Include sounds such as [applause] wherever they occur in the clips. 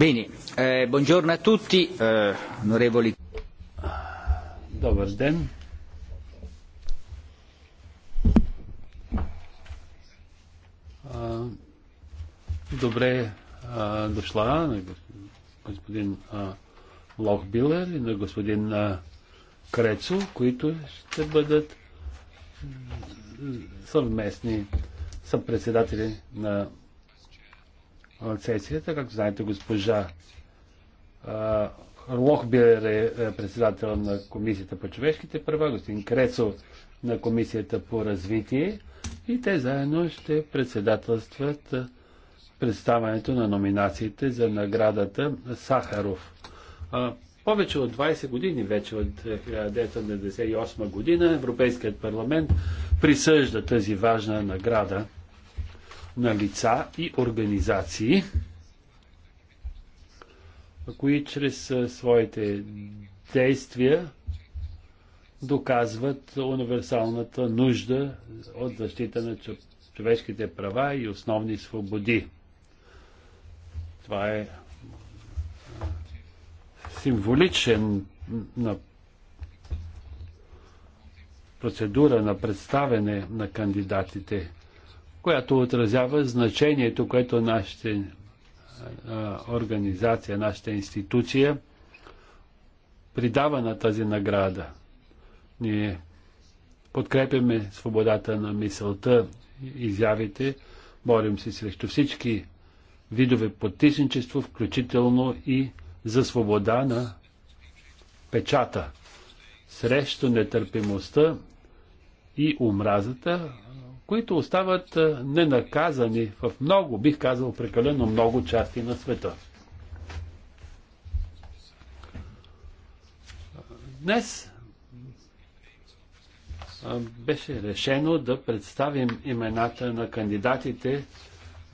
Bene, eh, buongiorno a tutti, eh, onorevoli. Добър ден. Добре дошла на господин Лохбилер и на господин Крецо, които ще бъдат съвместни съпредседатели на сесията. Както знаете, госпожа Лохбилер е, е председател на Комисията по човешките права, господин Крецо на Комисията по развитие и те заедно ще председателстват представането на номинациите за наградата Сахаров. Повече от 20 години, вече от 1998 е, година, Европейският парламент присъжда тази важна награда на лица и организации, кои чрез своите действия доказват универсалната нужда от защита на човешките права и основни свободи. Това е символичен на процедура на представене на кандидатите която отразява значението, което нашата организация, нашата институция придава на тази награда. Ние подкрепяме свободата на мисълта, изявите, борим се срещу всички видове потисничество, включително и за свобода на печата, срещу нетърпимостта и омразата, които остават ненаказани в много, бих казал, прекалено много части на света. Днес беше решено да представим имената на кандидатите,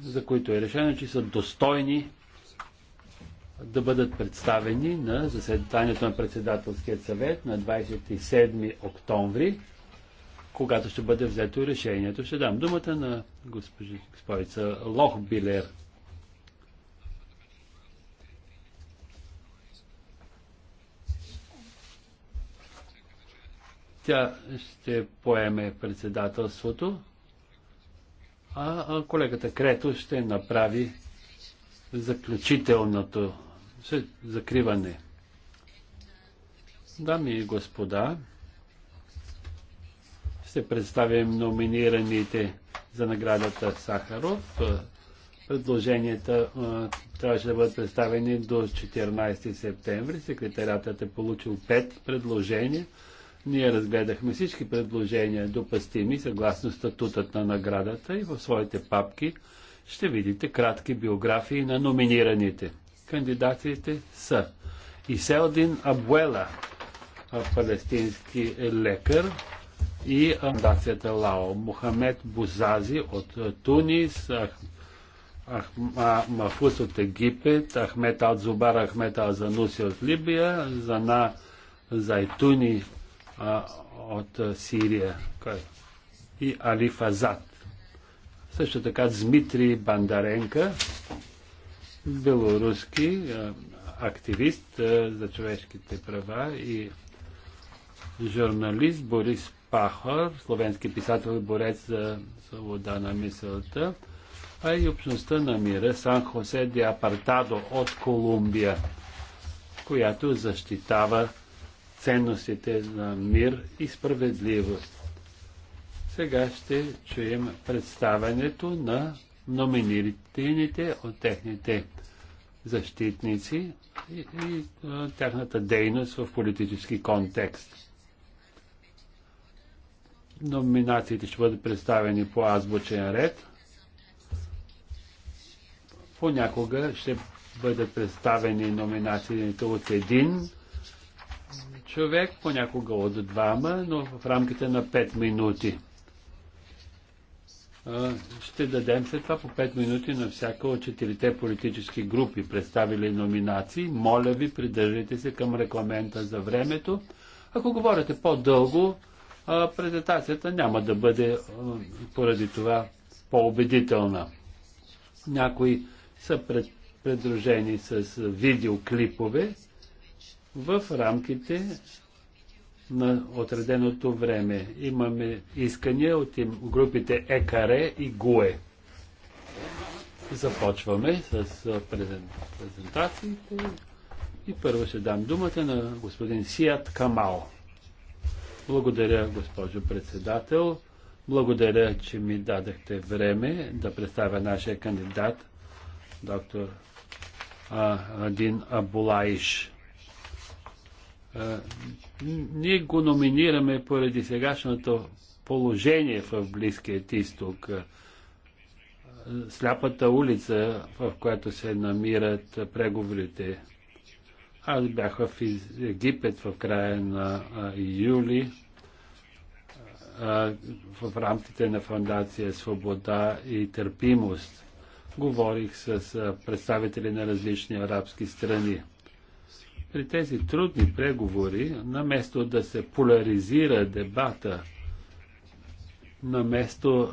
за които е решено, че са достойни да бъдат представени на заседанието на председателския съвет на 27 октомври когато ще бъде взето решението. Ще дам думата на госпожица Лох Билер. Тя ще поеме председателството, а колегата Крето ще направи заключителното закриване. Дами и господа, ще представим номинираните за наградата Сахаров. Предложенията а, трябваше да бъдат представени до 14 септември. Секретарятът е получил 5 предложения. Ние разгледахме всички предложения до пастими, съгласно статутът на наградата и в своите папки ще видите кратки биографии на номинираните. Кандидатите са Иселдин Абуела, палестински лекар, и фундацията Лао. Мухамед Бузази от Тунис, Мафус от Египет, Ахмет Алзубар, Ахмед Алзануси от Либия, Зана Зайтуни от Сирия и Али Фазат. Също така Дмитрий Бандаренка, белоруски активист за човешките права и журналист Борис Пахор, словенски писател и борец за свобода на мисълта, а и общността на мира Сан Хосе де Апартадо от Колумбия, която защитава ценностите на мир и справедливост. Сега ще чуем представянето на номинираните от техните защитници и, и, и тяхната дейност в политически контекст. Номинациите ще бъдат представени по азбучен ред. Понякога ще бъдат представени номинациите от един човек, понякога от двама, но в рамките на 5 минути. Ще дадем след това по 5 минути на всяка от четирите политически групи, представили номинации. Моля ви, придържайте се към рекламента за времето. Ако говорите по-дълго, а, презентацията няма да бъде поради това по-убедителна. Някои са пред, с видеоклипове в рамките на отреденото време. Имаме искания от групите ЕКАРЕ и ГУЕ. Започваме с презентациите и първо ще дам думата на господин Сият Камао. Благодаря, госпожо председател. Благодаря, че ми дадахте време да представя нашия кандидат, доктор Адин Абулаиш. А, ние го номинираме поради сегашното положение в Близкият изток. Сляпата улица, в която се намират преговорите аз бях в Египет в края на юли в рамките на Фундация Свобода и търпимост. Говорих с представители на различни арабски страни. При тези трудни преговори, наместо да се поляризира дебата, наместо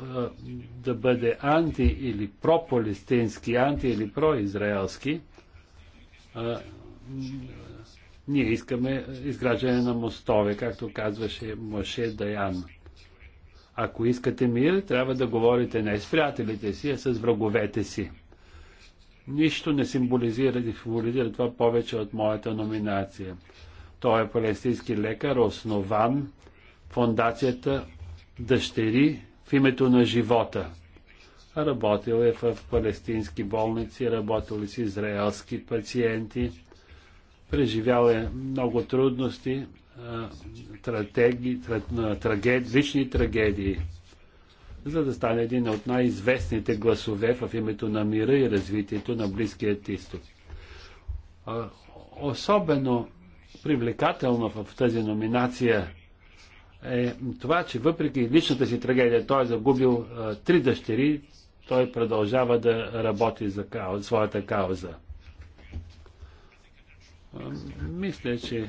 да бъде анти или пропалестински, анти или произраелски, ние искаме изграждане на мостове, както казваше Моше Даян. Ако искате мир, трябва да говорите не с приятелите си, а с враговете си. Нищо не символизира, не символизира това повече от моята номинация. Той е палестински лекар, основан фондацията Дъщери в името на живота. Работил е в палестински болници, работил е с израелски пациенти преживял е много трудности, лични трагедии, за да стане един от най-известните гласове в името на мира и развитието на Близкият изток. Особено привлекателно в тази номинация е това, че въпреки личната си трагедия, той е загубил три дъщери, той продължава да работи за своята кауза. Мисля, че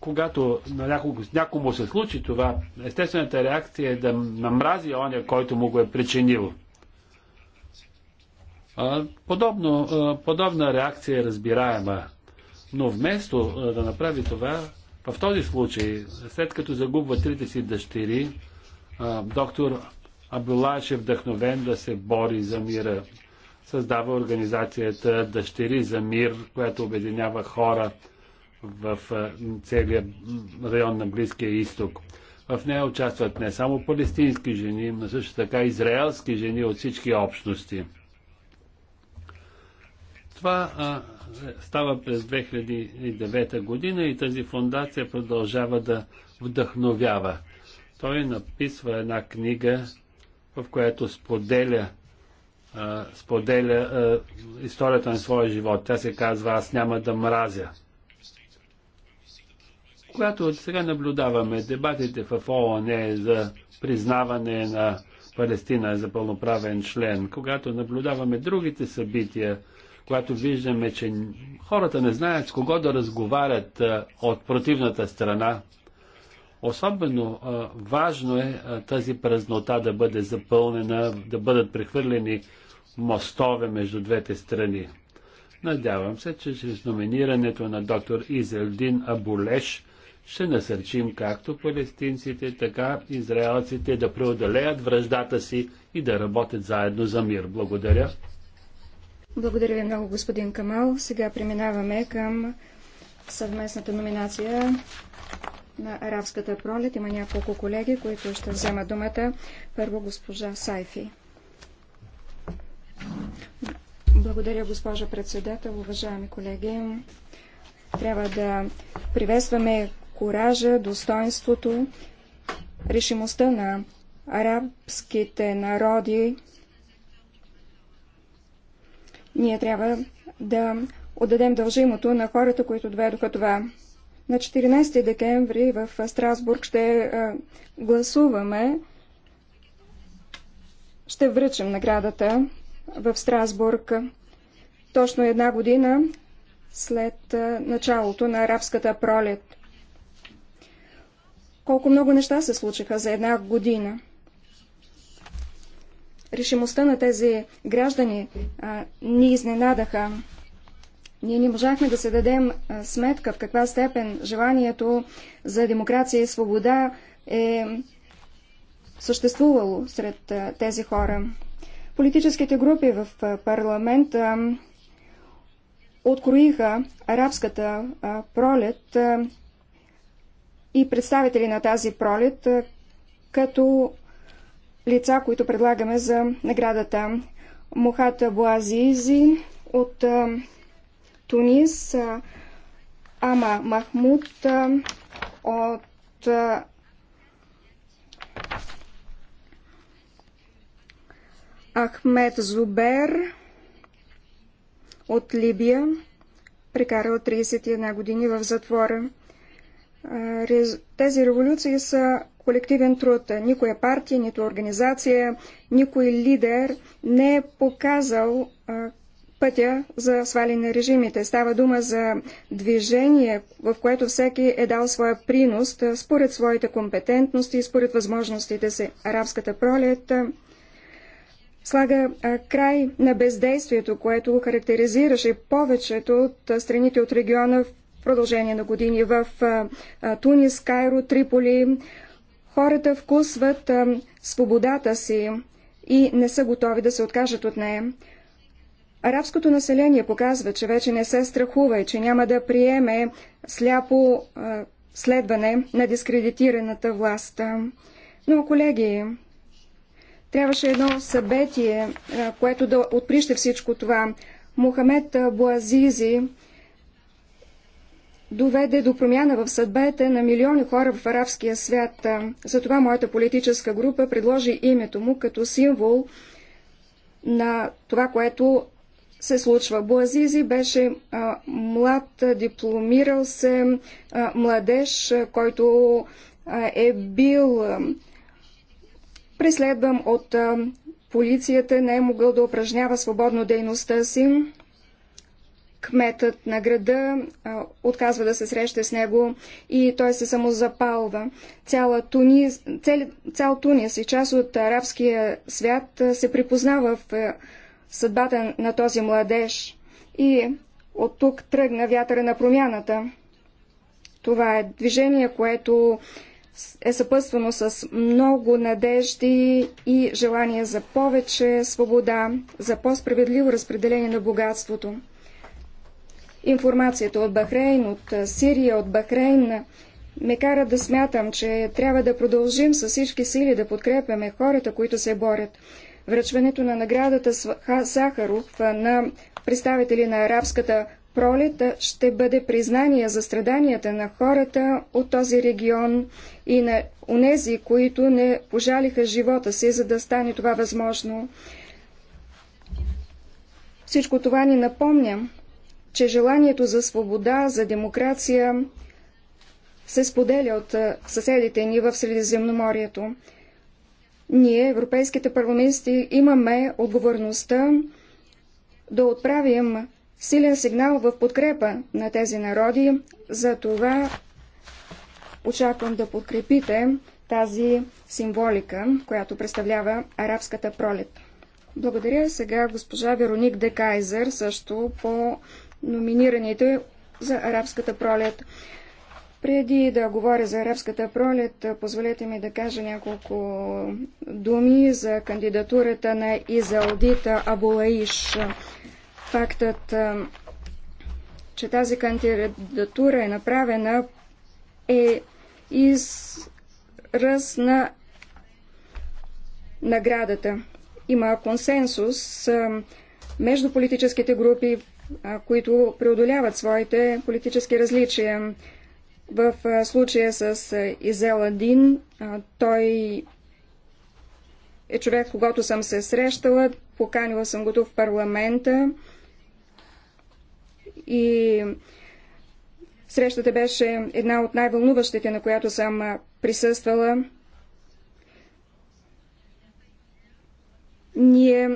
когато на някого, някому се случи това, естествената реакция е да намрази оня, който му го е причинил. Подобно, подобна реакция е разбираема. Но вместо да направи това, в този случай, след като загубва трите си дъщери, доктор Абдулаш е вдъхновен да се бори за мира създава организацията Дъщери за мир, която обединява хора в целия район на Близкия изток. В нея участват не само палестински жени, но също така израелски жени от всички общности. Това а, става през 2009 година и тази фундация продължава да вдъхновява. Той написва една книга, в която споделя споделя историята на своя живот. Тя се казва Аз няма да мразя. Когато от сега наблюдаваме дебатите в ООН за признаване на Палестина за пълноправен член, когато наблюдаваме другите събития, когато виждаме, че хората не знаят с кого да разговарят от противната страна, Особено а, важно е а, тази празнота да бъде запълнена, да бъдат прехвърлени мостове между двете страни. Надявам се, че чрез номинирането на доктор Изелдин Абулеш ще насърчим както палестинците, така и израелците да преодолеят връждата си и да работят заедно за мир. Благодаря. Благодаря ви много, господин Камал. Сега преминаваме към съвместната номинация на арабската пролет. Има няколко колеги, които ще вземат думата. Първо госпожа Сайфи. Благодаря, госпожа председател, уважаеми колеги. Трябва да приветстваме коража, достоинството, решимостта на арабските народи. Ние трябва да отдадем дължимото на хората, които доведоха това. На 14 декември в Страсбург ще е, гласуваме, ще връчим наградата в Страсбург, точно една година след началото на арабската пролет. Колко много неща се случиха за една година. Решимостта на тези граждани а, ни изненадаха. Ние не можахме да се дадем а, сметка в каква степен желанието за демокрация и свобода е съществувало сред а, тези хора. Политическите групи в парламента откроиха арабската пролет и представители на тази пролет като лица, които предлагаме за наградата Мухата Буазизи от Тунис, Ама Махмуд от Ахмед Зубер от Либия, прекарал 31 години в затвора. Тези революции са колективен труд. Никоя партия, нито организация, никой лидер не е показал пътя за сваляне на режимите. Става дума за движение, в което всеки е дал своя принос според своите компетентности и според възможностите си. Арабската пролет слага край на бездействието, което характеризираше повечето от страните от региона в продължение на години в Тунис, Кайро, Триполи. Хората вкусват свободата си и не са готови да се откажат от нея. Арабското население показва, че вече не се страхува и че няма да приеме сляпо следване на дискредитираната власт. Но, колеги, Трябваше едно събитие, което да отприще всичко това. Мухамед Буазизи доведе до промяна в съдбете на милиони хора в арабския свят. Затова моята политическа група предложи името му като символ на това, което се случва. Буазизи беше а, млад, дипломирал се а, младеж, който а, е бил преследвам от полицията, не е могъл да упражнява свободно дейността си. Кметът на града а, отказва да се среща с него и той се самозапалва. Цяла Туни, цял, цял Тунис и част от арабския свят се припознава в а, съдбата на този младеж. И от тук тръгна вятъра на промяната. Това е движение, което е съпътствано с много надежди и желание за повече свобода, за по-справедливо разпределение на богатството. Информацията от Бахрейн, от Сирия, от Бахрейн ме кара да смятам, че трябва да продължим с всички сили да подкрепяме хората, които се борят. Връчването на наградата Сахаров на представители на арабската Пролета ще бъде признание за страданията на хората от този регион и на унези, които не пожалиха живота си, за да стане това възможно. Всичко това ни напомня, че желанието за свобода, за демокрация се споделя от съседите ни в Средиземноморието. Ние, европейските парламенти, имаме отговорността да отправим силен сигнал в подкрепа на тези народи. За това очаквам да подкрепите тази символика, която представлява арабската пролет. Благодаря сега госпожа Вероник Де Кайзер, също по номинираните за арабската пролет. Преди да говоря за арабската пролет, позволете ми да кажа няколко думи за кандидатурата на Изалдита Абулаиш. Фактът, че тази кандидатура е направена е израз на наградата. Има консенсус между политическите групи, които преодоляват своите политически различия. В случая с Дин, той е човек, когато съм се срещала, поканила съм го в парламента и срещата беше една от най-вълнуващите, на която съм присъствала. Ние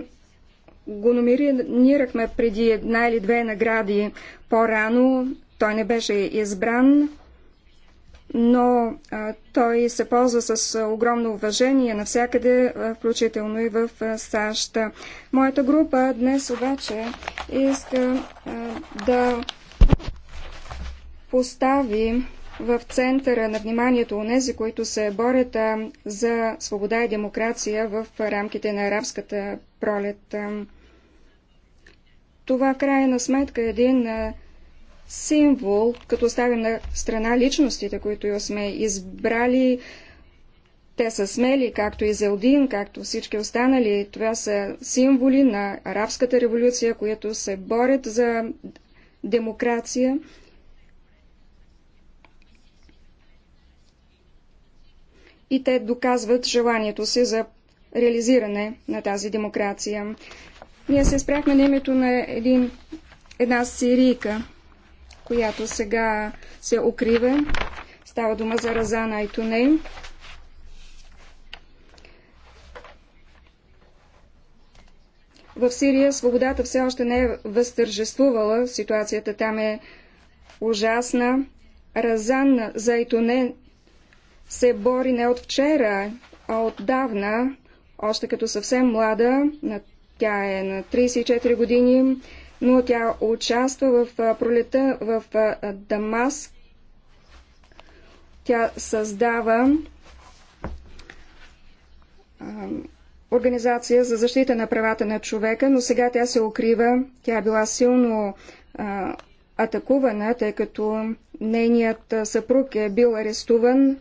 го номинирахме преди една или две награди по-рано. Той не беше избран но а, той се ползва с а, огромно уважение навсякъде, а, включително и в а, САЩ. Моята група днес обаче иска а, да постави в центъра на вниманието онези, които се борят а, за свобода и демокрация в рамките на арабската пролет. Това в крайна сметка е един а, символ, като оставим на страна личностите, които сме избрали. Те са смели, както и Зелдин, както всички останали. Това са символи на арабската революция, които се борят за демокрация. И те доказват желанието си за реализиране на тази демокрация. Ние се спряхме на името на един, една сирийка, която сега се укрива. Става дума за Разана и Тунейм. В Сирия свободата все още не е възтържествувала. Ситуацията там е ужасна. Разан Зайтоне се бори не от вчера, а отдавна, още като съвсем млада, тя е на 34 години, но тя участва в пролета в Дамаск. Тя създава Организация за защита на правата на човека, но сега тя се укрива. Тя е била силно а, атакувана, тъй като нейният съпруг е бил арестуван.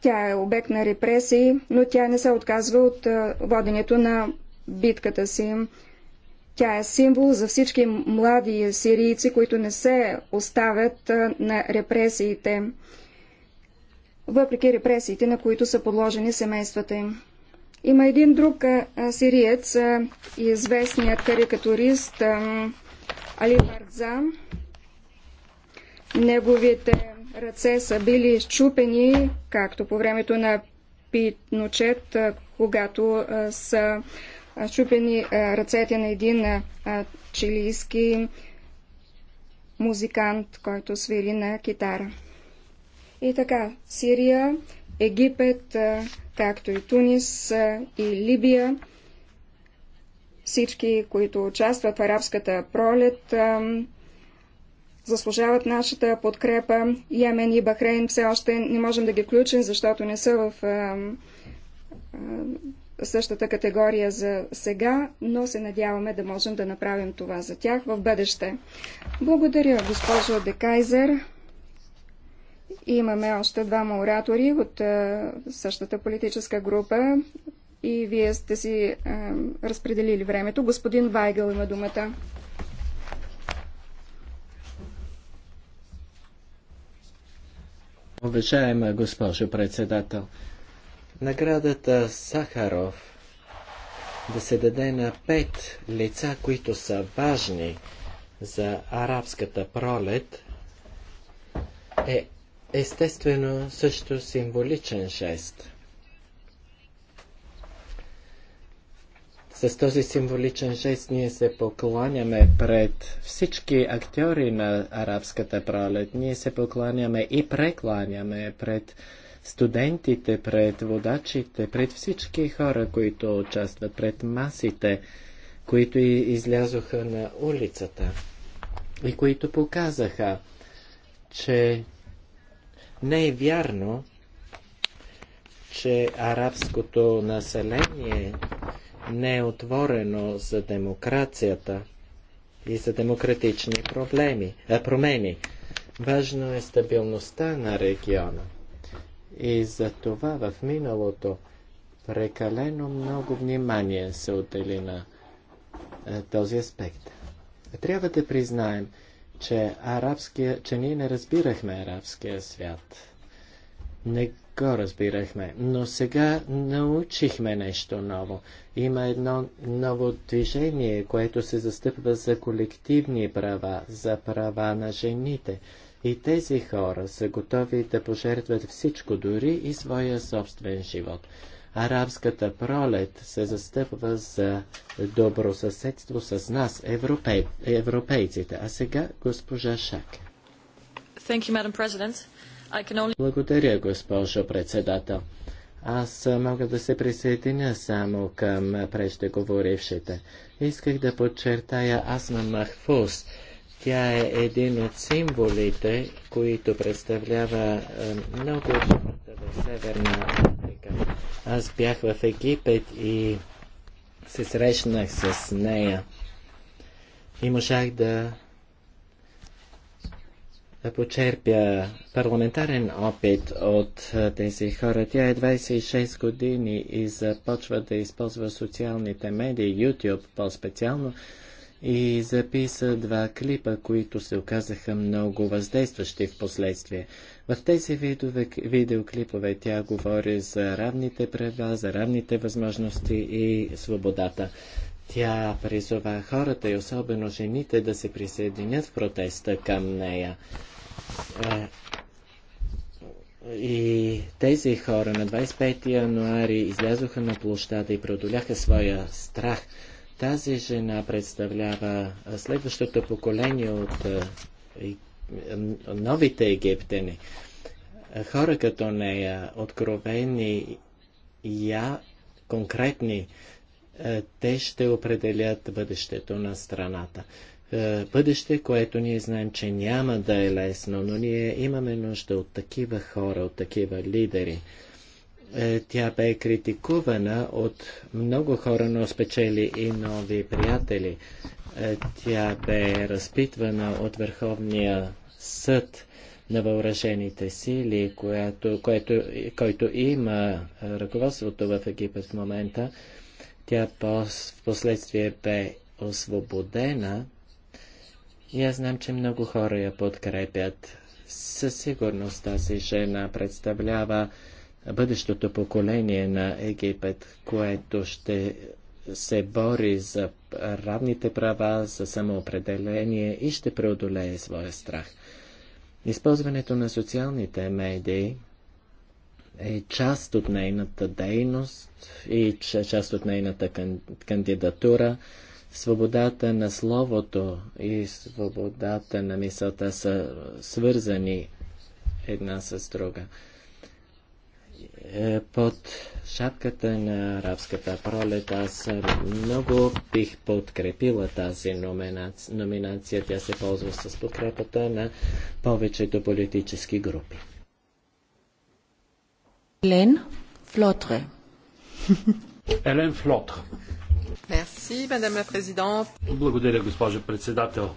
Тя е обект на репресии, но тя не се отказва от а, воденето на битката си. Тя е символ за всички млади сирийци, които не се оставят на репресиите, въпреки репресиите, на които са подложени семействата им. Има един друг сириец, известният карикатурист Али Бардза. Неговите ръце са били изчупени, както по времето на Пиночет, когато са щупени ръцете на един чилийски музикант, който свири на китара. И така, Сирия, Египет, както и Тунис и Либия, всички, които участват в арабската пролет, заслужават нашата подкрепа. Йемен и Бахрейн все още не можем да ги включим, защото не са в същата категория за сега, но се надяваме да можем да направим това за тях в бъдеще. Благодаря, госпожо Декайзер. Имаме още двама оратори от е, същата политическа група и вие сте си е, разпределили времето. Господин Вайгъл има думата. Уважаема госпожо председател, наградата Сахаров да се даде на пет лица, които са важни за арабската пролет, е естествено също символичен жест. С този символичен жест ние се покланяме пред всички актьори на арабската пролет. Ние се покланяме и прекланяме пред студентите, пред водачите, пред всички хора, които участват, пред масите, които излязоха на улицата и които показаха, че не е вярно, че арабското население не е отворено за демокрацията и за демократични проблеми, а промени. Важно е стабилността на региона. И за това в миналото прекалено много внимание се отдели на е, този аспект. Трябва да признаем, че, арабския, че ние не разбирахме арабския свят. Не го разбирахме, но сега научихме нещо ново. Има едно ново движение, което се застъпва за колективни права, за права на жените – и тези хора са готови да пожертват всичко, дори и своя собствен живот. Арабската пролет се застъпва за добро съседство с нас, европей, европейците. А сега госпожа Шак. Thank you, Madam President. I can only... Благодаря, госпожо председател. Аз мога да се присъединя само към преждеговорившите. Исках да подчертая Асма Махфус. Тя е един от символите, които представлява е, много от хората в Северна Африка. Аз бях в Египет и се срещнах с нея и можах да да почерпя парламентарен опит от е, тези хора. Тя е 26 години и започва да използва социалните медии, YouTube по-специално, и записа два клипа, които се оказаха много въздействащи в последствие. В тези видове, видеоклипове тя говори за равните права, за равните възможности и свободата. Тя призова хората и особено жените да се присъединят в протеста към нея. Е, и тези хора на 25 януари излязоха на площада и преодоляха своя страх – тази жена представлява следващото поколение от новите египтени. Хора като нея, откровени, я, конкретни, те ще определят бъдещето на страната. Бъдеще, което ние знаем, че няма да е лесно, но ние имаме нужда от такива хора, от такива лидери. Е, тя бе критикувана от много хора, но спечели и нови приятели. Е, тя бе разпитвана от Върховния съд на въоръжените сили, което, което, който има ръководството в Египет в момента. Тя в последствие бе освободена и аз знам, че много хора я подкрепят. Със сигурност тази жена представлява бъдещото поколение на Египет, което ще се бори за равните права, за самоопределение и ще преодолее своя страх. Използването на социалните медии е част от нейната дейност и част от нейната кандидатура. Свободата на словото и свободата на мисълта са свързани една с друга. Е, под шапката на арабската пролет аз много бих подкрепила тази номинация. номинация. Тя се ползва с подкрепата на повечето политически групи. Елен Флотре. [laughs] Елен Флотре. Мерси, мадам ла президент. Благодаря, госпожа председател.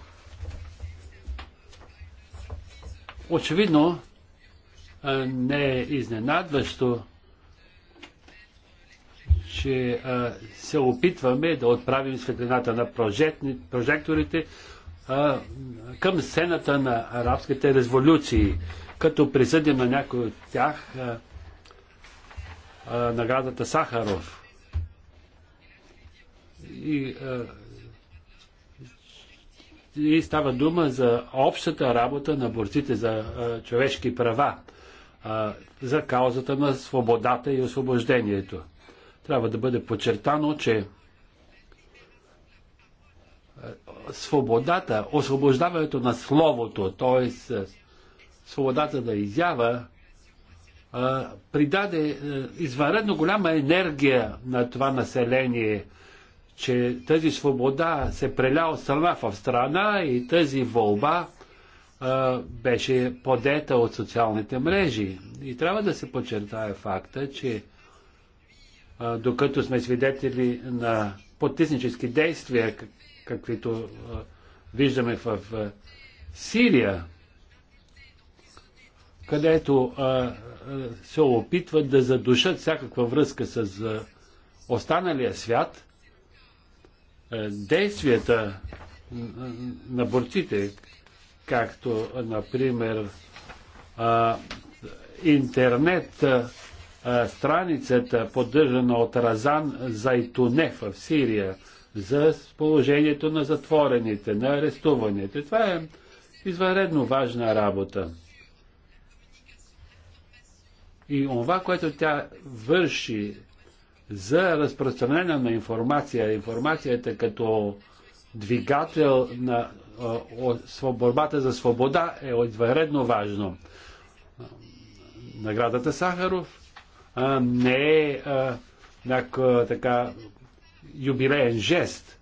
Очевидно, не е изненадващо, че се опитваме да отправим светлината на прожекторите към сцената на арабските революции, като присъдим на някой от тях наградата Сахаров. И, и става дума за общата работа на борците за човешки права а, за каузата на свободата и освобождението. Трябва да бъде подчертано, че свободата, освобождаването на словото, т.е. свободата да изява, а, придаде извънредно голяма енергия на това население, че тази свобода се преля от страна в страна и тази вълба а, беше подета от социалните мрежи. И трябва да се подчертая факта, че а, докато сме свидетели на потиснически действия, каквито а, виждаме в а, Сирия, където а, а, се опитват да задушат всякаква връзка с а, останалия свят, а, действията на борците, както, например, интернет страницата, поддържана от Разан Зайтунев в Сирия, за положението на затворените, на арестуваните. Това е извънредно важна работа. И това, което тя върши за разпространение на информация, информацията като двигател на е, борбата за свобода е отваредно важно. Наградата Сахаров не е някакъв така юбилеен жест.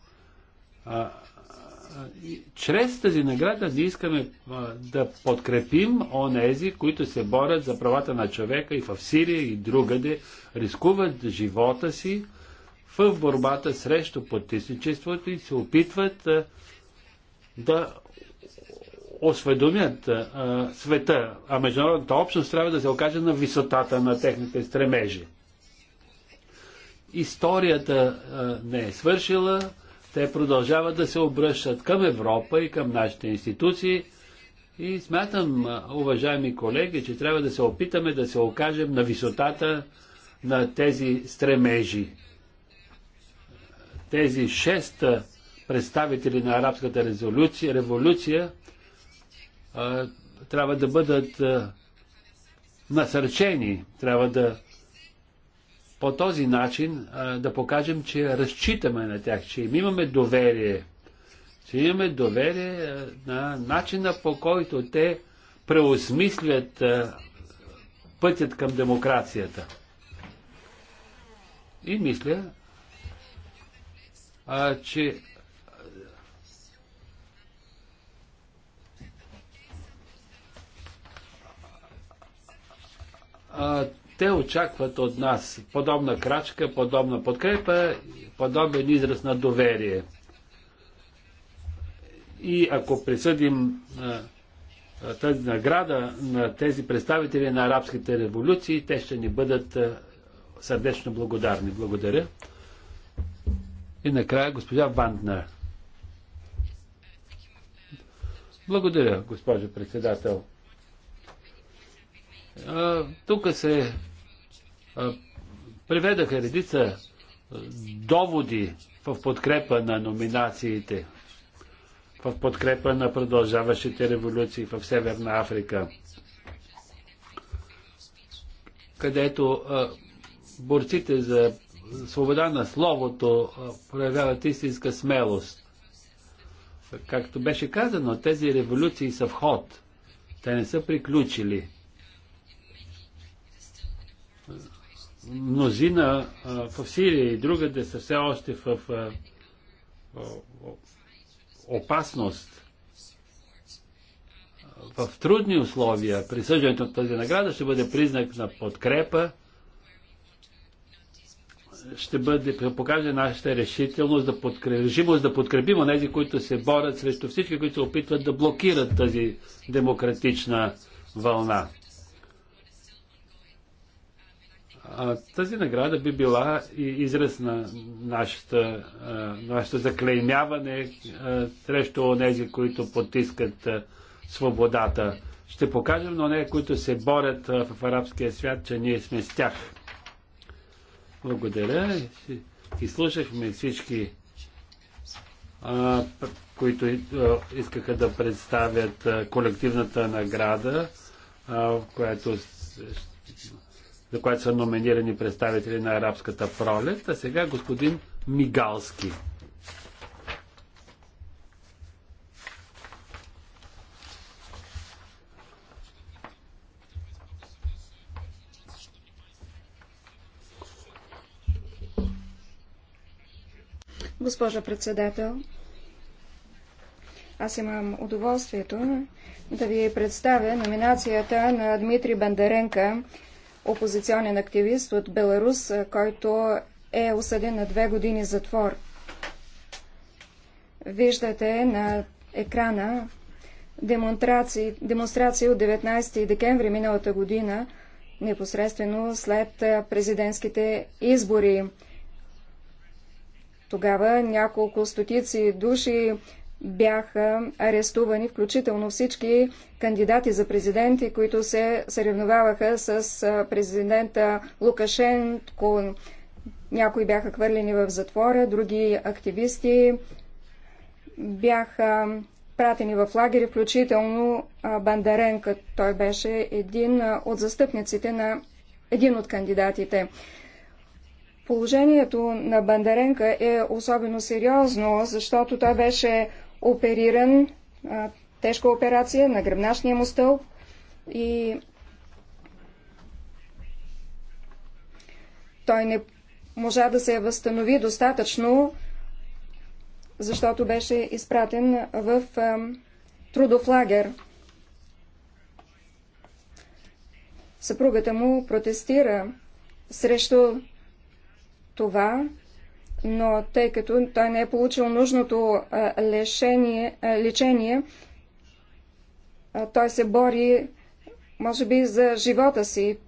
Чрез тази награда ние искаме да подкрепим онези, които се борят за правата на човека и в Сирия и другаде, рискуват живота си в борбата срещу потисничеството и се опитват да осведомят а, света, а международната общност трябва да се окаже на висотата на техните стремежи. Историята а, не е свършила, те продължават да се обръщат към Европа и към нашите институции и смятам, уважаеми колеги, че трябва да се опитаме да се окажем на висотата на тези стремежи. Тези шеста представители на арабската резолюция, революция а, трябва да бъдат а, насърчени, трябва да по този начин а, да покажем, че разчитаме на тях, че им имаме доверие, че имаме доверие а, на начина по който те преосмислят а, пътят към демокрацията. И мисля, а, че те очакват от нас подобна крачка, подобна подкрепа, подобен израз на доверие. И ако присъдим тази награда на тези представители на арабските революции, те ще ни бъдат сърдечно благодарни. Благодаря. И накрая госпожа Ванднер. Благодаря, госпожо председател. Тук се приведаха редица доводи в подкрепа на номинациите, в подкрепа на продължаващите революции в Северна Африка, където борците за свобода на словото проявяват истинска смелост. Както беше казано, тези революции са вход. Те не са приключили. мнозина в Сирия и другаде са все още в опасност, в трудни условия, присъждането на тази награда ще бъде признак на подкрепа, ще бъде, ще покаже нашата решителност, да подкреп, решимост да подкрепим онези, които се борят срещу всички, които се опитват да блокират тази демократична вълна. Тази награда би била и израз на нашата, нашата заклеймяване срещу онези, които потискат свободата. Ще покажем на онези, които се борят в арабския свят, че ние сме с тях. Благодаря. И слушахме всички, които искаха да представят колективната награда, която за която са номинирани представители на арабската пролет, а сега господин Мигалски. Госпожа председател, аз имам удоволствието да ви представя номинацията на Дмитрий Бондаренко опозиционен активист от Беларус, който е осъден на две години затвор. Виждате на екрана демонстрации, демонстрации от 19 декември миналата година, непосредствено след президентските избори. Тогава няколко стотици души бяха арестувани, включително всички кандидати за президенти, които се съревноваваха с президента Лукашенко. Някои бяха хвърлени в затвора, други активисти бяха пратени в лагери, включително Бандаренка. Той беше един от застъпниците на един от кандидатите. Положението на Бандаренка е особено сериозно, защото той беше опериран, а, тежка операция на гръбначния му стълб и той не можа да се възстанови достатъчно, защото беше изпратен в а, трудов лагер. Съпругата му протестира срещу това, но тъй като той не е получил нужното лечение, лечение той се бори, може би, за живота си.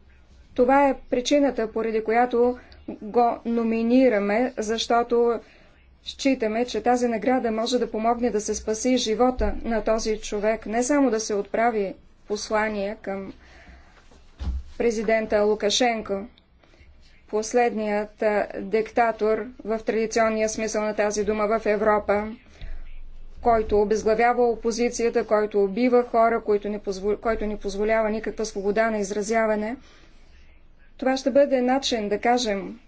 Това е причината, поради която го номинираме, защото Считаме, че тази награда може да помогне да се спаси живота на този човек, не само да се отправи послание към президента Лукашенко последният диктатор в традиционния смисъл на тази дума в Европа, който обезглавява опозицията, който убива хора, който не, позвол... който не позволява никаква свобода на изразяване. Това ще бъде начин да кажем,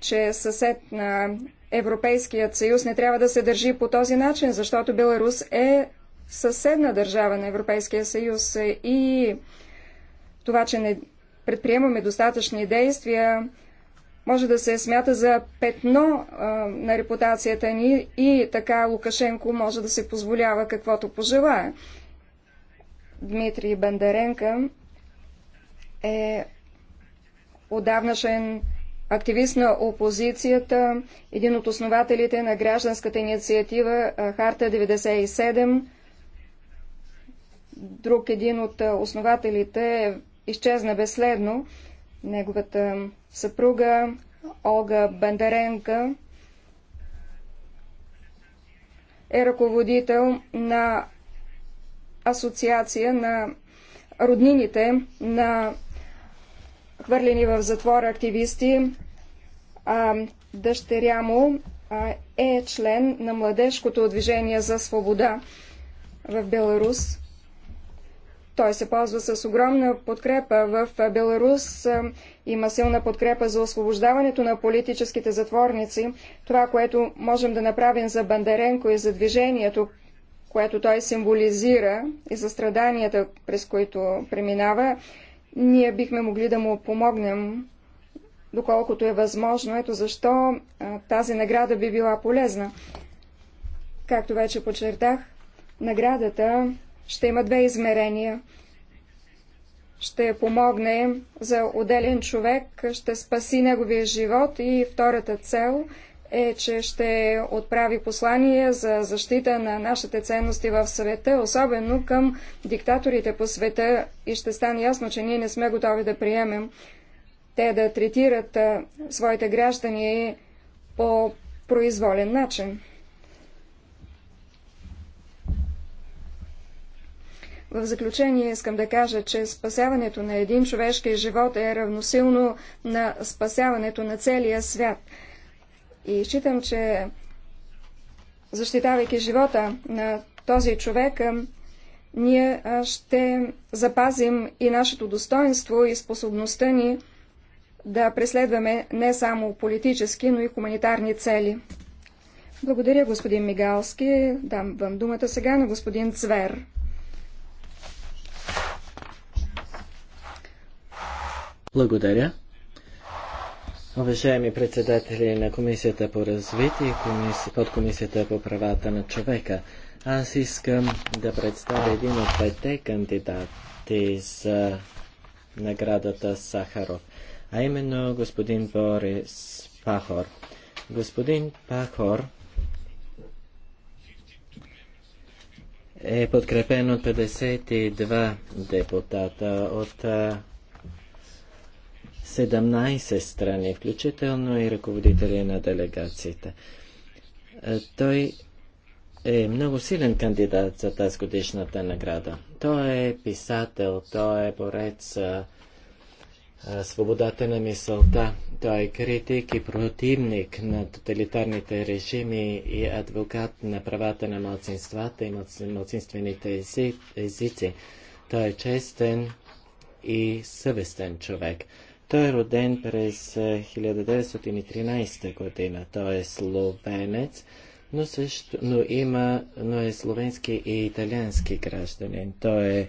че съсед на Европейският съюз не трябва да се държи по този начин, защото Беларус е съседна държава на Европейския съюз и това, че не предприемаме достатъчни действия, може да се смята за петно а, на репутацията ни и така Лукашенко може да се позволява каквото пожелае. Дмитрий Бендаренко е отдавнашен активист на опозицията, един от основателите на гражданската инициатива Харта 97. Друг един от основателите е, изчезна безследно. Неговата съпруга Олга Бандаренка е ръководител на Асоциация на роднините на хвърлени в затвора активисти. А, дъщеря му а, е член на Младежкото движение за свобода в Беларус. Той се ползва с огромна подкрепа в Беларус. Е, има силна подкрепа за освобождаването на политическите затворници. Това, което можем да направим за Бандаренко и за движението, което той символизира и за страданията, през които преминава, ние бихме могли да му помогнем, доколкото е възможно. Ето защо е, тази награда би била полезна. Както вече подчертах, наградата ще има две измерения. Ще помогне за отделен човек, ще спаси неговия живот и втората цел е, че ще отправи послание за защита на нашите ценности в света, особено към диктаторите по света и ще стане ясно, че ние не сме готови да приемем те да третират своите граждани по произволен начин. В заключение искам да кажа, че спасяването на един човешки живот е равносилно на спасяването на целия свят. И считам, че защитавайки живота на този човек, ние ще запазим и нашето достоинство и способността ни да преследваме не само политически, но и хуманитарни цели. Благодаря, господин Мигалски. Дам вам думата сега на господин Цвер. Благодаря. Уважаеми председатели на Комисията по развитие и от Комисията по правата на човека, аз искам да представя един от пете кандидати за наградата Сахаров, а именно господин Борис Пахор. Господин Пахор е подкрепен от 52 депутата от 17 страни, включително и ръководители на делегациите. Е, той е много силен кандидат за тази годишната награда. Той е писател, той е борец за е, свободата на мисълта, той е критик и противник на тоталитарните режими и адвокат на правата на младсинствата и младсинствените езици. Той е честен и съвестен човек. Той е роден през 1913 година. Той е словенец, но, също, но, има, но е словенски и италиански гражданин. Той е,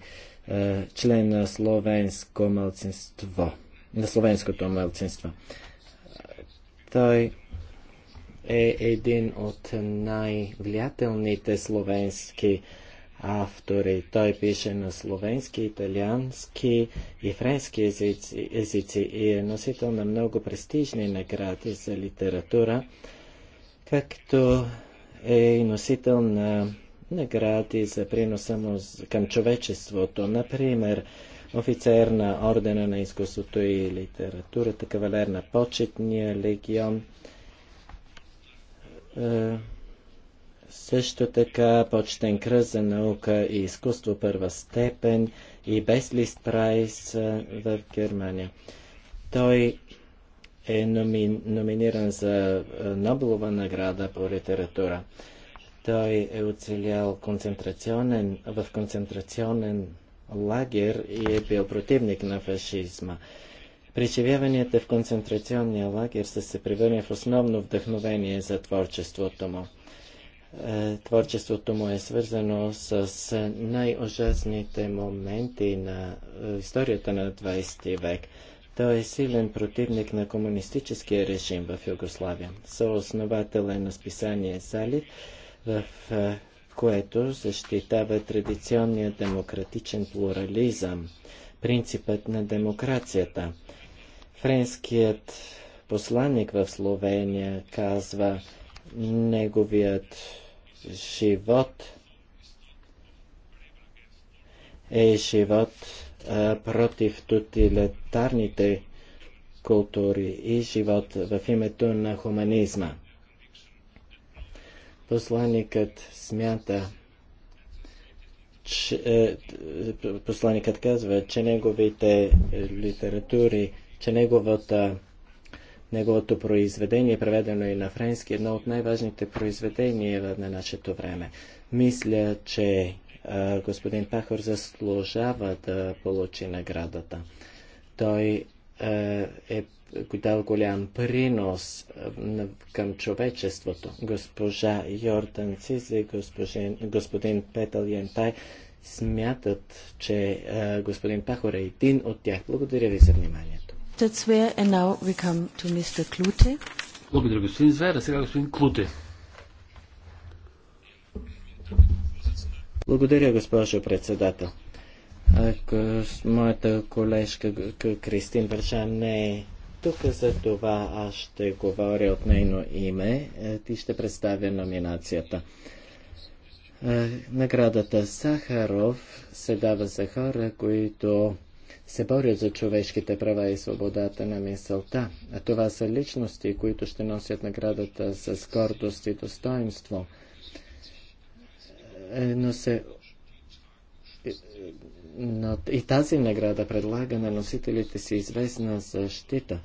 е член на словенско мълцинство, на словенското мълцинство. Той е един от най-влиятелните словенски автори. Той пише на словенски, италиански и френски езици, езици и е носител на много престижни награди за литература, както е и носител на награди за приноса му към човечеството. Например, офицер на Ордена на изкуството и литературата, кавалер на почетния легион. Е, също така почтен кръст за наука и изкуство първа степен и Беслист Прайс в Германия. Той е номи... номиниран за Нобелова награда по литература. Той е оцелял концентрационен, в концентрационен лагер и е бил противник на фашизма. Преживяванията в концентрационния лагер са се превърнали в основно вдъхновение за творчеството му. Е, творчеството му е свързано с най-ужасните моменти на е, историята на 20 век. Той е силен противник на комунистическия режим в Югославия. Съосновател е на списание Залив, в е, което защитава традиционния демократичен плурализъм, принципът на демокрацията. Френският посланник в Словения казва, неговият живот е живот а, против тоталитарните култури и живот в името на хуманизма. Посланникът смята, че, е, посланникът казва, че неговите литератури, че неговата Неговото произведение, преведено и на френски, е едно от най-важните произведения на нашето време. Мисля, че а, господин Пахор заслужава да получи наградата. Той а, е дал голям принос към човечеството. Госпожа Йордан Цизи, господин, господин Петъл Янтай смятат, че а, господин Пахор е един от тях. Благодаря ви за вниманието. Dr. Zwer, and now we come to Mr. Klute. Благодаря, господин Звер. А сега господин Клуте. Благодаря, госпожо председател. Ако моята колежка Кристин Вършан не е тук, за това аз ще говоря от нейно име е, и ще представя номинацията. Наградата Сахаров се дава за хора, които се борят за човешките права и свободата на мисълта. А това са личности, които ще носят наградата с гордост и достоинство. Е, но се но и тази награда предлага на носителите си известна защита.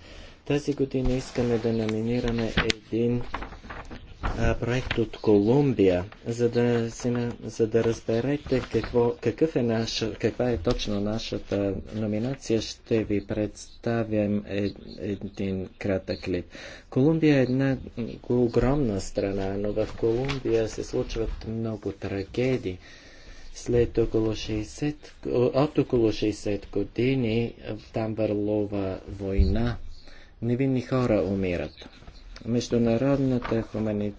Тази година искаме да номинираме един проект от Колумбия, за да, си, за да разберете какво, какъв е наша, каква е точно нашата номинация, ще ви представям ед, един кратък клип. Колумбия е една огромна страна, но в Колумбия се случват много трагедии. След около 60, от около 60 години там върлова война. Невинни хора умират. Международната хуманит...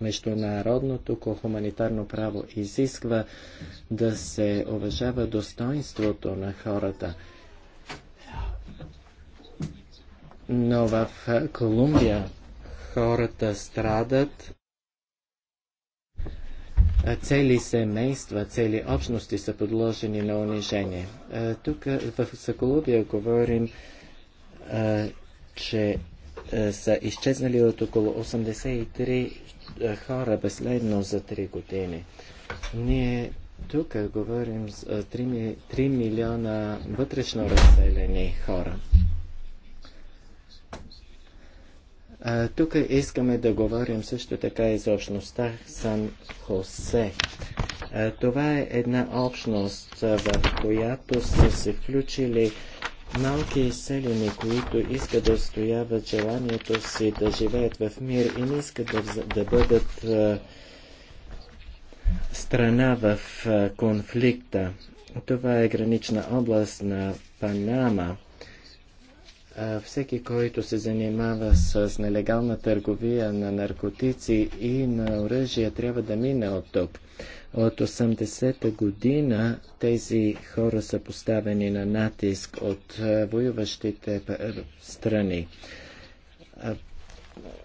Международното хуманитарно право изисква да се уважава достоинството на хората. Но в Колумбия хората страдат, цели семейства, цели общности са подложени на унижение. Е, тук в Колумбия говорим е, че е, са изчезнали от около 83 е, хора безследно за 3 години. Ние тук говорим за 3, 3 милиона вътрешно разселени хора. Е, тук искаме да говорим също така и за общността Сан Хосе. Е, това е една общност, в която са се включили малки селени, които искат да устояват желанието си да живеят в мир и не искат да, да бъдат а, страна в а, конфликта. Това е гранична област на Панама. А, всеки, който се занимава с нелегална търговия на наркотици и на оръжие, трябва да мине от тук. От 80-та година тези хора са поставени на натиск от воюващите страни.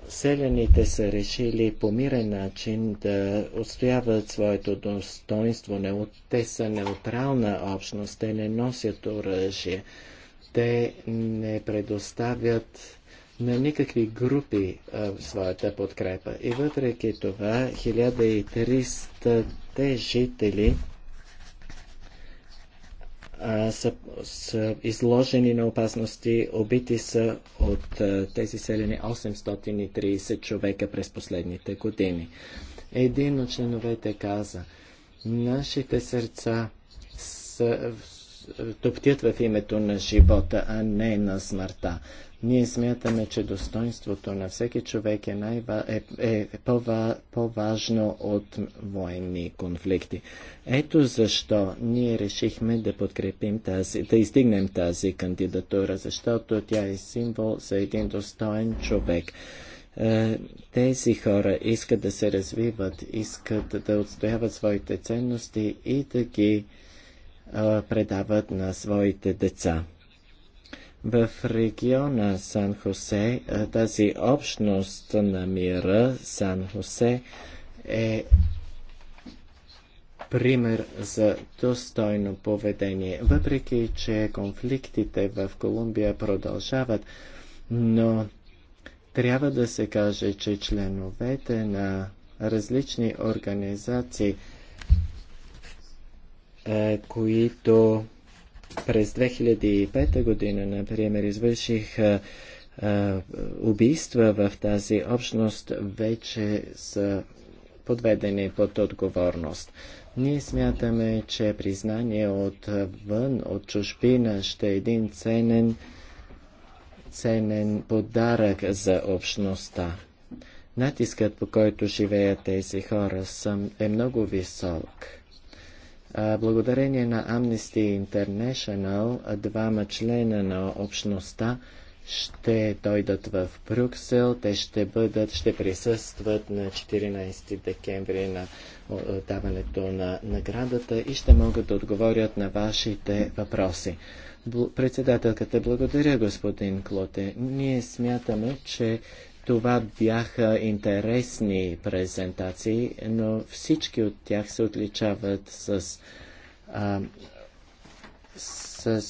Селяните са решили по мирен начин да отстояват своето достоинство. Те са неутрална общност, те не носят оръжие, те не предоставят на никакви групи а, своята подкрепа. И въпреки това, 1300 те жители а, са, са изложени на опасности. Убити са от а, тези селени 830 човека през последните години. Един от членовете каза, нашите сърца са, топтят в името на живота, а не на смъртта. Ние смятаме, че достоинството на всеки човек е, най е, е по-ва... по-важно от военни конфликти. Ето защо ние решихме да подкрепим тази, да издигнем тази кандидатура, защото тя е символ за един достоен човек е, тези хора искат да се развиват, искат да отстояват своите ценности и да ги предават на своите деца. В региона Сан Хосе, е, тази общност на мира Сан Хосе е пример за достойно поведение. Въпреки, че конфликтите в Колумбия продължават, но трябва да се каже, че членовете на различни организации, е, които през 2005 година, например, извърших а, а, убийства в тази общност, вече са подведени под отговорност. Ние смятаме, че признание от вън, от чужбина ще е един ценен, ценен подарък за общността. Натискът, по който живеят тези хора, съм, е много висок. Благодарение на Amnesty International, двама члена на общността ще дойдат в Брюксел. Те ще бъдат, ще присъстват на 14 декември на даването на наградата и ще могат да отговорят на вашите въпроси. Председателката, благодаря господин Клоте. Ние смятаме, че това бяха интересни презентации, но всички от тях се отличават с, а, с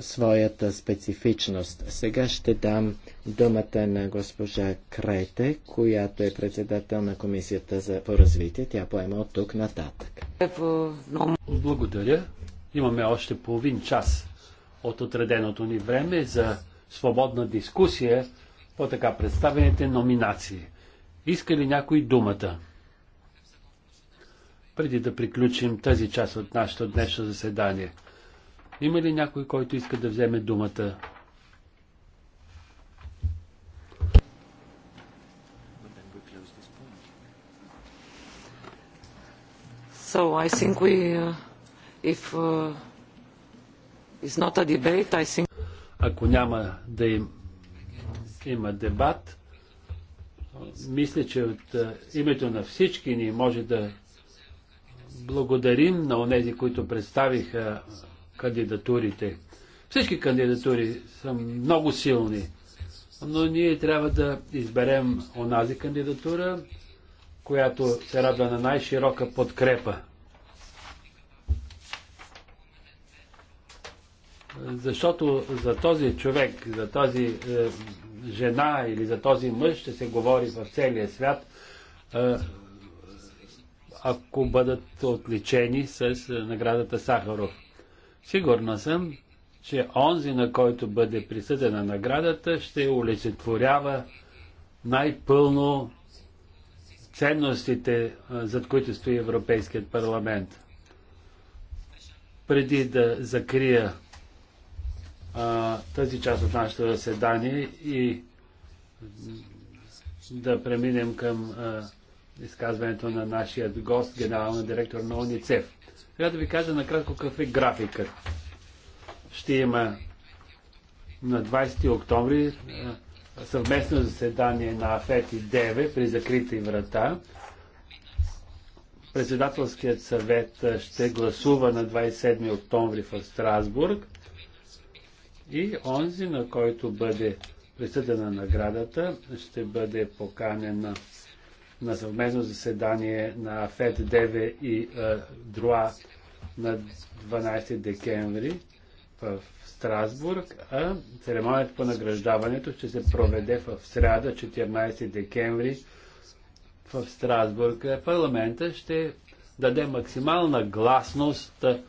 своята специфичност. Сега ще дам думата на госпожа Крете, която е председател на Комисията за по развитие. Тя поема от тук нататък. Благодаря. Имаме още половин час от отреденото ни време за свободна дискусия по така представените номинации. Иска ли някой думата? Преди да приключим тази част от нашето днешно заседание, има ли някой, който иска да вземе думата? So I think we, uh, if uh, it's not a debate, I think... Ако няма да им има дебат. Мисля, че от името на всички ни може да благодарим на онези, които представиха кандидатурите. Всички кандидатури са много силни, но ние трябва да изберем онази кандидатура, която се радва на най-широка подкрепа. Защото за този човек, за тази е, жена или за този мъж ще се говори в целия свят, ако бъдат отличени с наградата Сахаров. Сигурна съм, че онзи, на който бъде присъдена наградата, ще олицетворява най-пълно ценностите, зад които стои Европейският парламент. Преди да закрия а, тази част от нашето заседание и да преминем към а, изказването на нашия гост, генералния директор на ОНИЦЕФ. Трябва да ви кажа накратко какъв е графикът. Ще има на 20 октомври а, съвместно заседание на АФЕТ и ДЕВЕ при закрити врата. Председателският съвет ще гласува на 27 октомври в Страсбург и онзи, на който бъде присъдена наградата, ще бъде поканена на съвместно заседание на ФЕД, ДЕВЕ и е, ДРУА на 12 декември в Страсбург, а церемонията по награждаването ще се проведе в среда, 14 декември в Страсбург. Парламента ще даде максимална гласност е,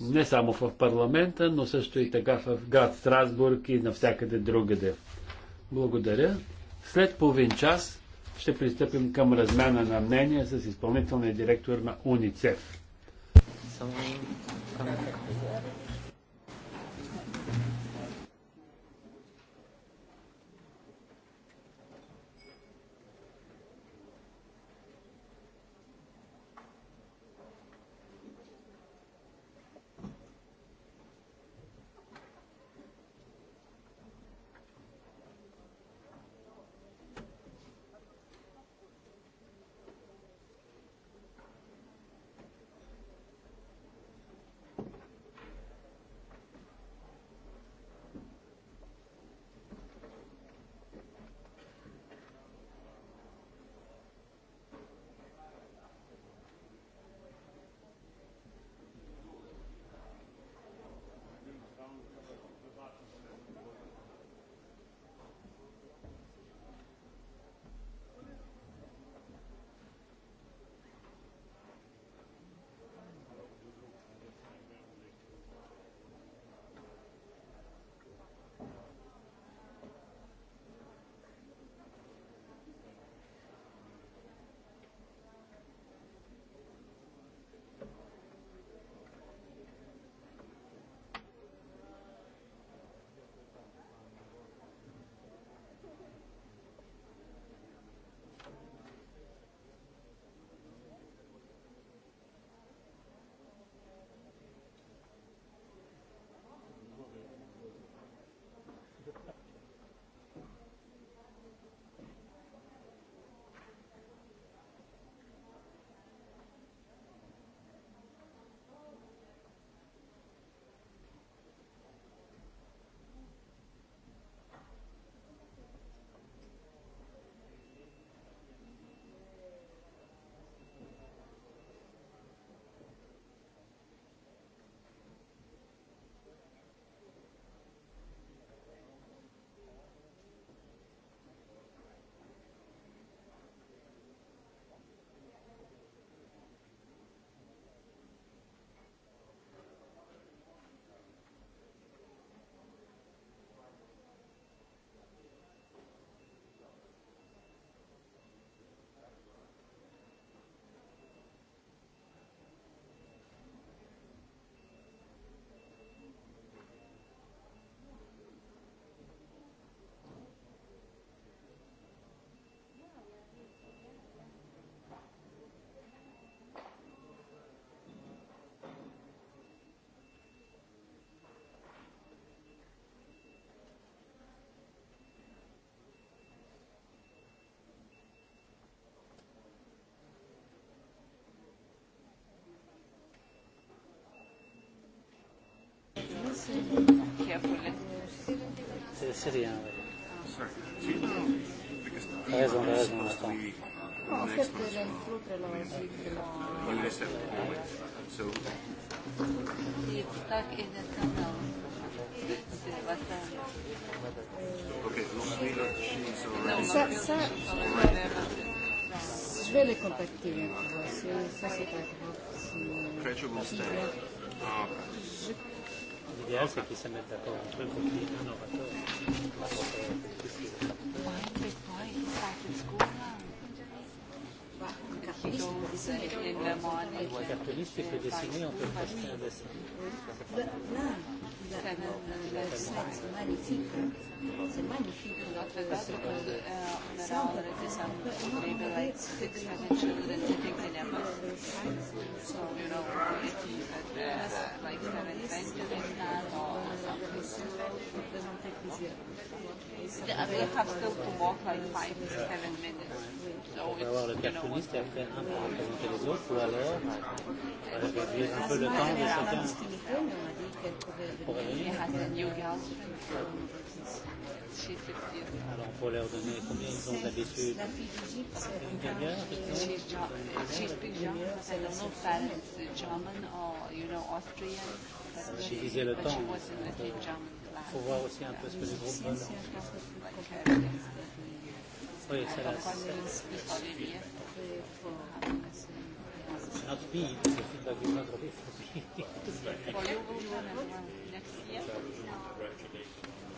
не само в парламента, но също и така в град Страсбург и навсякъде другаде. Благодаря. След половин час ще пристъпим към размяна на мнения с изпълнителния директор на УНИЦЕФ. Само... Syrian. T'as raison, t'as raison, attends. En fait, l'autre, elle a USF. So. Так, и на канал. Okay, Lumina, she's already... Ça, ça, je L'idéal, c'est qu'ils se mettent d'accord entre eux pour qu'il y un orateur. Le cartooniste, il peut dessiner, on C'est magnifique. Notre date on around December, maybe like 600 children living in a bus. So, you know, if you had uh, like an adventure in hand or something. We have still to walk like five, seven minutes. So it's, you know, les autres ou alors réduire un peu le temps de chacun. Alors, pour leur donner combien ils ont d'habitude Une demi-heure She's, she's Belgian, I don't know parents, German or, you know, Austrian. But she, disait le temps. Il faut voir aussi un peu ce que les groupes veulent. Oui, c'est la... Not speed, the for speed.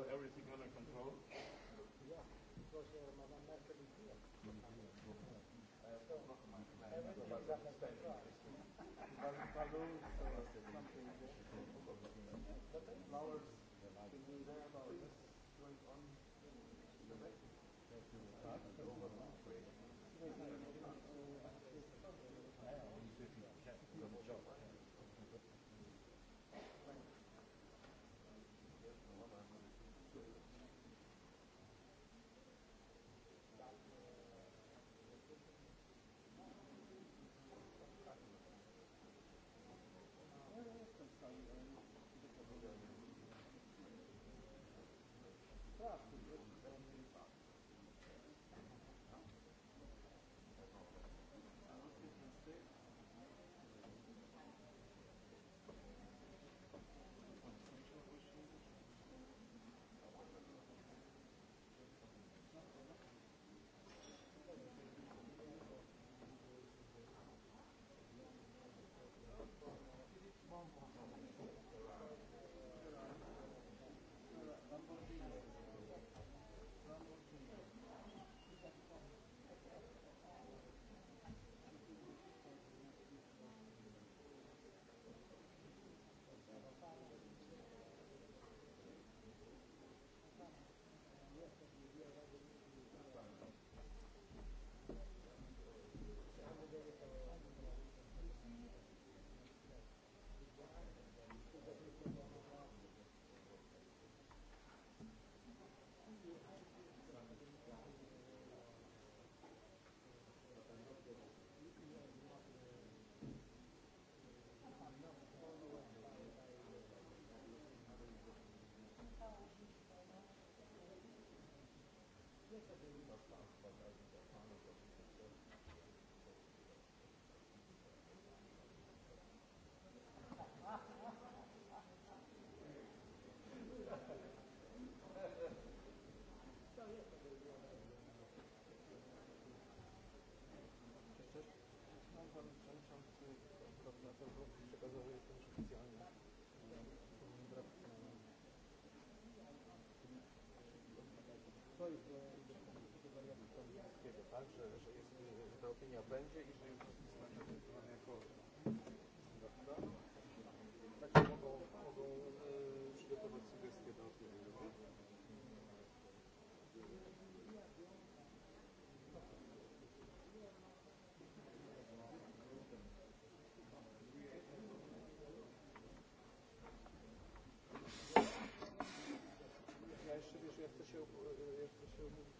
have everything under control? Yeah, because uh, Madame Merkel is here. Everything is under control. Balloons or something. Flowers. posiedzenia będzie i że już Tak mogą, mogą y, przygotować sugestie do odpowiedzi. Ja jeszcze wiesz, ja chcę się, ja chcę się umówić.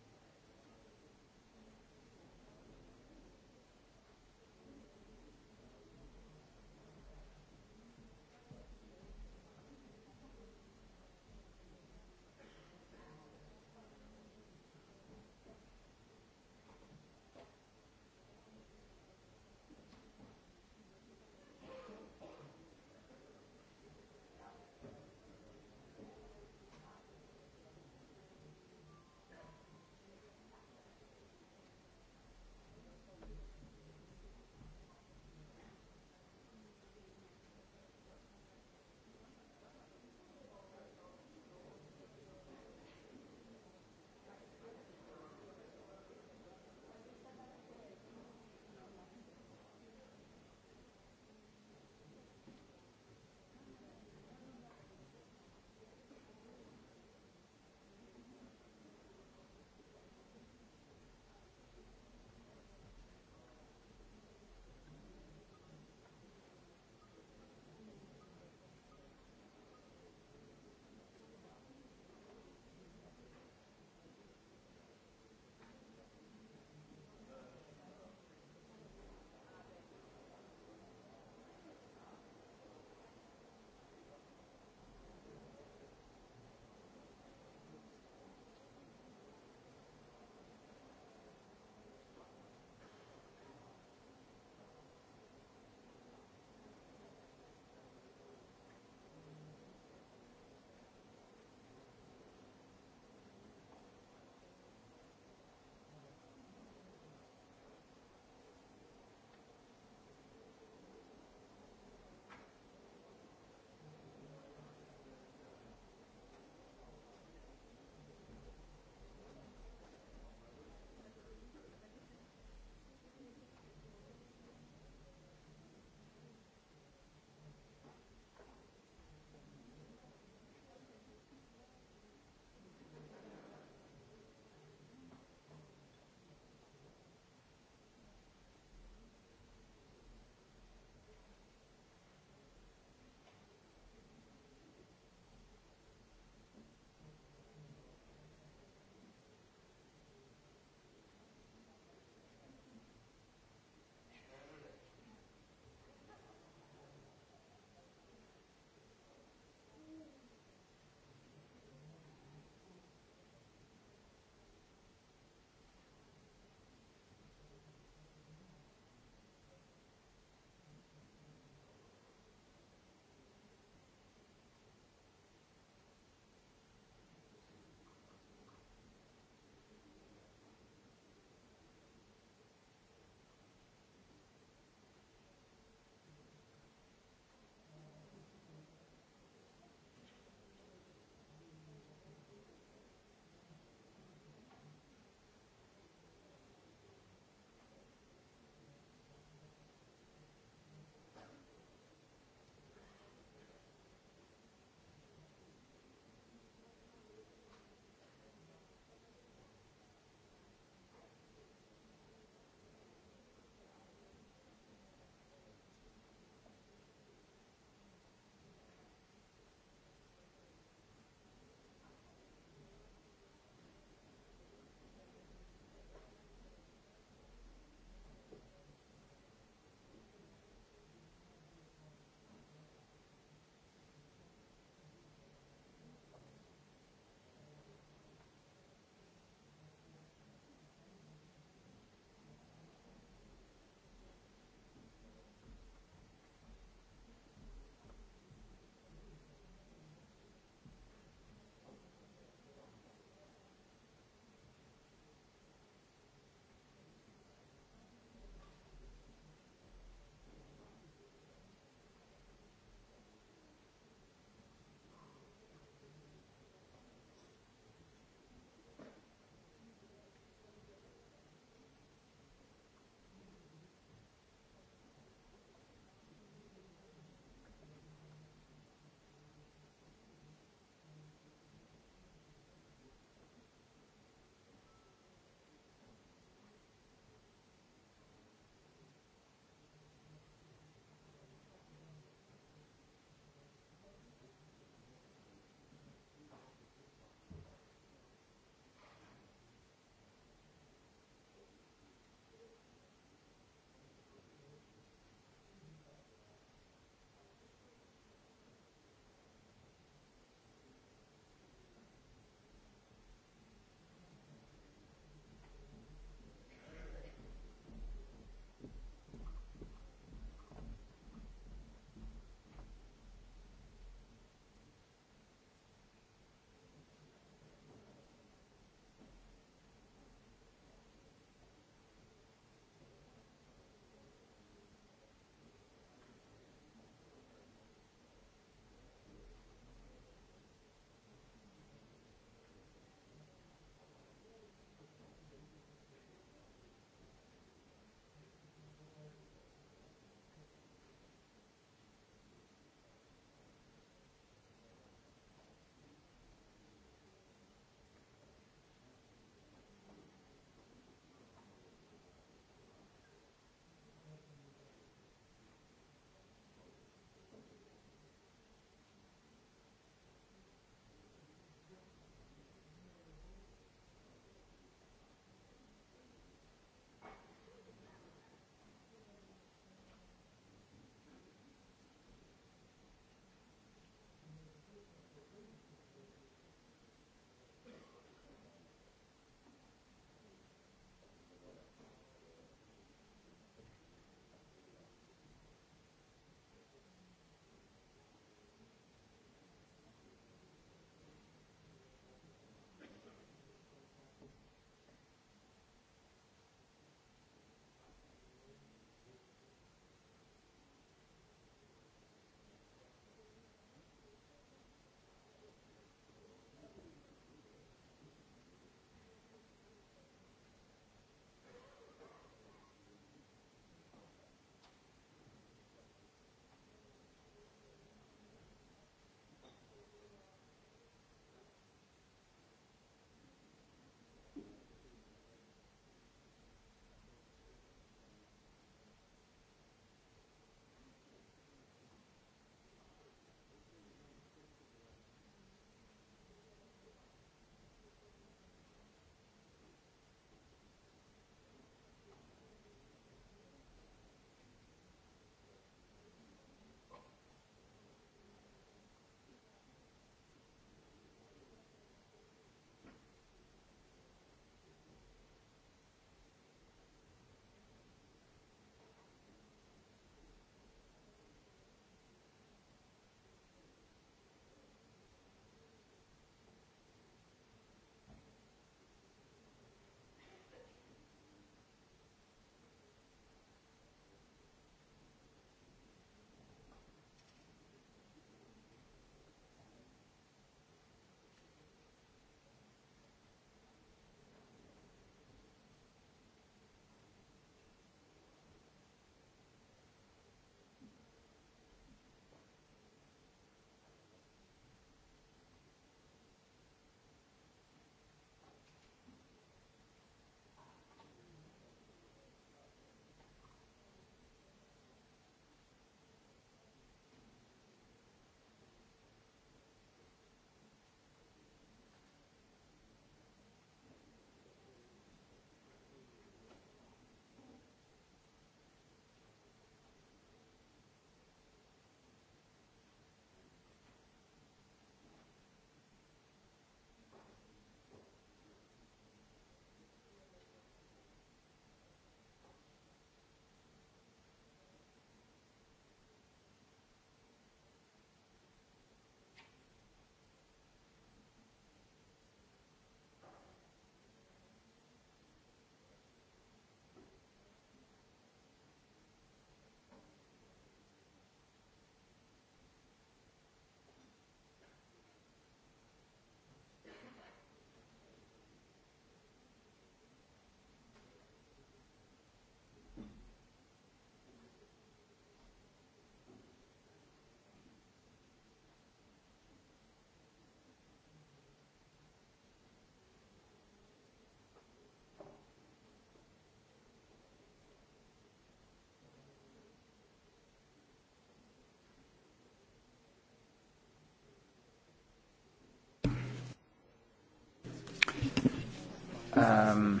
Um,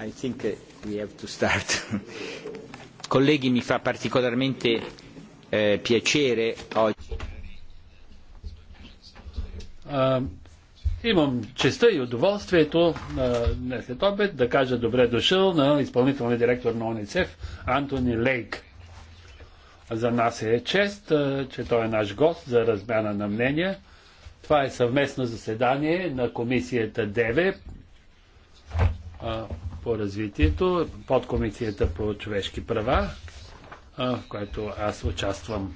I think uh, we have to start. [laughs] Colleghi, mi fa particolarmente eh, piacere oggi. Uh, имам честа и удоволствието uh, днес след обед да кажа добре дошъл на изпълнителния директор на ОНИЦЕФ Антони Лейк. За нас е чест, че той е наш гост за размяна на мнения. Това е съвместно заседание на комисията ДЕВЕ, по развитието, подкомисията по човешки права, в която аз участвам.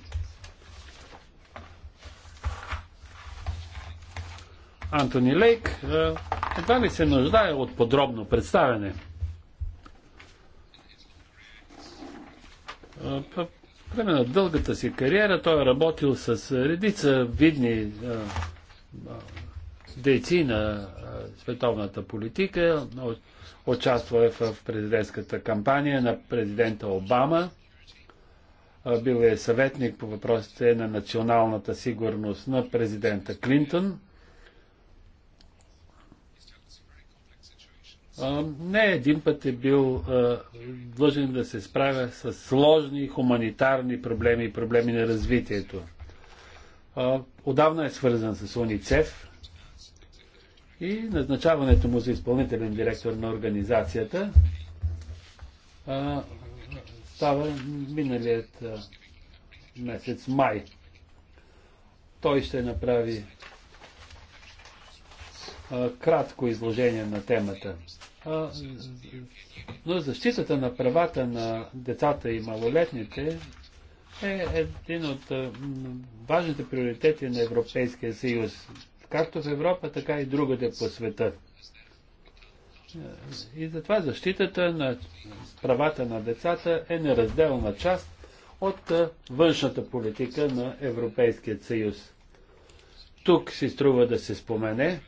Антони Лейк едва ли се нуждае от подробно представяне. По време на дългата си кариера той е работил с редица видни дейци на световната политика. Участва е в президентската кампания на президента Обама. Бил е съветник по въпросите на националната сигурност на президента Клинтон. Не един път е бил длъжен да се справя с сложни хуманитарни проблеми и проблеми на развитието. Отдавна е свързан с УНИЦЕФ, и назначаването му за изпълнителен директор на организацията а, става миналият а, месец май. Той ще направи а, кратко изложение на темата. А, но защитата на правата на децата и малолетните е един от важните приоритети на Европейския съюз както в Европа, така и другаде по света. И затова защитата на правата на децата е неразделна част от външната политика на Европейския съюз. Тук си струва да се спомене,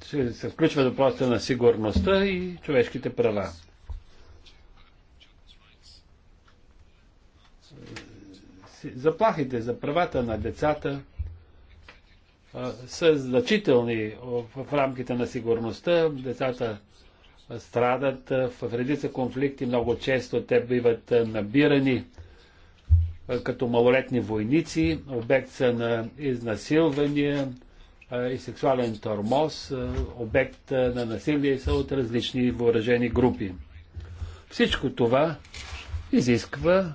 се включва въпроса на сигурността и човешките права. Заплахите за правата на децата са значителни в рамките на сигурността. Децата страдат в редица конфликти, много често те биват набирани като малолетни войници, обект са на изнасилвания и сексуален тормоз, обект на насилие са от различни въоръжени групи. Всичко това изисква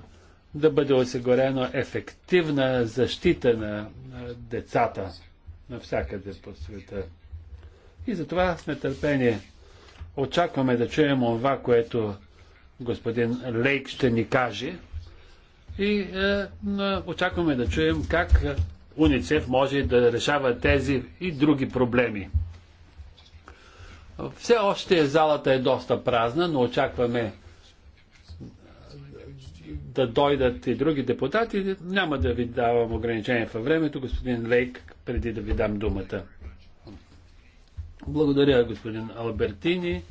да бъде осигурена ефективна защита на децата навсякъде по света. И затова с нетърпение очакваме да чуем това, което господин Лейк ще ни каже. И е, очакваме да чуем как УНИЦЕФ може да решава тези и други проблеми. Все още залата е доста празна, но очакваме да дойдат и други депутати. Няма да ви давам ограничение във времето, господин Лейк, преди да ви дам думата. Благодаря, господин Албертини,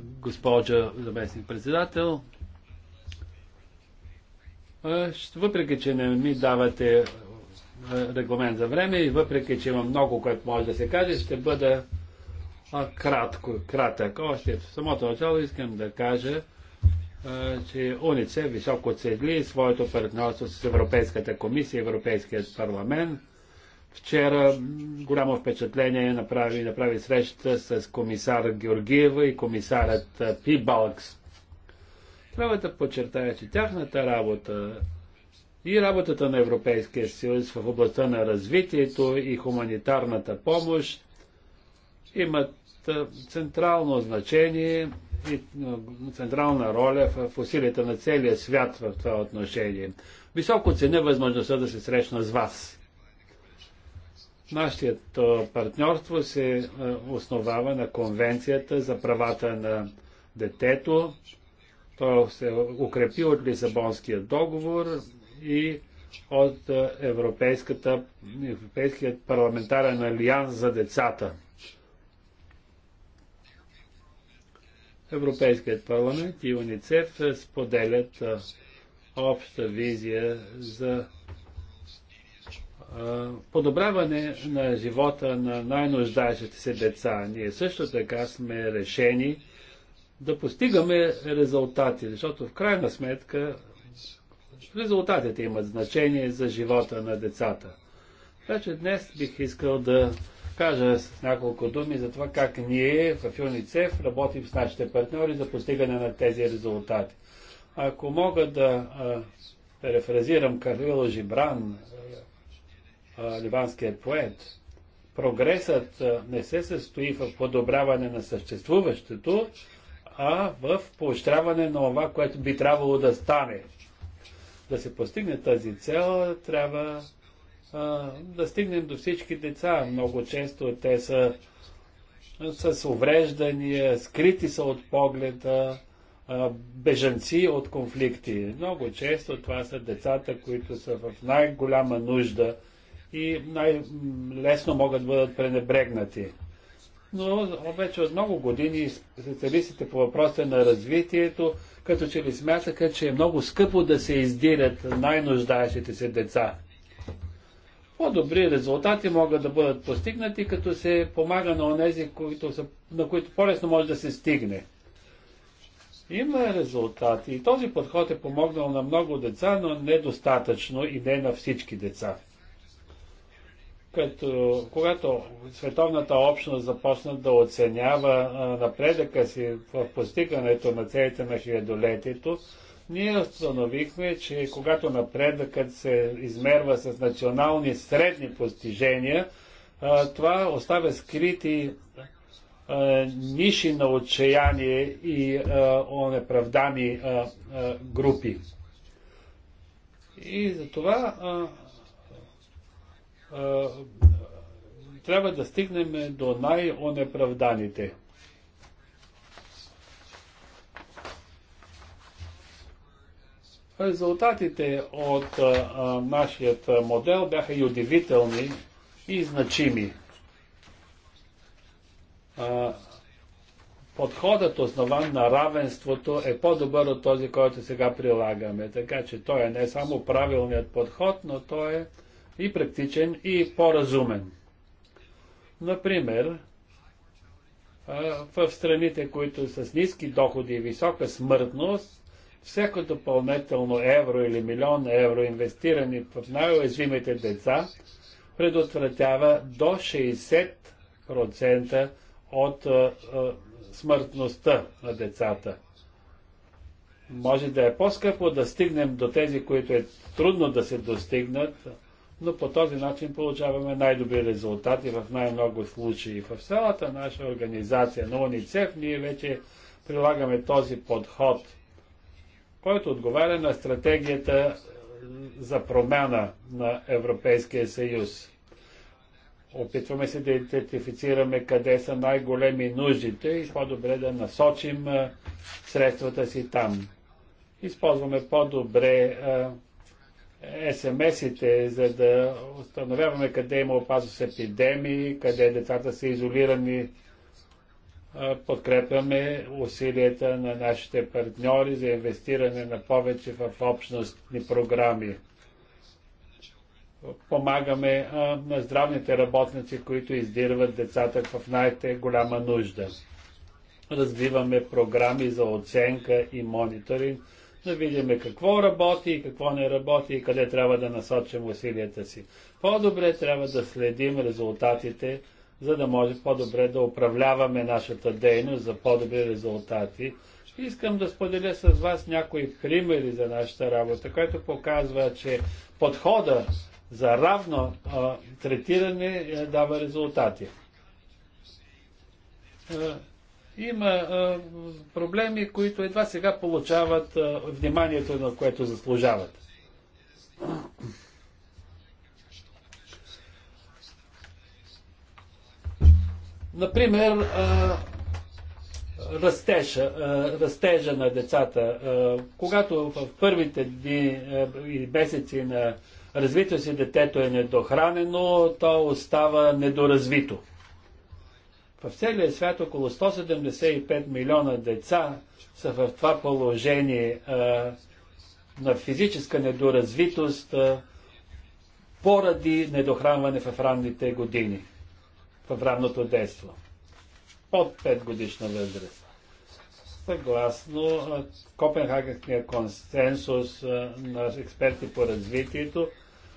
госпожа заместник-председател. Въпреки, че не ми давате регламент за време и въпреки, че има много, което може да се каже, ще бъда кратко, кратък. Още в самото начало искам да кажа, че УНИЦЕ високо цели своето партньорство с Европейската комисия, Европейският парламент. Вчера голямо впечатление направи, направи среща с комисар Георгиева и комисарът Пибалкс. Трябва да подчертая, че тяхната работа и работата на Европейския съюз в областта на развитието и хуманитарната помощ имат централно значение централна роля в усилията на целия свят в това отношение. Високо ценя възможността да се срещна с вас. Нашето партньорство се основава на Конвенцията за правата на детето. То се укрепи от Лисабонския договор и от Европейският парламентарен алианс за децата – Европейският парламент и УНИЦЕФ споделят обща визия за подобряване на живота на най-нуждаещите се деца. Ние също така сме решени да постигаме резултати, защото в крайна сметка резултатите имат значение за живота на децата. Така че днес бих искал да кажа с няколко думи за това как ние в ЮНИЦЕФ работим с нашите партньори за постигане на тези резултати. Ако мога да а, перефразирам Карлило Жибран, а, ливанският поет, прогресът не се състои в подобряване на съществуващото, а в поощряване на това, което би трябвало да стане. Да се постигне тази цел, трябва да стигнем до всички деца. Много често те са с увреждания, скрити са от погледа, бежанци от конфликти. Много често това са децата, които са в най-голяма нужда и най-лесно могат да бъдат пренебрегнати. Но вече от много години специалистите по въпроса на развитието, като че ли смятаха, че е много скъпо да се издирят най-нуждаещите се деца. По-добри резултати могат да бъдат постигнати, като се помага на онези, които са, на които по-лесно може да се стигне. Има резултати и този подход е помогнал на много деца, но недостатъчно и не на всички деца. Като, когато световната общност започна да оценява напредъка си в постигането на целите на хилядолетието, ние установихме, че когато напредъкът се измерва с национални средни постижения, това оставя скрити ниши на отчаяние и онеправдани групи. И затова трябва да стигнем до най-онеправданите. Резултатите от а, нашият модел бяха и удивителни, и значими. А, подходът, основан на равенството, е по-добър от този, който сега прилагаме. Така че той е не само правилният подход, но той е и практичен, и по-разумен. Например, в страните, които са с ниски доходи и висока смъртност, всяко допълнително евро или милион евро инвестирани в най-уязвимите деца предотвратява до 60% от а, а, смъртността на децата. Може да е по-скъпо да стигнем до тези, които е трудно да се достигнат, но по този начин получаваме най-добри резултати в най-много случаи. В цялата наша организация на УНИЦЕФ ние вече прилагаме този подход – който отговаря на стратегията за промяна на Европейския съюз. Опитваме се да идентифицираме къде са най-големи нуждите и по-добре да насочим средствата си там. Използваме по-добре СМС-ите, за да установяваме къде има опасност епидемии, къде децата са изолирани подкрепяме усилията на нашите партньори за инвестиране на повече в общностни програми. Помагаме на здравните работници, които издирват децата в най-голяма нужда. Развиваме програми за оценка и мониторинг, да видим какво работи и какво не работи и къде трябва да насочим усилията си. По-добре трябва да следим резултатите за да може по-добре да управляваме нашата дейност за по-добри резултати. Искам да споделя с вас някои примери за нашата работа, което показва, че подхода за равно а, третиране а, е, дава резултати. А, има а, проблеми, които едва сега получават а, вниманието, на което заслужават. Например, растежа, растежа на децата. Когато в първите дни и месеци на развитието си детето е недохранено, то остава недоразвито. В целия свят около 175 милиона деца са в това положение а, на физическа недоразвитост а, поради недохранване в ранните години в равното детство. От 5 годишна възраст. Съгласно Копенхагенския консенсус на експерти по развитието,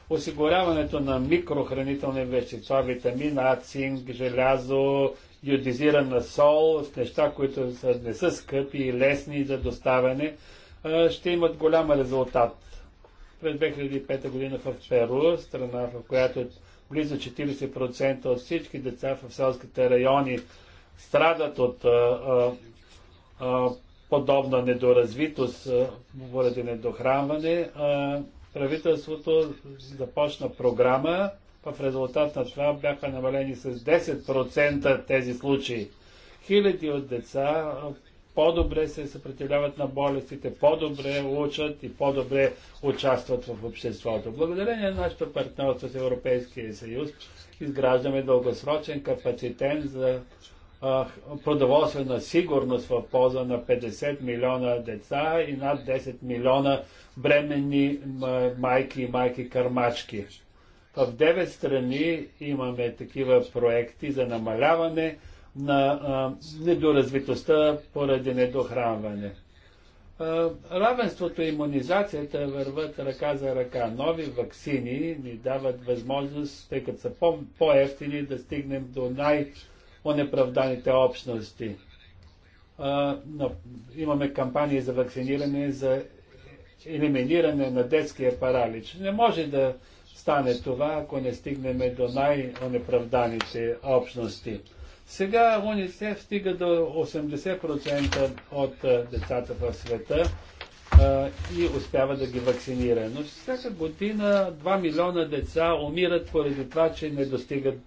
осигуряването на микрохранителни вещества, витамина А, цинк, желязо, йодизирана сол, сол, неща, които не са скъпи и лесни за доставяне, ще имат голям резултат. През 2005 година в Перу, страна в която близо 40% от всички деца в селските райони страдат от а, а, подобна недоразвитост поради недохранване. Правителството започна програма, в резултат на това бяха намалени с 10% тези случаи. Хиляди от деца по-добре се съпротивляват на болестите, по-добре учат и по-добре участват в обществото. Благодарение на нашето партньорство с Европейския съюз изграждаме дългосрочен капацитет за продоволствена сигурност в полза на 50 милиона деца и над 10 милиона бременни майки и майки кърмачки. В 9 страни имаме такива проекти за намаляване на недоразвитостта поради недохранване. Равенството и иммунизацията върват ръка за ръка. Нови вакцини ни дават възможност, тъй като са по-ефтини, по да стигнем до най-онеправданите общности. А, но, имаме кампании за вакциниране, за елиминиране на детския паралич. Не може да стане това, ако не стигнем до най-онеправданите общности. Сега УНИСЕФ стига до 80% от децата в света а, и успява да ги вакцинира. Но всяка година 2 милиона деца умират поради това, че не достигат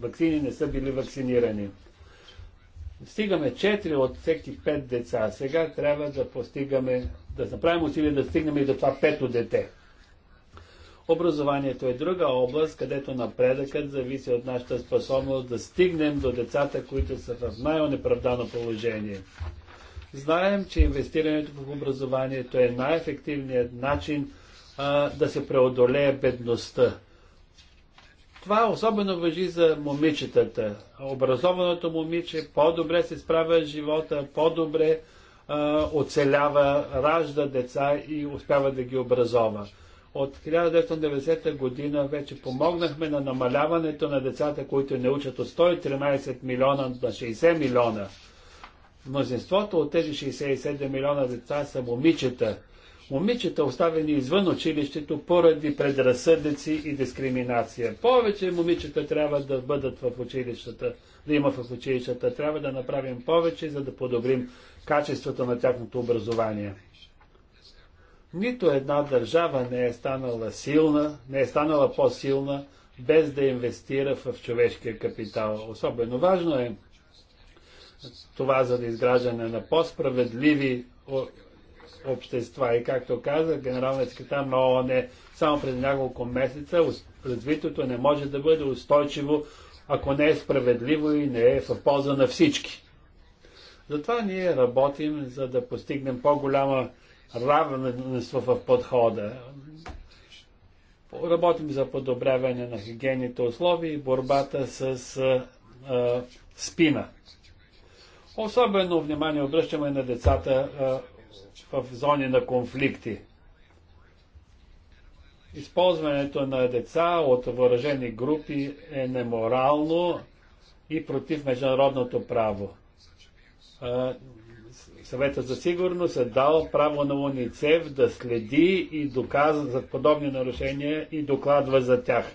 вакцини, не са били вакцинирани. Стигаме 4 от всеки 5 деца. Сега трябва да постигаме, да направим усилия да стигнем и до това пето дете. Образованието е друга област, където напредъкът зависи от нашата способност да стигнем до децата, които са в най-онеправдано положение. Знаем, че инвестирането в образованието е най-ефективният начин а, да се преодолее бедността. Това особено въжи за момичетата. Образованото момиче по-добре се справя с живота, по-добре оцелява, ражда деца и успява да ги образова. От 1990 година вече помогнахме на намаляването на децата, които не учат от 113 милиона на 60 милиона. Мнозинството от тези 67 милиона деца са момичета. Момичета оставени извън училището поради предразсъдници и дискриминация. Повече момичета трябва да бъдат в училищата, да има в училищата. Трябва да направим повече, за да подобрим качеството на тяхното образование. Нито една държава не е станала силна, не е станала по-силна, без да инвестира в човешкия капитал. Особено важно е това за да изграждане на по-справедливи общества. И както каза генералният секретар на ООН, е, само през няколко месеца развитието не може да бъде устойчиво, ако не е справедливо и не е в полза на всички. Затова ние работим, за да постигнем по-голяма равенство в подхода. Работим за подобряване на хигиените условия и борбата с а, спина. Особено внимание обръщаме на децата а, в зони на конфликти. Използването на деца от въоръжени групи е неморално и против международното право съвета за сигурност е дал право на УНИЦЕВ да следи и доказва за подобни нарушения и докладва за тях.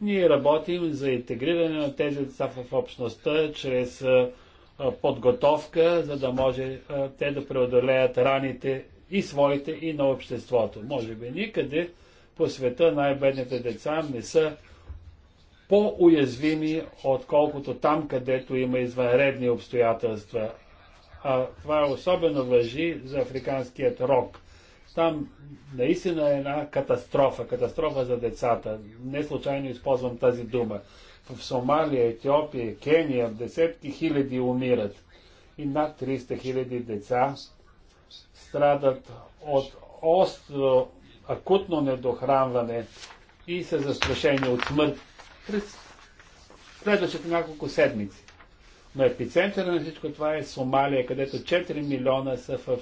Ние работим за интегриране на тези деца в общността чрез подготовка, за да може те да преодолеят раните и своите, и на обществото. Може би никъде по света най-бедните деца не са по-уязвими, отколкото там, където има извънредни обстоятелства. А това особено въжи за африканският рок. Там наистина е една катастрофа, катастрофа за децата. Не случайно използвам тази дума. В Сомалия, Етиопия, Кения десетки хиляди умират и над 300 хиляди деца страдат от остро, акутно недохранване и са застрашени от смърт през следващите няколко седмици. Но епицентъра на всичко това е Сомалия, където 4 милиона са в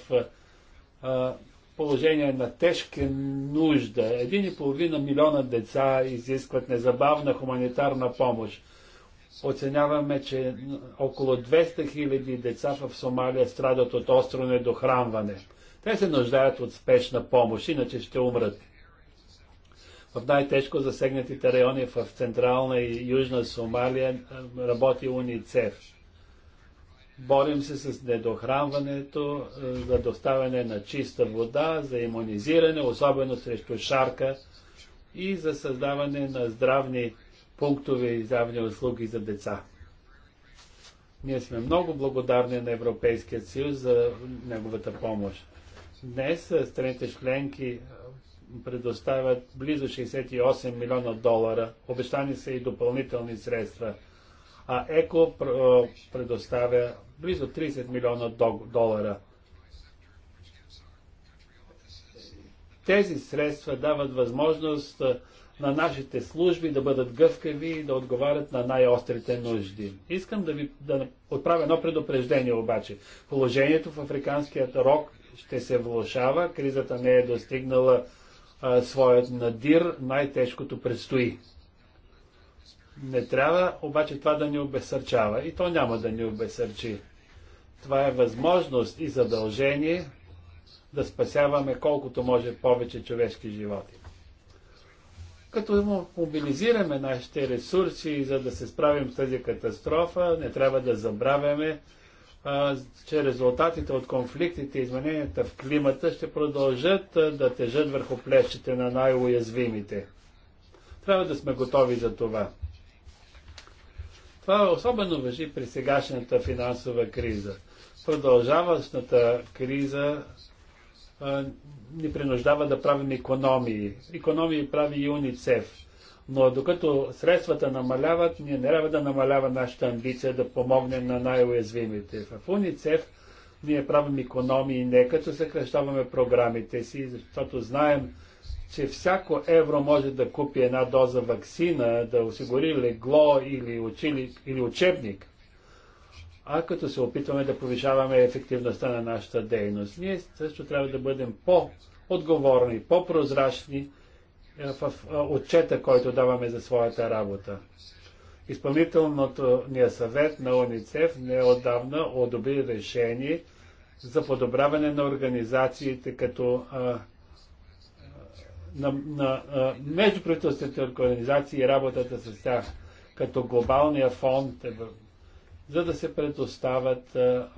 а, положение на тежка нужда. 1,5 милиона деца изискват незабавна хуманитарна помощ. Оценяваме, че около 200 хиляди деца в Сомалия страдат от остро недохранване. Те се нуждаят от спешна помощ, иначе ще умрат. В най-тежко засегнатите райони в Централна и Южна Сомалия работи УНИЦЕФ. Борим се с недохранването, е, за доставяне на чиста вода, за иммунизиране, особено срещу шарка и за създаване на здравни пунктове и здравни услуги за деца. Ние сме много благодарни на Европейския съюз за неговата помощ. Днес е, страните членки е, предоставят близо 68 милиона долара. Обещани са и допълнителни средства а ЕКО предоставя близо 30 милиона долара. Тези средства дават възможност на нашите служби да бъдат гъвкави и да отговарят на най-острите нужди. Искам да ви да отправя едно предупреждение обаче. Положението в африканският рок ще се влушава, кризата не е достигнала а, своят надир, най-тежкото предстои. Не трябва обаче това да ни обесърчава и то няма да ни обесърчи. Това е възможност и задължение да спасяваме колкото може повече човешки животи. Като мобилизираме нашите ресурси, за да се справим с тази катастрофа, не трябва да забравяме, че резултатите от конфликтите и измененията в климата ще продължат да тежат върху плещите на най-уязвимите. Трябва да сме готови за това. Това особено въжи при сегашната финансова криза. Продължаващата криза а, ни принуждава да правим економии. Економии прави и УНИЦЕФ. Но докато средствата намаляват, ние не трябва да намалява нашата амбиция да помогнем на най-уязвимите. В УНИЦЕФ ние правим економии не като съкрещаваме програмите си, защото знаем, че всяко евро може да купи една доза вакцина, да осигури легло или, учили, или учебник, а като се опитваме да повишаваме ефективността на нашата дейност. Ние също трябва да бъдем по-отговорни, по-прозрачни е, в е, отчета, който даваме за своята работа. Изпълнителното ни съвет на ОНИЦЕФ неодавна одобри решение за подобряване на организациите като е, на, на междуправителствените организации и работата с тях, като глобалния фонд, е за да се предоставят а,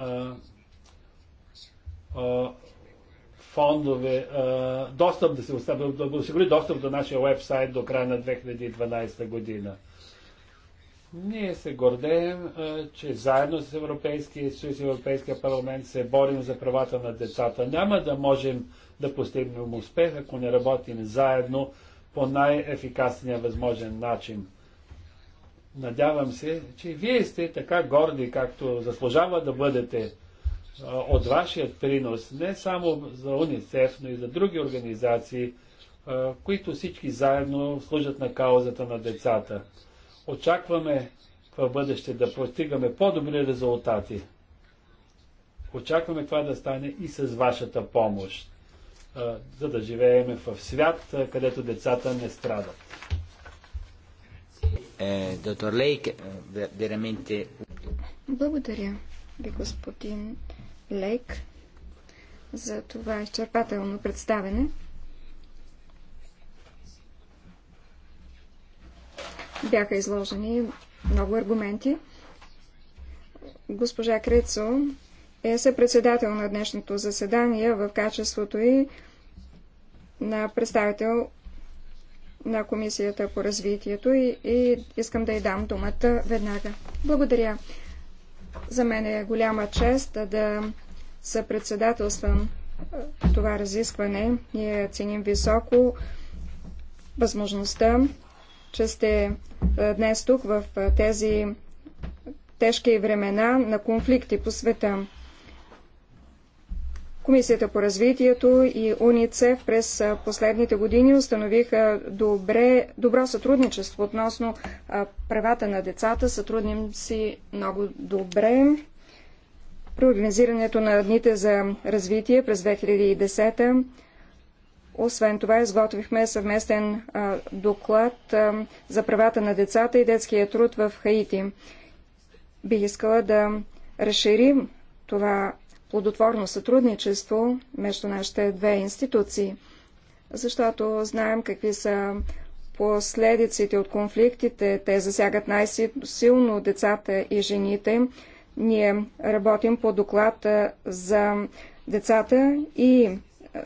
а, фондове, а, достъп да се да осигури достъп до нашия вебсайт до края на 2012 година. Ние се гордеем, че заедно с Европейския съюз и Европейския парламент се борим за правата на децата. Няма да можем да постигнем успех, ако не работим заедно по най-ефикасния възможен начин. Надявам се, че вие сте така горди, както заслужава да бъдете от вашият принос, не само за УНИСЕФ, но и за други организации, които всички заедно служат на каузата на децата. Очакваме в бъдеще да постигаме по-добри резултати. Очакваме това да стане и с вашата помощ, за да живееме в свят, където децата не страдат. Е, доктор Лейк, е, вераменте... Благодаря ви, господин Лейк, за това изчерпателно представене. Бяха изложени много аргументи. Госпожа Крицо е съпредседател на днешното заседание в качеството и на представител на Комисията по развитието и, и искам да й дам думата веднага. Благодаря. За мен е голяма чест да съпредседателствам това разискване. Ние ценим високо възможността че сте е, днес тук в е, тези тежки времена на конфликти по света. Комисията по развитието и УНИЦЕФ през е, последните години установиха добре, добро сътрудничество относно правата на децата. Сътрудним си много добре. При организирането на дните за развитие през 2010 освен това, изготвихме съвместен доклад за правата на децата и детския труд в Хаити. Бих искала да разширим това плодотворно сътрудничество между нашите две институции, защото знаем какви са последиците от конфликтите. Те засягат най-силно децата и жените. Ние работим по доклад за децата и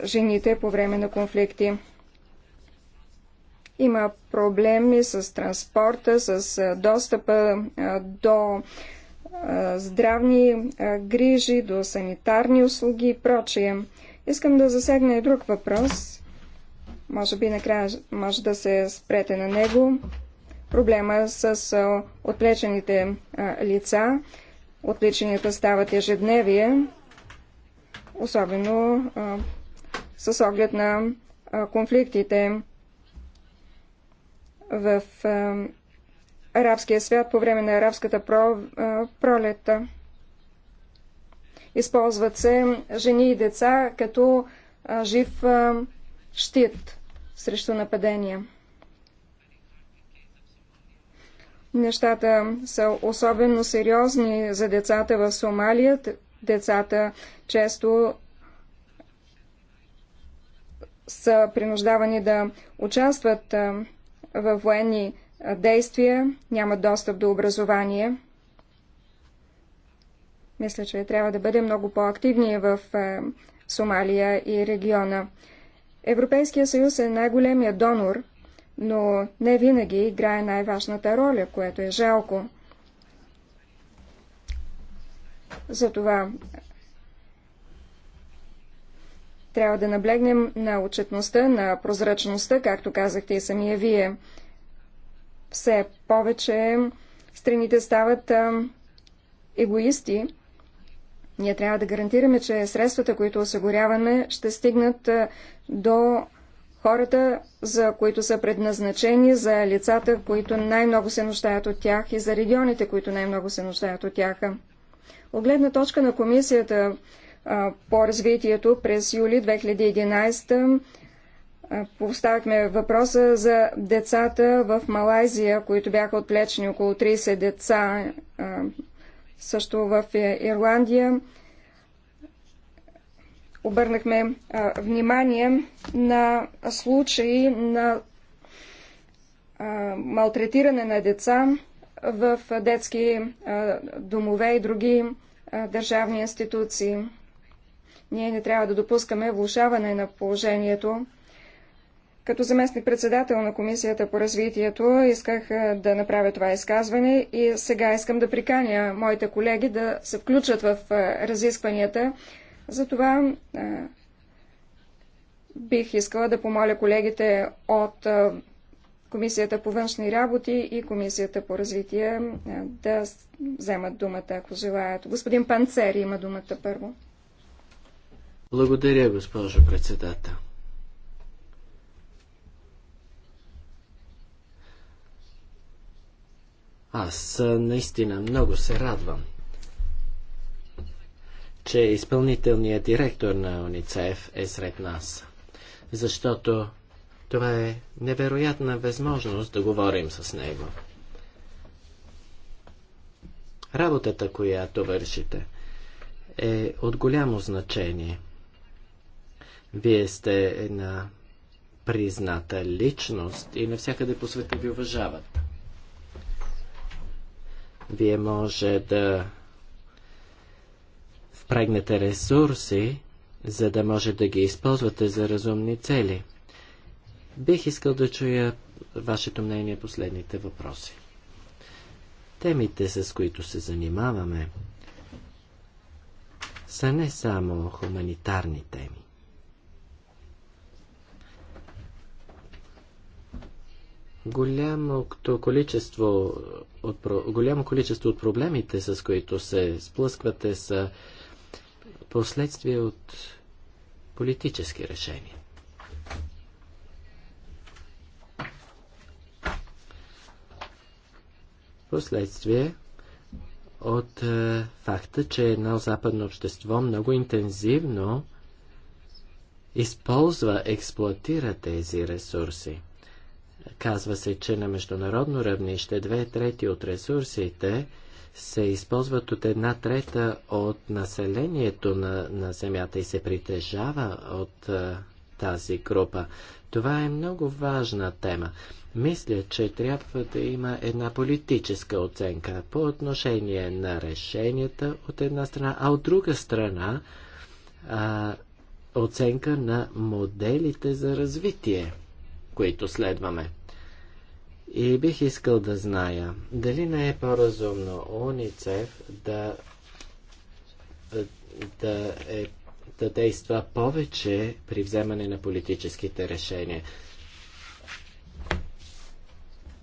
жените по време на конфликти. Има проблеми с транспорта, с достъпа до здравни грижи, до санитарни услуги и прочие. Искам да засегна и друг въпрос. Може би накрая може да се спрете на него. Проблема с отвлечените лица. Отвлеченията стават ежедневие, особено с оглед на конфликтите в арабския свят по време на арабската пролета. Използват се жени и деца като жив щит срещу нападения. Нещата са особено сериозни за децата в Сомалия. Децата често са принуждавани да участват в военни действия, нямат достъп до образование. Мисля, че трябва да бъдем много по-активни в Сомалия и региона. Европейския съюз е най-големия донор, но не винаги играе най-важната роля, което е жалко. Затова трябва да наблегнем на отчетността, на прозрачността, както казахте и самия вие. Все повече страните стават егоисти. Ние трябва да гарантираме, че средствата, които осигуряваме, ще стигнат до хората, за които са предназначени, за лицата, които най-много се нуждаят от тях и за регионите, които най-много се нуждаят от тях. От гледна точка на комисията по развитието през юли 2011 поставихме въпроса за децата в Малайзия, които бяха отвлечени около 30 деца, също в е, Ирландия. Обърнахме внимание на случаи на малтретиране на деца в детски домове и други държавни институции. Ние не трябва да допускаме влушаване на положението. Като заместник председател на Комисията по развитието исках да направя това изказване и сега искам да приканя моите колеги да се включат в разискванията. Затова бих искала да помоля колегите от Комисията по външни работи и Комисията по развитие да вземат думата, ако желаят. Господин Панцери има думата първо. Благодаря, госпожо председател. Аз наистина много се радвам, че изпълнителният директор на УНИЦЕФ е сред нас, защото това е невероятна възможност да говорим с него. Работата, която вършите, е от голямо значение – вие сте една призната личност и навсякъде по света ви уважават. Вие може да впрегнете ресурси, за да може да ги използвате за разумни цели. Бих искал да чуя вашето мнение последните въпроси. Темите, с които се занимаваме, са не само хуманитарни теми. Голямото количество от, голямо количество от проблемите, с които се сплъсквате, са последствия от политически решения. Последствие от е, факта, че едно западно общество много интензивно използва, експлуатира тези ресурси. Казва се, че на международно равнище две трети от ресурсите се използват от една трета от населението на, на Земята и се притежава от а, тази група. Това е много важна тема. Мисля, че трябва да има една политическа оценка по отношение на решенията от една страна, а от друга страна а, оценка на моделите за развитие които следваме. И бих искал да зная, дали не е по-разумно УНИЦЕФ да, да, е, да действа повече при вземане на политическите решения.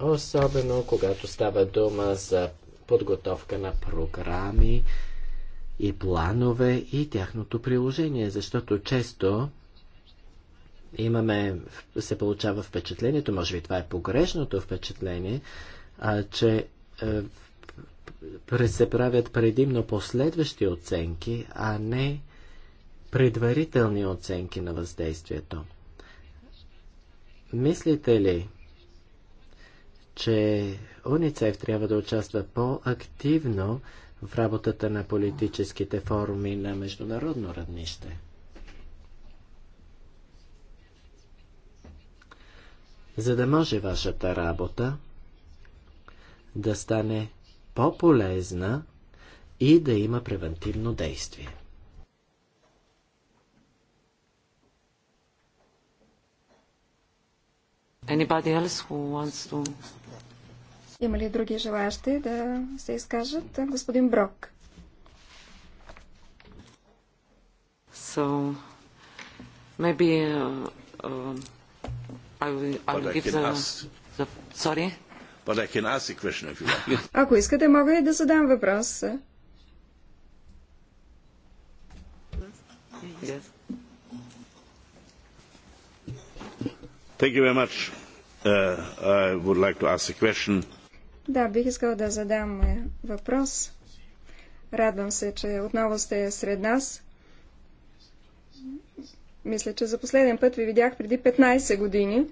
Особено когато става дума за подготовка на програми и планове и тяхното приложение, защото често имаме, се получава впечатлението, може би това е погрешното впечатление, а, че а, е, се правят предимно последващи оценки, а не предварителни оценки на въздействието. Мислите ли, че УНИЦЕФ трябва да участва по-активно в работата на политическите форуми на международно равнище? за да може вашата работа да стане по-полезна и да има превентивно действие. Anybody else who wants to... Има ли други желаящи да се изкажат? Господин Брок. So, maybe, uh, uh... [laughs] Ако искате, мога и да задам въпрос. Да, бих искал да задам е, въпрос. Радвам се, че отново сте сред нас. Мисля, че за последен път ви видях преди 15 години.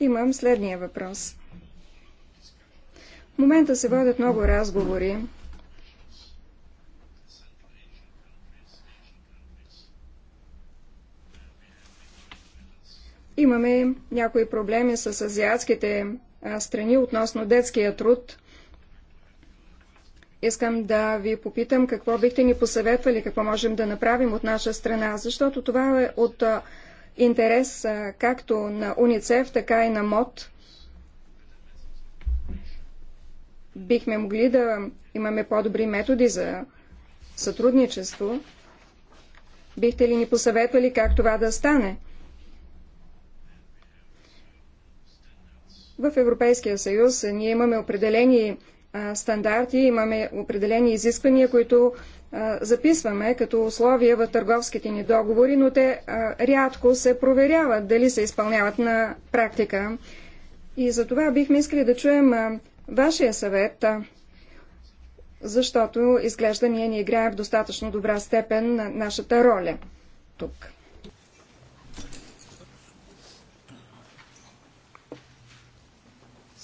Имам следния въпрос. В момента се водят много разговори Имаме някои проблеми с азиатските страни относно детския труд – Искам да ви попитам какво бихте ни посъветвали, какво можем да направим от наша страна, защото това е от интерес както на УНИЦЕФ, така и на МОД. Бихме могли да имаме по-добри методи за сътрудничество. Бихте ли ни посъветвали как това да стане? В Европейския съюз ние имаме определени стандарти, имаме определени изисквания, които записваме като условия в търговските ни договори, но те рядко се проверяват дали се изпълняват на практика. И за това бихме искали да чуем вашия съвет, защото изглежда ние не играем в достатъчно добра степен на нашата роля тук.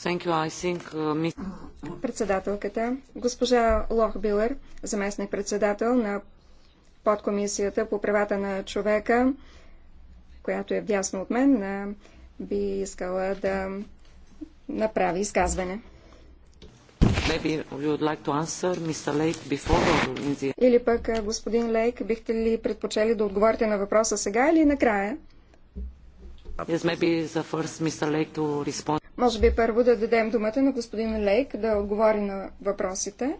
Thank you. I think, uh, председателката, госпожа Лох Билър, заместник председател на подкомисията по правата на човека, която е вдясно от мен, би искала да направи изказване. Или пък, господин Лейк, бихте ли предпочели да отговорите на въпроса сега или накрая? Yes, може би първо да дадем думата на господин Лейк да отговори на въпросите.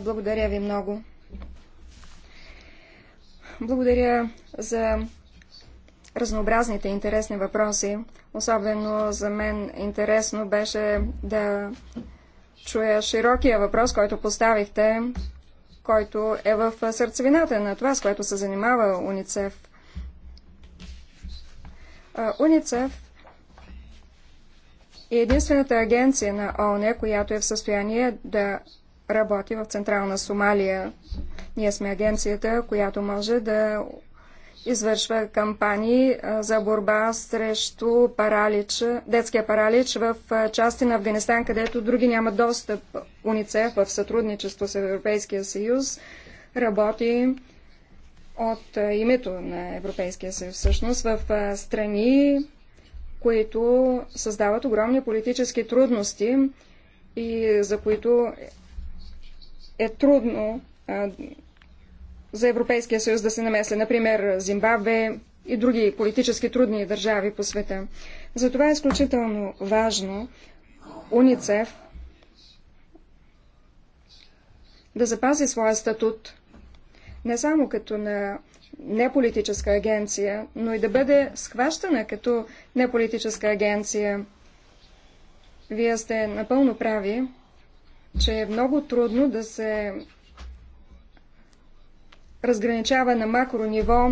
Благодаря ви много. Благодаря за разнообразните интересни въпроси. Особено за мен интересно беше да чуя широкия въпрос, който поставихте, който е в сърцевината на това, с което се занимава УНИЦЕФ. УНИЦЕФ е единствената агенция на ООН, която е в състояние да работи в Централна Сомалия. Ние сме агенцията, която може да извършва кампании за борба срещу паралич, детския паралич в части на Афганистан, където други нямат достъп. УНИЦЕФ в сътрудничество с Европейския съюз работи от името на Европейския съюз, всъщност в страни, които създават огромни политически трудности и за които е трудно за Европейския съюз да се намесли, например Зимбабве и други политически трудни държави по света. Затова е изключително важно УНИЦЕФ да запази своя статут – не само като на неполитическа агенция, но и да бъде схващана като неполитическа агенция. Вие сте напълно прави, че е много трудно да се разграничава на макро ниво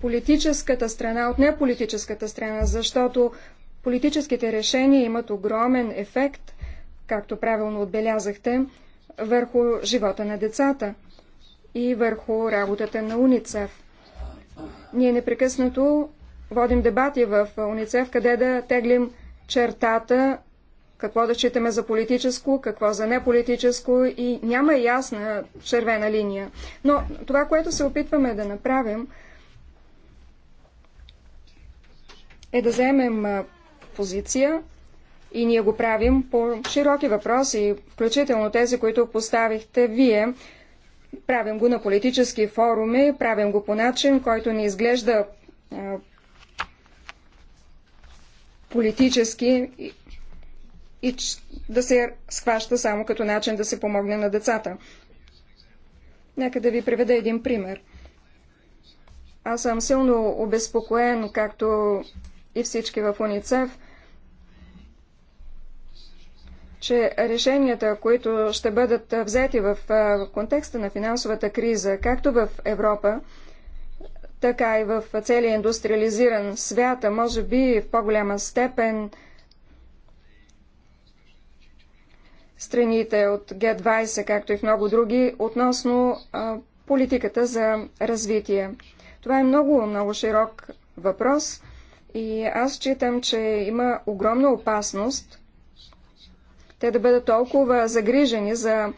политическата страна от неполитическата страна, защото политическите решения имат огромен ефект, както правилно отбелязахте, върху живота на децата и върху работата на УНИЦЕФ. Ние непрекъснато водим дебати в УНИЦЕФ, къде да теглим чертата, какво да считаме за политическо, какво за неполитическо и няма ясна червена линия. Но това, което се опитваме да направим, е да вземем позиция и ние го правим по широки въпроси, включително тези, които поставихте вие, Правим го на политически форуми, правим го по начин, който не изглежда а, политически и, и да се схваща само като начин да се помогне на децата. Нека да ви приведа един пример. Аз съм силно обезпокоен, както и всички в УНИЦЕФ, че решенията, които ще бъдат взети в контекста на финансовата криза, както в Европа, така и в целия индустриализиран свят, а може би в по-голяма степен страните от Г-20, както и в много други, относно политиката за развитие. Това е много, много широк въпрос и аз считам, че има огромна опасност – те да бъдат толкова загрижени за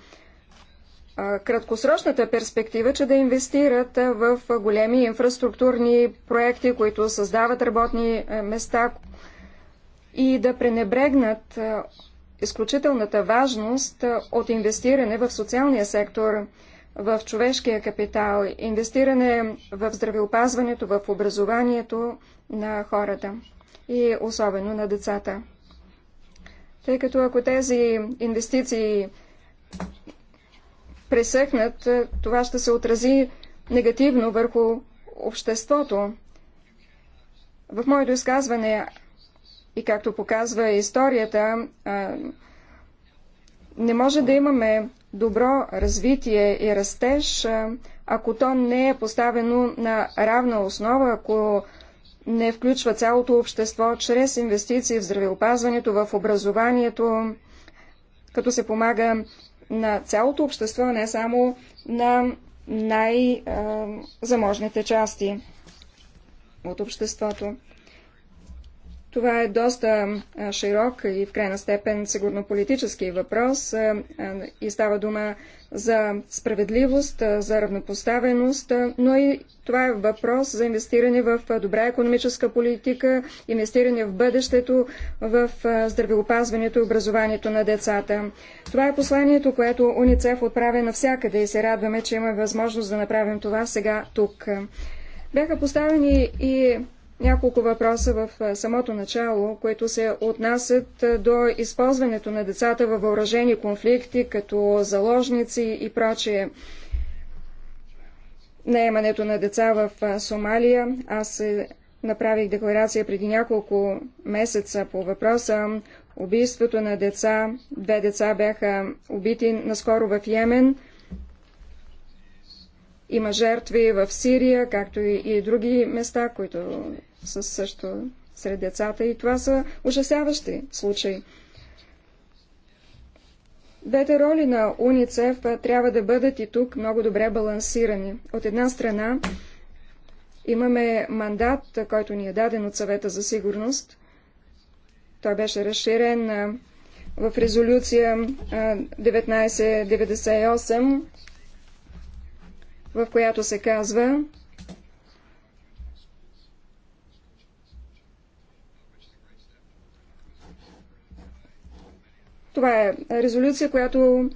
краткосрочната перспектива, че да инвестират в големи инфраструктурни проекти, които създават работни места и да пренебрегнат изключителната важност от инвестиране в социалния сектор, в човешкия капитал, инвестиране в здравеопазването, в образованието на хората и особено на децата тъй като ако тези инвестиции пресъхнат, това ще се отрази негативно върху обществото. В моето изказване и както показва историята, не може да имаме добро развитие и растеж, ако то не е поставено на равна основа, ако не включва цялото общество чрез инвестиции в здравеопазването, в образованието, като се помага на цялото общество, не само на най-заможните части от обществото. Това е доста широк и в крайна степен сигурно политически въпрос и става дума за справедливост, за равнопоставеност, но и това е въпрос за инвестиране в добра економическа политика, инвестиране в бъдещето, в здравеопазването и образованието на децата. Това е посланието, което УНИЦЕФ отправя навсякъде и се радваме, че имаме възможност да направим това сега тук. Бяха поставени и няколко въпроса в самото начало, които се отнасят до използването на децата във въоръжени конфликти, като заложници и прочее. Наемането на деца в Сомалия. Аз е, направих декларация преди няколко месеца по въпроса убийството на деца. Две деца бяха убити наскоро в Йемен. Има жертви в Сирия, както и други места, които също сред децата и това са ужасяващи случаи. Двете роли на УНИЦЕФ трябва да бъдат и тук много добре балансирани. От една страна имаме мандат, който ни е даден от съвета за сигурност. Той беше разширен в резолюция 1998, в която се казва, Това е резолюция, която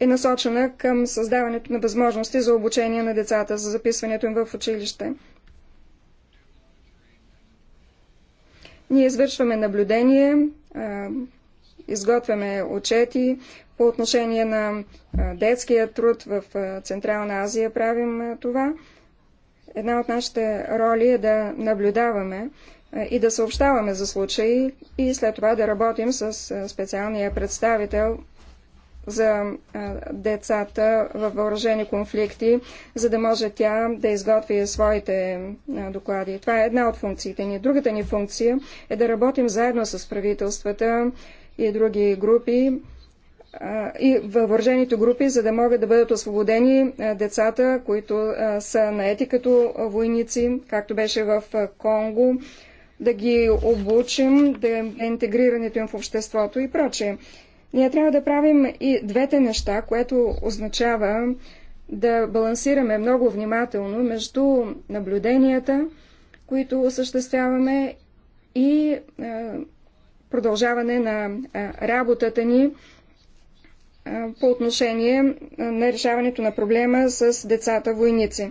е насочена към създаването на възможности за обучение на децата, за записването им в училище. Ние извършваме наблюдение, изготвяме отчети по отношение на детския труд в Централна Азия правим това. Една от нашите роли е да наблюдаваме и да съобщаваме за случаи и след това да работим с специалния представител за децата в въоръжени конфликти, за да може тя да изготви своите доклади. Това е една от функциите ни. Другата ни функция е да работим заедно с правителствата и други групи и въоръжените групи, за да могат да бъдат освободени децата, които са наети като войници, както беше в Конго да ги обучим, да е интегрирането им в обществото и прочее. Ние трябва да правим и двете неща, което означава да балансираме много внимателно между наблюденията, които осъществяваме и продължаване на работата ни по отношение на решаването на проблема с децата войници.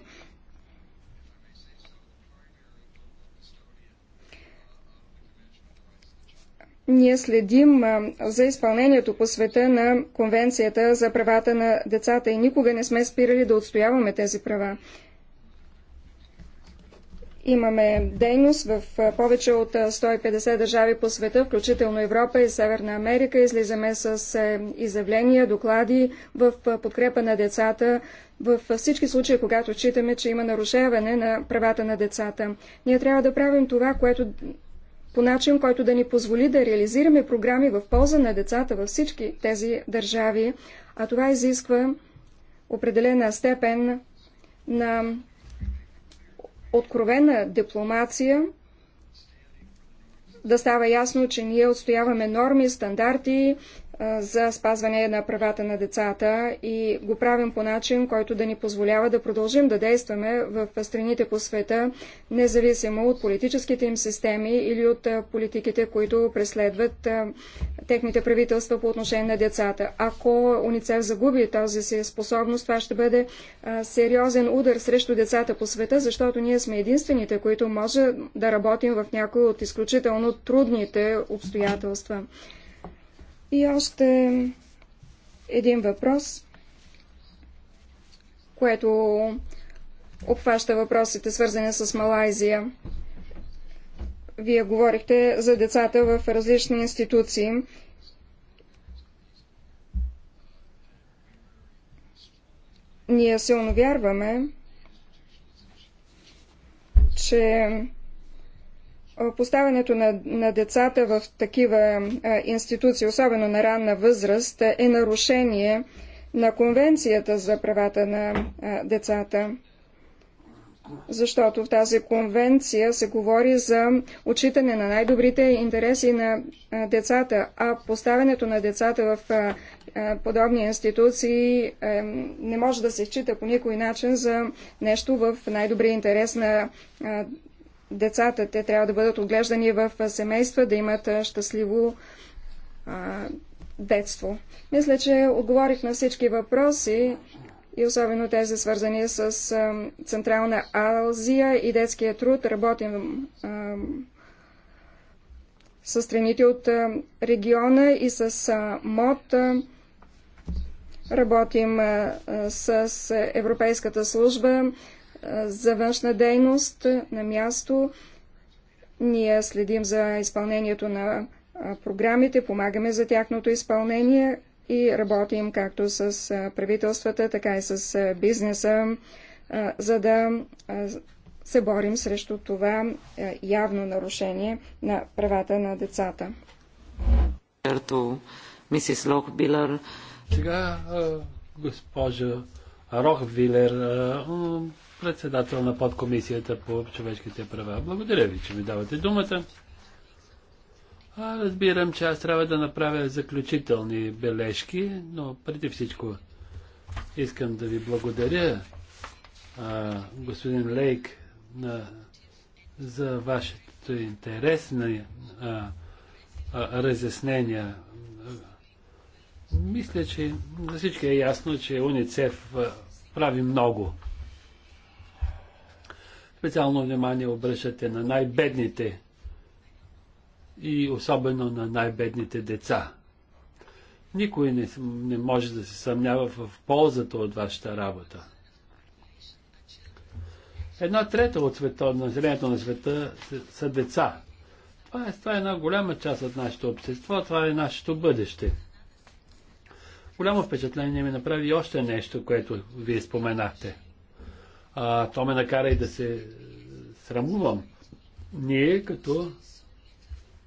ние следим за изпълнението по света на Конвенцията за правата на децата и никога не сме спирали да отстояваме тези права. Имаме дейност в повече от 150 държави по света, включително Европа и Северна Америка. Излизаме с изявления, доклади в подкрепа на децата в всички случаи, когато читаме, че има нарушаване на правата на децата. Ние трябва да правим това, което по начин, който да ни позволи да реализираме програми в полза на децата във всички тези държави, а това изисква определена степен на откровена дипломация, да става ясно, че ние отстояваме норми, стандарти за спазване на правата на децата и го правим по начин, който да ни позволява да продължим да действаме в страните по света, независимо от политическите им системи или от политиките, които преследват техните правителства по отношение на децата. Ако УНИЦЕФ загуби тази си способност, това ще бъде сериозен удар срещу децата по света, защото ние сме единствените, които може да работим в някои от изключително трудните обстоятелства. И още един въпрос, което обхваща въпросите, свързани с Малайзия. Вие говорихте за децата в различни институции. Ние силно вярваме, че Поставянето на, на децата в такива а, институции, особено на ранна възраст, е нарушение на Конвенцията за правата на а, децата. Защото в тази конвенция се говори за отчитане на най-добрите интереси на а, децата, а поставянето на децата в а, а, подобни институции а, не може да се счита по никой начин за нещо в най-добрия интерес на а, децата. Те трябва да бъдат отглеждани в семейства, да имат щастливо а, детство. Мисля, че отговорих на всички въпроси и особено тези свързани с а, Централна Азия и детския труд. Работим а, с страните от а, региона и с а, МОД. работим а, с Европейската служба за външна дейност на място. Ние следим за изпълнението на програмите, помагаме за тяхното изпълнение и работим както с правителствата, така и с бизнеса, за да се борим срещу това явно нарушение на правата на децата. Мисис Лохбилер. Сега, госпожа Рохвилер, председател на подкомисията по човешките права. Благодаря ви, че ми давате думата. А, разбирам, че аз трябва да направя заключителни бележки, но преди всичко искам да ви благодаря, а, господин Лейк, на, за вашето интересни разяснения. Мисля, че за всички е ясно, че УНИЦЕФ прави много Специално внимание обръщате на най-бедните и особено на най-бедните деца. Никой не, не може да се съмнява в ползата от вашата работа. Една трета от света, населението на света са деца. Това е, това е една голяма част от нашето общество, това е нашето бъдеще. Голямо впечатление ми направи още нещо, което вие споменахте – а, то ме накара и да се срамувам. Ние като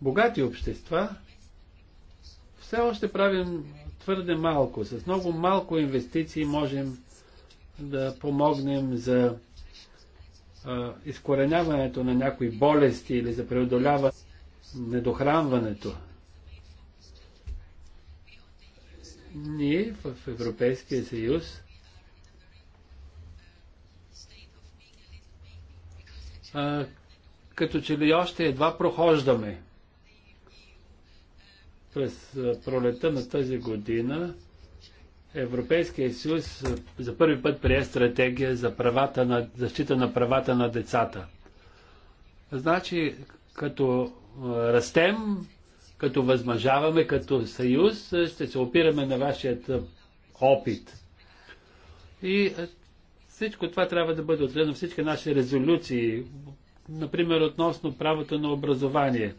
богати общества все още правим твърде малко. С много малко инвестиции можем да помогнем за а, изкореняването на някои болести или за преодоляване недохранването. Ние в Европейския съюз като че ли още едва прохождаме. През пролета на тази година Европейския съюз за първи път прие стратегия за правата на, защита на правата на децата. Значи, като растем, като възмъжаваме като съюз, ще се опираме на вашият опит. И всичко това трябва да бъде отразено всички наши резолюции, например относно правото на образование.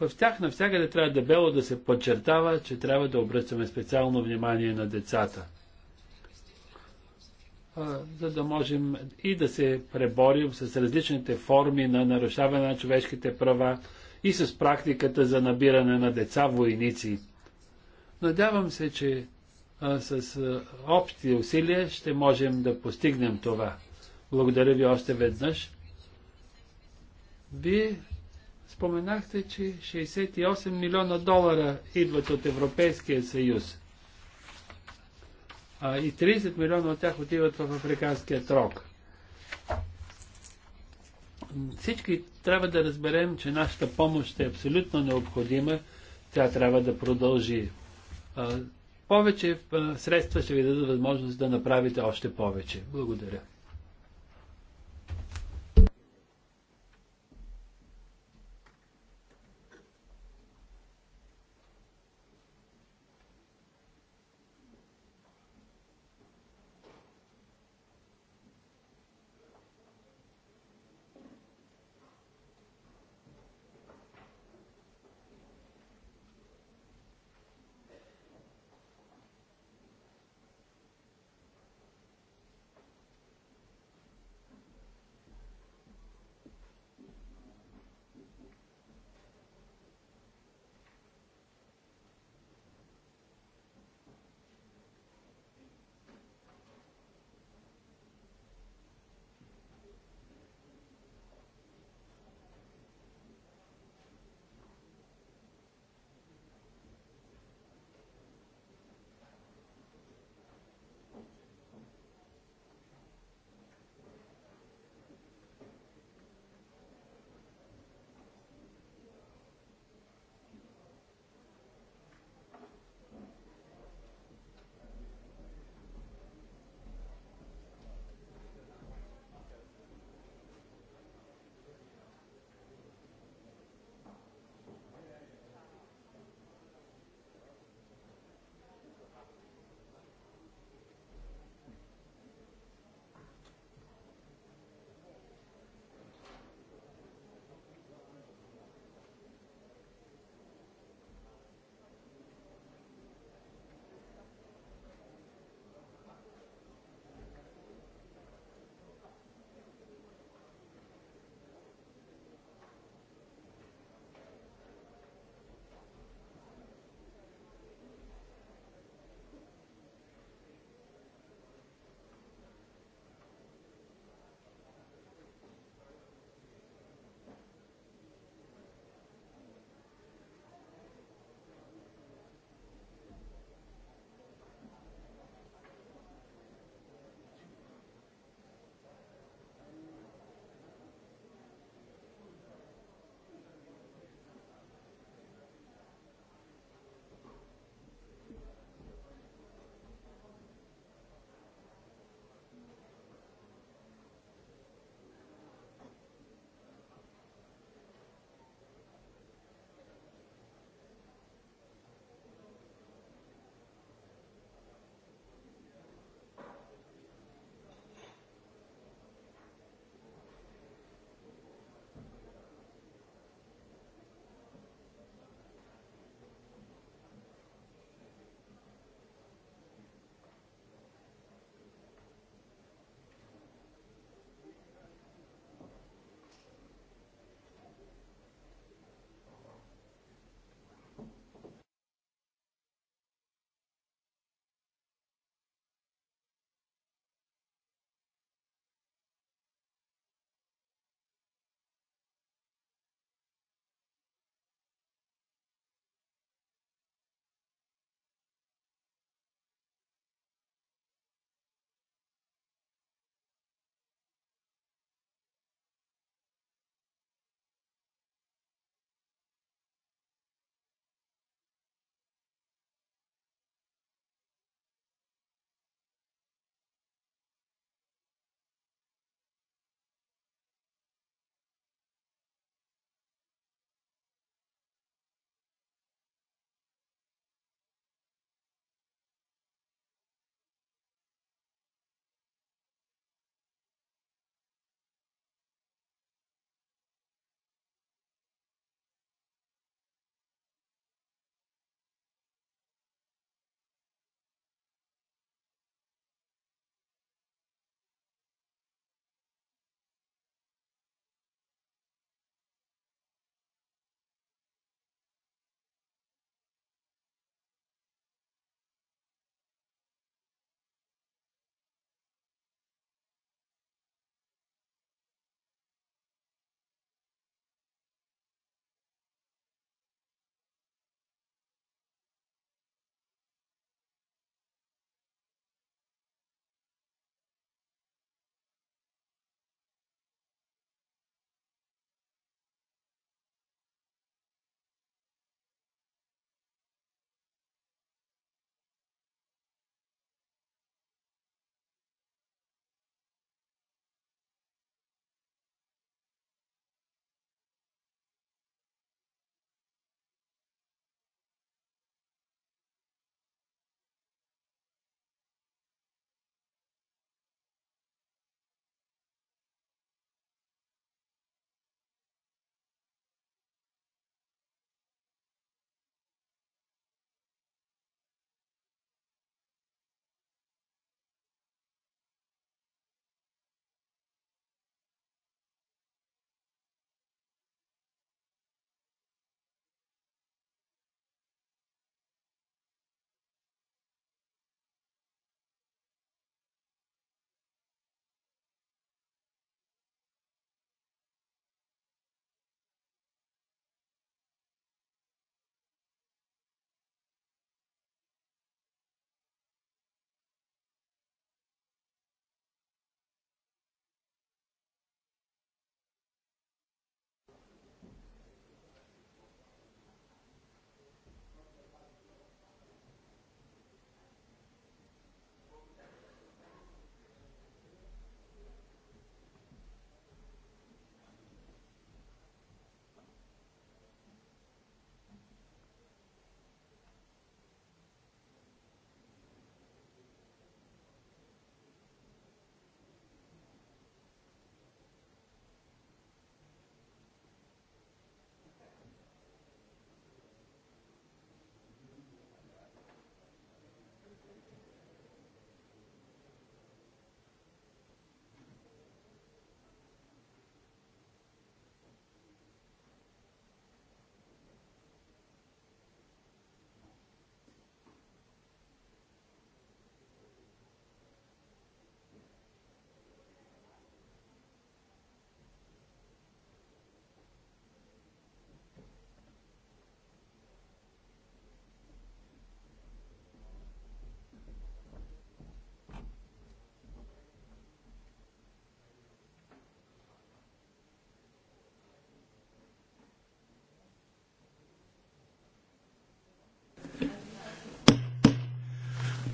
В тях навсякъде трябва дебело да се подчертава, че трябва да обръщаме специално внимание на децата. За да можем и да се преборим с различните форми на нарушаване на човешките права и с практиката за набиране на деца войници. Надявам се, че с общи усилия ще можем да постигнем това. Благодаря ви още веднъж. Вие споменахте, че 68 милиона долара идват от Европейския съюз. А, и 30 милиона от тях отиват в Африканския трог. Всички трябва да разберем, че нашата помощ е абсолютно необходима. Тя трябва да продължи повече средства ще ви дадат възможност да направите още повече. Благодаря.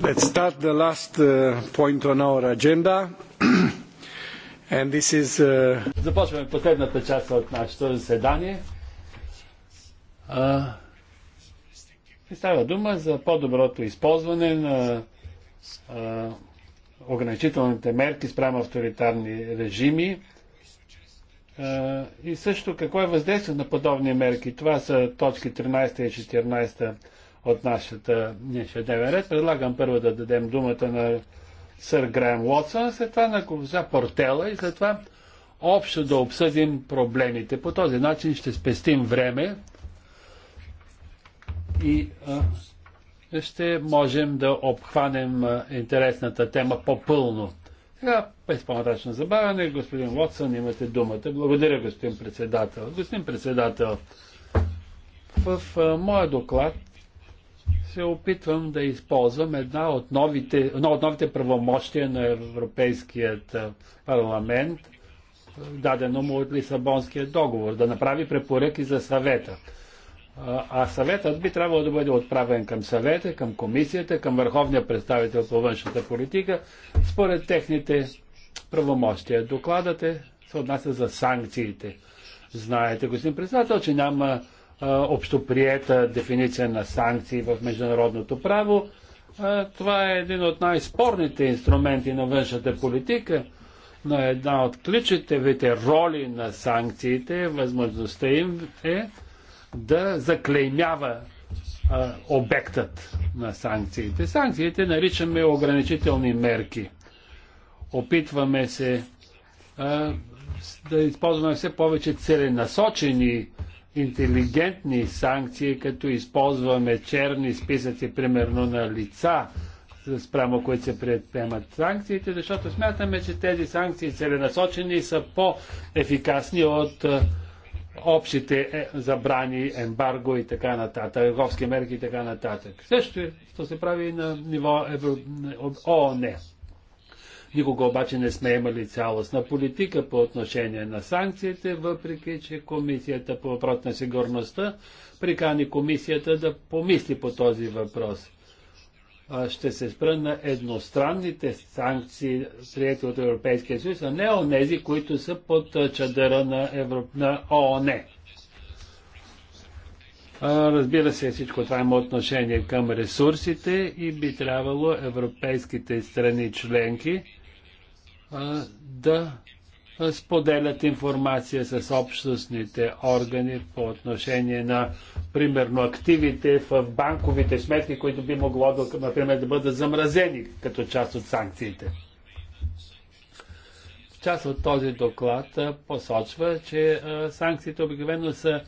Let's start the last uh, point on our agenda. [clears throat] Uh, Започваме последната част от нашето заседание. А, става дума за по-доброто използване на ограничителните мерки спрямо авторитарни режими. и също какво е въздействието на подобни мерки. Това са точки 13 и 14 от нашата днешния дневен ред. Предлагам първо да дадем думата на сър Грайм Уотсън, след това на госпожа Портела и след това общо да обсъдим проблемите. По този начин ще спестим време и а, ще можем да обхванем а, интересната тема по-пълно. Сега, без по натачно забавяне, господин Уотсън, имате думата. Благодаря, господин председател. Господин председател, в а, моя доклад се опитвам да използвам една от новите, една от новите правомощия на Европейският парламент, дадено му от Лисабонския договор, да направи препоръки за съвета. А съветът би трябвало да бъде отправен към съвета, към комисията, към върховния представител по външната политика, според техните правомощия. Докладът е, се отнася за санкциите. Знаете, господин председател, че няма общоприета дефиниция на санкции в международното право. Това е един от най-спорните инструменти на външната политика, но една от ключевите роли на санкциите, възможността им е да заклеймява а, обектът на санкциите. Санкциите наричаме ограничителни мерки. Опитваме се а, да използваме все повече целенасочени интелигентни санкции, като използваме черни списъци, примерно на лица, спрямо които се предприемат санкциите, защото смятаме, че тези санкции целенасочени са по-ефикасни от е, общите е, забрани, ембарго и така нататък, търговски мерки и така нататък. Също, е, що се прави на ниво ООН. Никога обаче не сме имали цялостна политика по отношение на санкциите, въпреки че Комисията по въпрос на сигурността прикани Комисията да помисли по този въпрос. Ще се спра на едностранните санкции, приятели от Европейския съюз, а не онези, които са под чадъра на, Европ... на ООН. Разбира се, всичко това има отношение към ресурсите и би трябвало европейските страни членки да споделят информация с общностните органи по отношение на, примерно, активите в банковите сметки, които би могло, да, например, да бъдат замразени като част от санкциите. Част от този доклад посочва, че санкциите обикновено са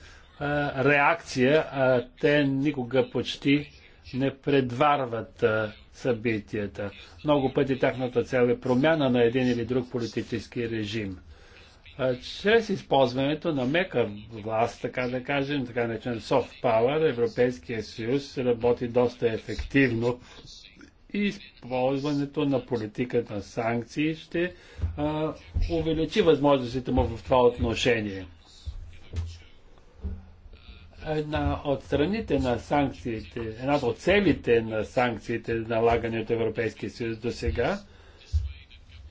реакция, а те никога почти не предварват събитията. Много пъти тяхната цел е промяна на един или друг политически режим. Чрез използването на мека власт, така да кажем, така наречен soft power, Европейския съюз работи доста ефективно и използването на политиката на санкции ще а, увеличи възможностите му в това отношение една от страните на санкциите, една от целите на санкциите, налагани от Европейския съюз до сега,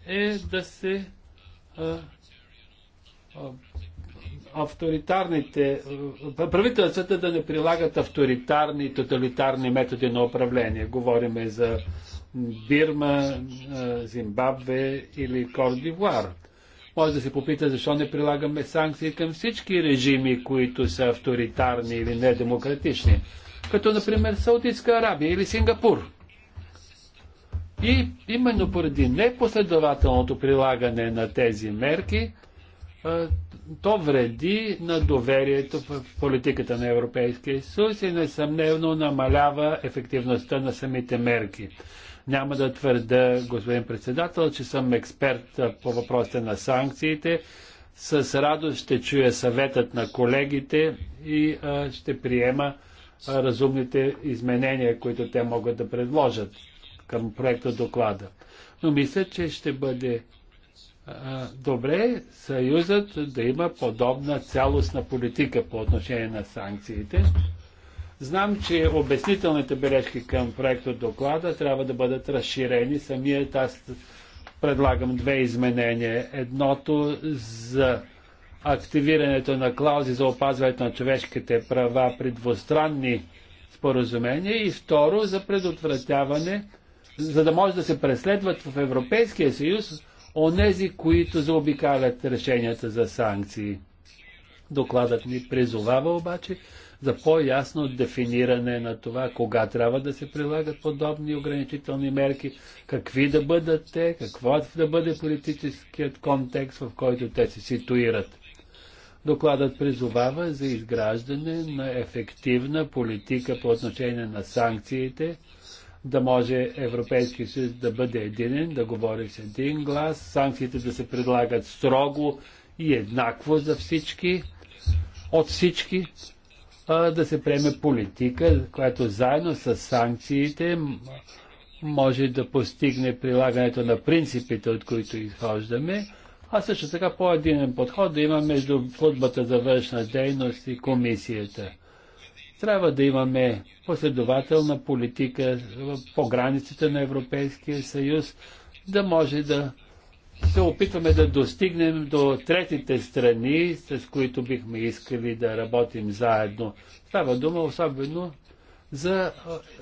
е да се а, а, авторитарните, правителствата да не прилагат авторитарни и тоталитарни методи на управление. Говориме за Бирма, Зимбабве или Кордивуар. Може да се попита защо не прилагаме санкции към всички режими, които са авторитарни или недемократични, като например Саудитска Арабия или Сингапур. И именно поради непоследователното прилагане на тези мерки, то вреди на доверието в политиката на Европейския съюз и несъмневно намалява ефективността на самите мерки. Няма да твърда, господин председател, че съм експерт по въпросите на санкциите. С радост ще чуя съветът на колегите и а, ще приема а, разумните изменения, които те могат да предложат към проекта доклада. Но мисля, че ще бъде а, добре Съюзът да има подобна цялостна политика по отношение на санкциите. Знам, че обяснителните бележки към проекта доклада трябва да бъдат разширени. Самият аз предлагам две изменения. Едното за активирането на клаузи за опазването на човешките права при двустранни споразумения и второ за предотвратяване, за да може да се преследват в Европейския съюз онези, които заобикалят решенията за санкции. Докладът ни призовава обаче за по-ясно дефиниране на това, кога трябва да се прилагат подобни ограничителни мерки, какви да бъдат те, какво да бъде политическият контекст, в който те се ситуират. Докладът призовава за изграждане на ефективна политика по отношение на санкциите, да може Европейски съюз да бъде единен, да говори с един глас, санкциите да се предлагат строго и еднакво за всички, от всички, да се приеме политика, която заедно с санкциите може да постигне прилагането на принципите, от които изхождаме, а също така по-единен подход да има между службата за външна дейност и комисията. Трябва да имаме последователна политика по границите на Европейския съюз, да може да се опитваме да достигнем до третите страни, с които бихме искали да работим заедно. Става дума особено за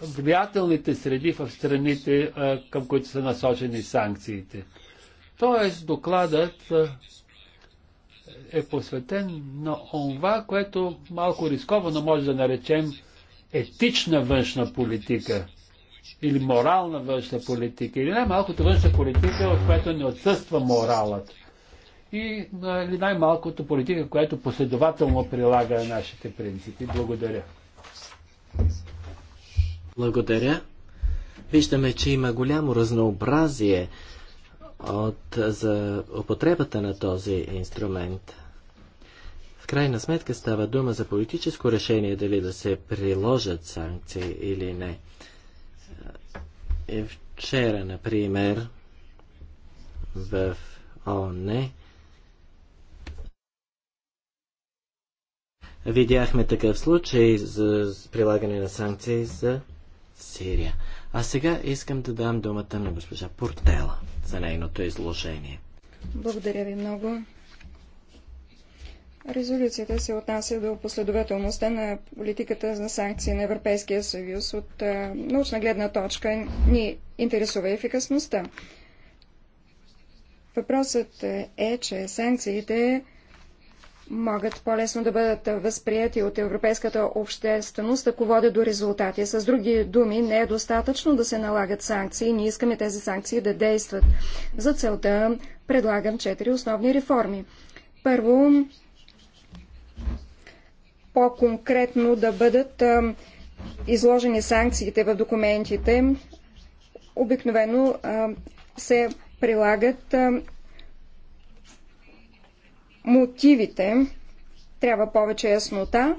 влиятелните среди в страните, към които са насочени санкциите. Тоест, докладът е посветен на това, което малко рисковано може да наречем етична външна политика или морална външна политика, или най-малкото външна политика, в която не отсъства моралът. И или най-малкото политика, която последователно прилага нашите принципи. Благодаря. Благодаря. Виждаме, че има голямо разнообразие от, за употребата на този инструмент. В крайна сметка става дума за политическо решение дали да се приложат санкции или не. Е, вчера, например, в ООН видяхме такъв случай за прилагане на санкции за Сирия. А сега искам да дам думата на госпожа Портела за нейното изложение. Благодаря ви много. Резолюцията се отнася до последователността на политиката на санкции на Европейския съюз. От а, научна гледна точка ни интересува ефикасността. Въпросът е, че санкциите могат по-лесно да бъдат възприяти от европейската общественост, ако водят до резултати. С други думи, не е достатъчно да се налагат санкции. Ние искаме тези санкции да действат. За целта предлагам четири основни реформи. Първо, по-конкретно да бъдат изложени санкциите в документите. Обикновено се прилагат мотивите. Трябва повече яснота.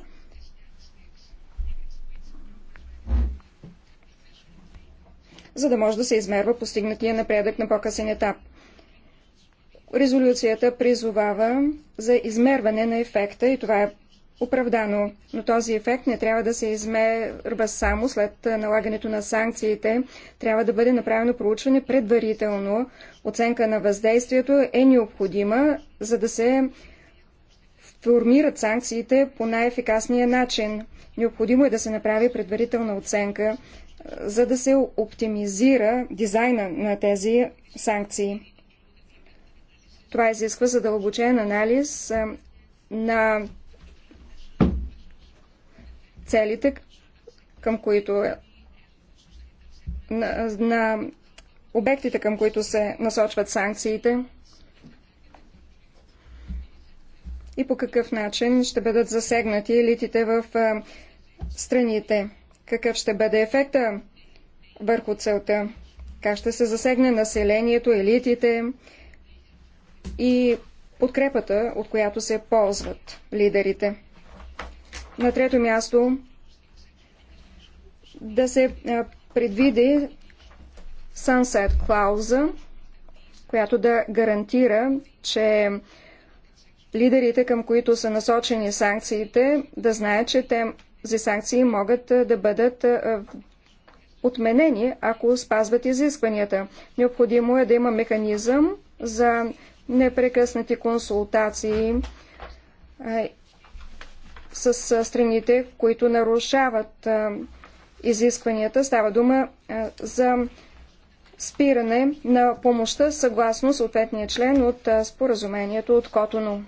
за да може да се измерва постигнатия напредък на по-късен етап. Резолюцията призовава за измерване на ефекта и това е оправдано, но този ефект не трябва да се измерва само след налагането на санкциите. Трябва да бъде направено проучване предварително. Оценка на въздействието е необходима, за да се формират санкциите по най-ефикасния начин. Необходимо е да се направи предварителна оценка, за да се оптимизира дизайна на тези санкции. Това изисква задълбочен анализ на целите, към които е- на, на обектите, към които се насочват санкциите и по какъв начин ще бъдат засегнати елитите в страните, какъв ще бъде ефекта върху целта, как ще се засегне населението, елитите и подкрепата, от която се ползват лидерите. На трето място да се предвиди sunset клауза, която да гарантира, че лидерите, към които са насочени санкциите, да знаят, че те за санкции могат да бъдат отменени, ако спазват изискванията. Необходимо е да има механизъм за непрекъснати консултации с страните, които нарушават изискванията. Става дума за спиране на помощта съгласно съответния член от споразумението от Котоно.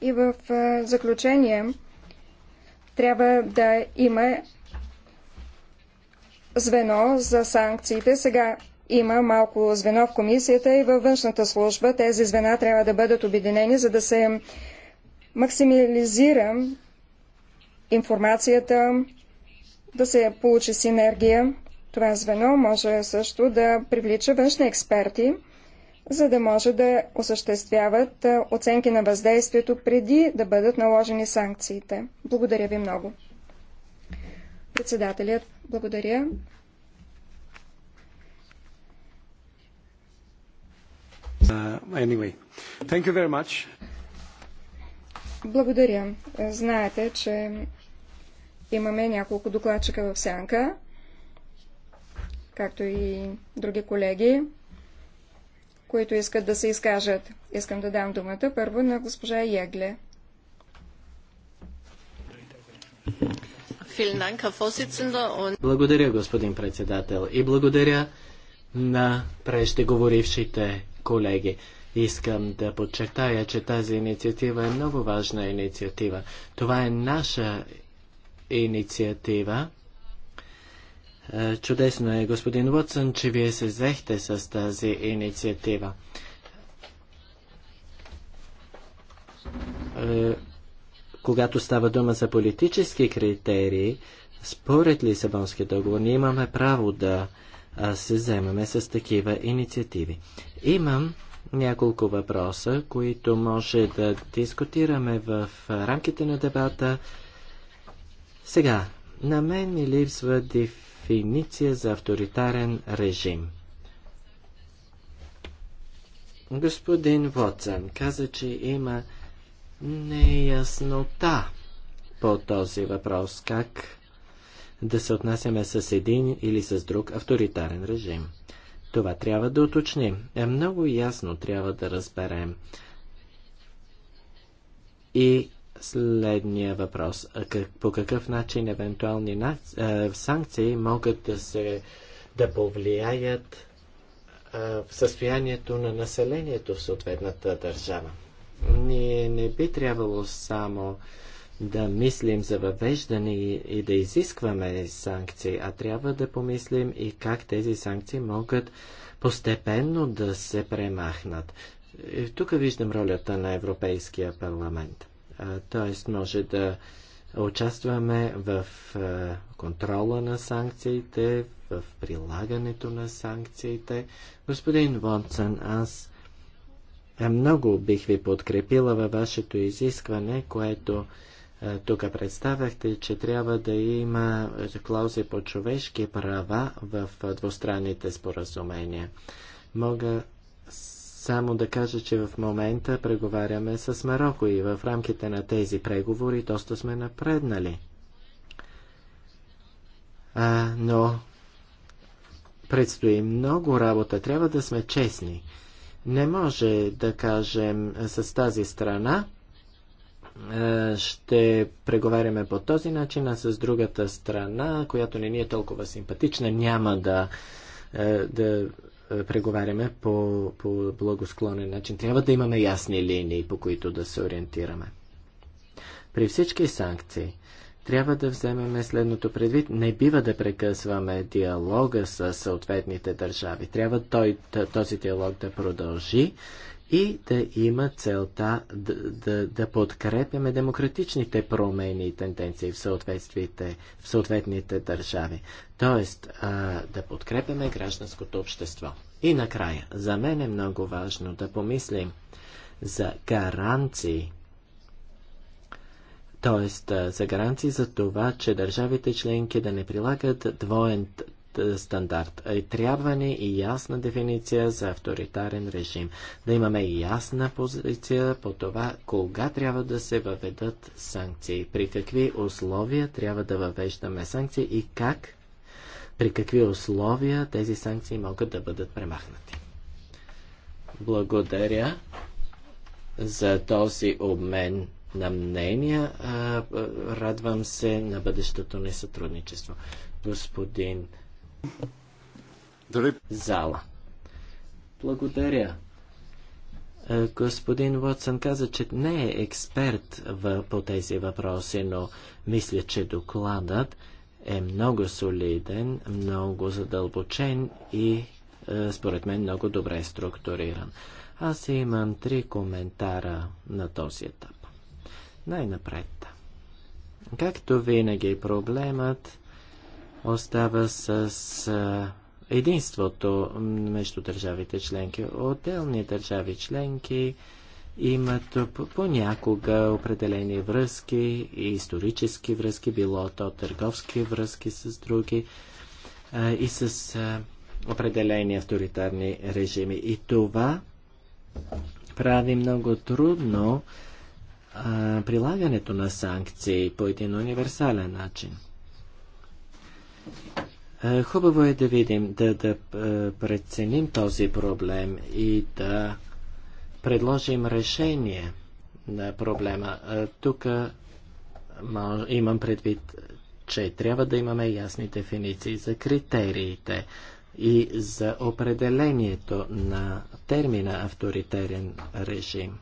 И в заключение трябва да има звено за санкциите. Сега има малко звено в комисията и във външната служба. Тези звена трябва да бъдат обединени, за да се максимализира информацията, да се получи синергия. Това звено може също да привлича външни експерти, за да може да осъществяват оценки на въздействието преди да бъдат наложени санкциите. Благодаря ви много. Председателят, благодаря. Uh, anyway. Thank you very much. Благодаря. Е, знаете, че имаме няколко докладчика в сянка, както и други колеги, които искат да се изкажат. Искам да дам думата първо на госпожа Егле. Благодаря, господин председател, и благодаря на преждеговорившите колеги. Искам да подчертая, че тази инициатива е много важна инициатива. Това е наша инициатива. Е, чудесно е, господин Уотсън, че вие се взехте с тази инициатива. Е, когато става дума за политически критерии, според Лисабонския договор ние имаме право да се вземаме с такива инициативи. Имам няколко въпроса, които може да дискутираме в рамките на дебата. Сега, на мен ми липсва дефиниция за авторитарен режим. Господин Вотсън каза, че има неяснота по този въпрос, как да се отнасяме с един или с друг авторитарен режим. Това трябва да уточним. Е много ясно трябва да разберем. И следния въпрос. По какъв начин евентуални е, санкции могат да се да повлияят е, в състоянието на населението в съответната държава? Ние не би трябвало само да мислим за въвеждане и да изискваме санкции, а трябва да помислим и как тези санкции могат постепенно да се премахнат. Тук виждам ролята на Европейския парламент. Т.е. може да участваме в контрола на санкциите, в прилагането на санкциите. Господин Вонсън, аз много бих ви подкрепила във вашето изискване, което тук представяхте, че трябва да има клаузи по човешки права в двустранните споразумения. Мога само да кажа, че в момента преговаряме с Марокко и в рамките на тези преговори доста сме напреднали. А, но предстои много работа, трябва да сме честни. Не може да кажем с тази страна, е, ще преговаряме по този начин, а с другата страна, която не ни е толкова симпатична, няма да, е, да е, преговаряме по, по благосклонен начин. Трябва да имаме ясни линии, по които да се ориентираме. При всички санкции трябва да вземем следното предвид. Не бива да прекъсваме диалога с съответните държави. Трябва той, този диалог да продължи и да има целта да, да, да подкрепяме демократичните промени и тенденции в, в съответните държави. Тоест а, да подкрепяме гражданското общество. И накрая, за мен е много важно да помислим за гаранции, т.е. за гаранции за това, че държавите членки да не прилагат двоен е, стандарт. Е, трябва ни и ясна дефиниция за авторитарен режим. Да имаме и ясна позиция по това кога трябва да се въведат санкции, при какви условия трябва да въвеждаме санкции и как, при какви условия тези санкции могат да бъдат премахнати. Благодаря за този обмен на мнения. Радвам се на бъдещото ни сътрудничество. Господин зала. Благодаря. Е, господин Уотсън каза, че не е експерт в, по тези въпроси, но мисля, че докладът е много солиден, много задълбочен и е, според мен много добре структуриран. Аз имам три коментара на този етап. Най-напред. Както винаги, проблемът остава с единството между държавите членки. Отделни държави членки имат понякога определени връзки, исторически връзки, било то търговски връзки с други и с определени авторитарни режими. И това прави много трудно а, прилагането на санкции по един универсален начин. Е, хубаво е да видим, да, да е, преценим този проблем и да предложим решение на проблема. Е, тук имам предвид, че трябва да имаме ясни дефиниции за критериите и за определението на термина авторитарен режим.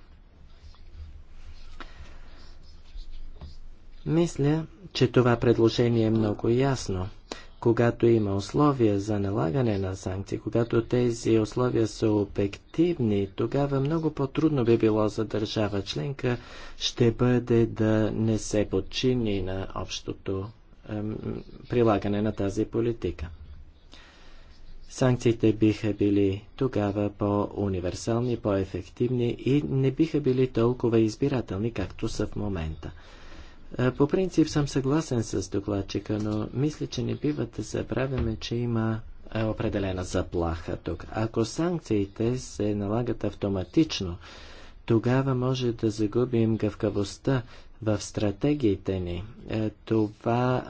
Мисля, че това предложение е много ясно. Когато има условия за налагане на санкции, когато тези условия са обективни, тогава много по-трудно би било за държава членка ще бъде да не се подчини на общото ем, прилагане на тази политика. Санкциите биха били тогава по-универсални, по-ефективни и не биха били толкова избирателни, както са в момента. Е, по принцип съм съгласен с докладчика, но мисля, че не бива да забравяме, че има е, определена заплаха тук. Ако санкциите се налагат автоматично, тогава може да загубим гъвкавостта в стратегиите ни. Е, това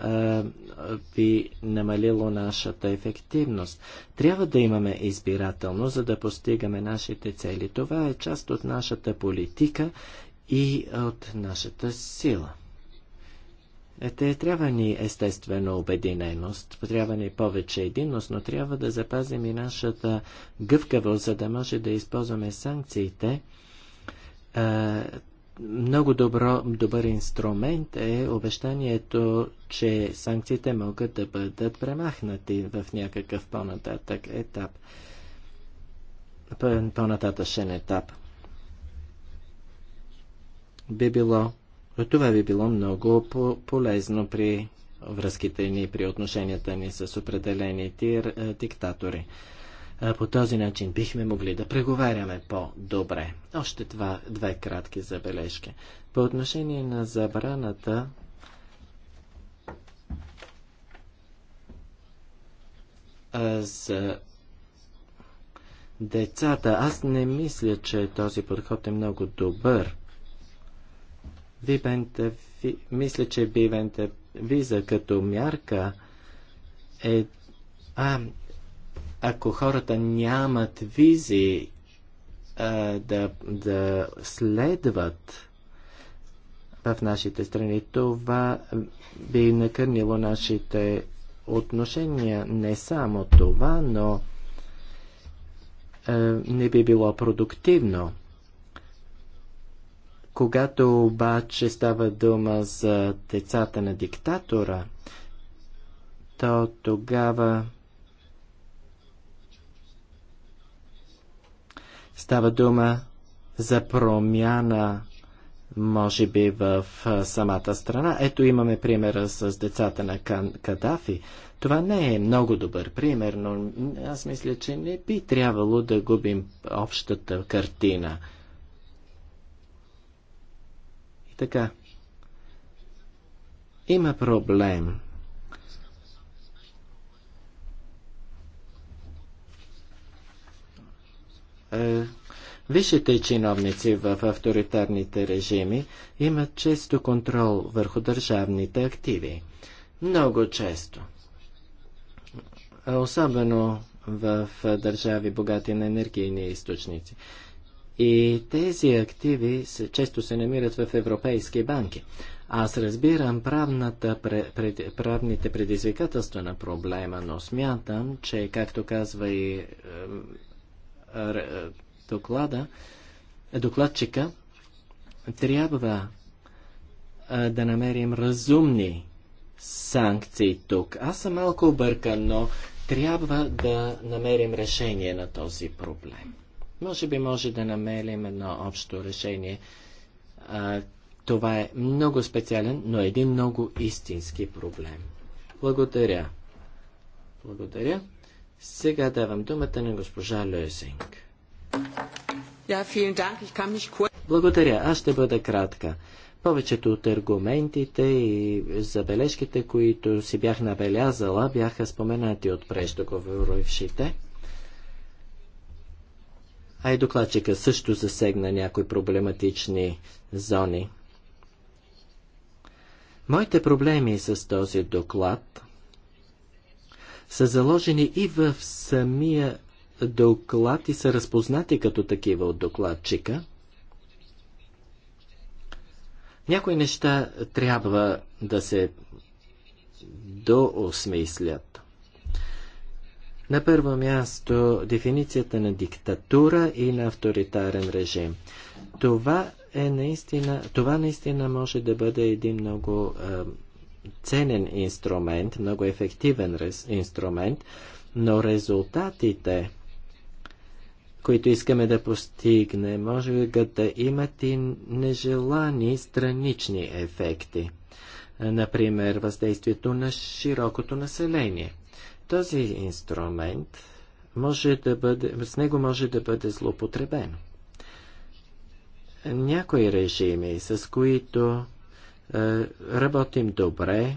би намалило нашата ефективност. Трябва да имаме избирателно, за да постигаме нашите цели. Това е част от нашата политика и от нашата сила. Те трябва ни естествено обединеност, трябва ни повече единност, но трябва да запазим и нашата гъвкавост, за да може да използваме санкциите. А, много добро, добър инструмент е обещанието, че санкциите могат да бъдат премахнати в някакъв по-нататък етап. По-нататъчен етап. Би било това би било много по полезно при връзките ни, при отношенията ни с определени тир, е, диктатори. По този начин бихме могли да преговаряме по-добре. Още това, две кратки забележки. По отношение на забраната за децата, аз не мисля, че този подход е много добър. Ви мисля, че бивента виза като мярка е... А, ако хората нямат визи а, да, да следват в нашите страни, това би накърнило нашите отношения. Не само това, но а, не би било продуктивно. Когато обаче става дума за децата на диктатора, то тогава става дума за промяна, може би, в самата страна. Ето имаме примера с децата на Кадафи. Това не е много добър пример, но аз мисля, че не би трябвало да губим общата картина – така. Има проблем. Е, висшите чиновници в авторитарните режими имат често контрол върху държавните активи. Много често. Особено в държави богати на енергийни източници. И тези активи се, често се намират в европейски банки. Аз разбирам правната, пред, правните предизвикателства на проблема, но смятам, че, както казва и е, е, доклада, докладчика, трябва е, да намерим разумни санкции тук. Аз съм малко объркан, но трябва да намерим решение на този проблем. Може би може да намерим едно общо решение. А, това е много специален, но един много истински проблем. Благодаря. Благодаря. Сега давам думата на госпожа Лесинг. Благодаря. Аз ще бъда кратка. Повечето от аргументите и забележките, които си бях набелязала, бяха споменати от преждоговорившите а и докладчика също засегна някои проблематични зони. Моите проблеми с този доклад са заложени и в самия доклад и са разпознати като такива от докладчика. Някои неща трябва да се доосмислят. На първо място дефиницията на диктатура и на авторитарен режим. Това е наистина, това наистина може да бъде един много е, ценен инструмент, много ефективен рез, инструмент, но резултатите, които искаме да постигне, може да имат и нежелани странични ефекти. Например, въздействието на широкото население – този инструмент може да бъде, с него може да бъде злоупотребен. Някои режими, с които е, работим добре,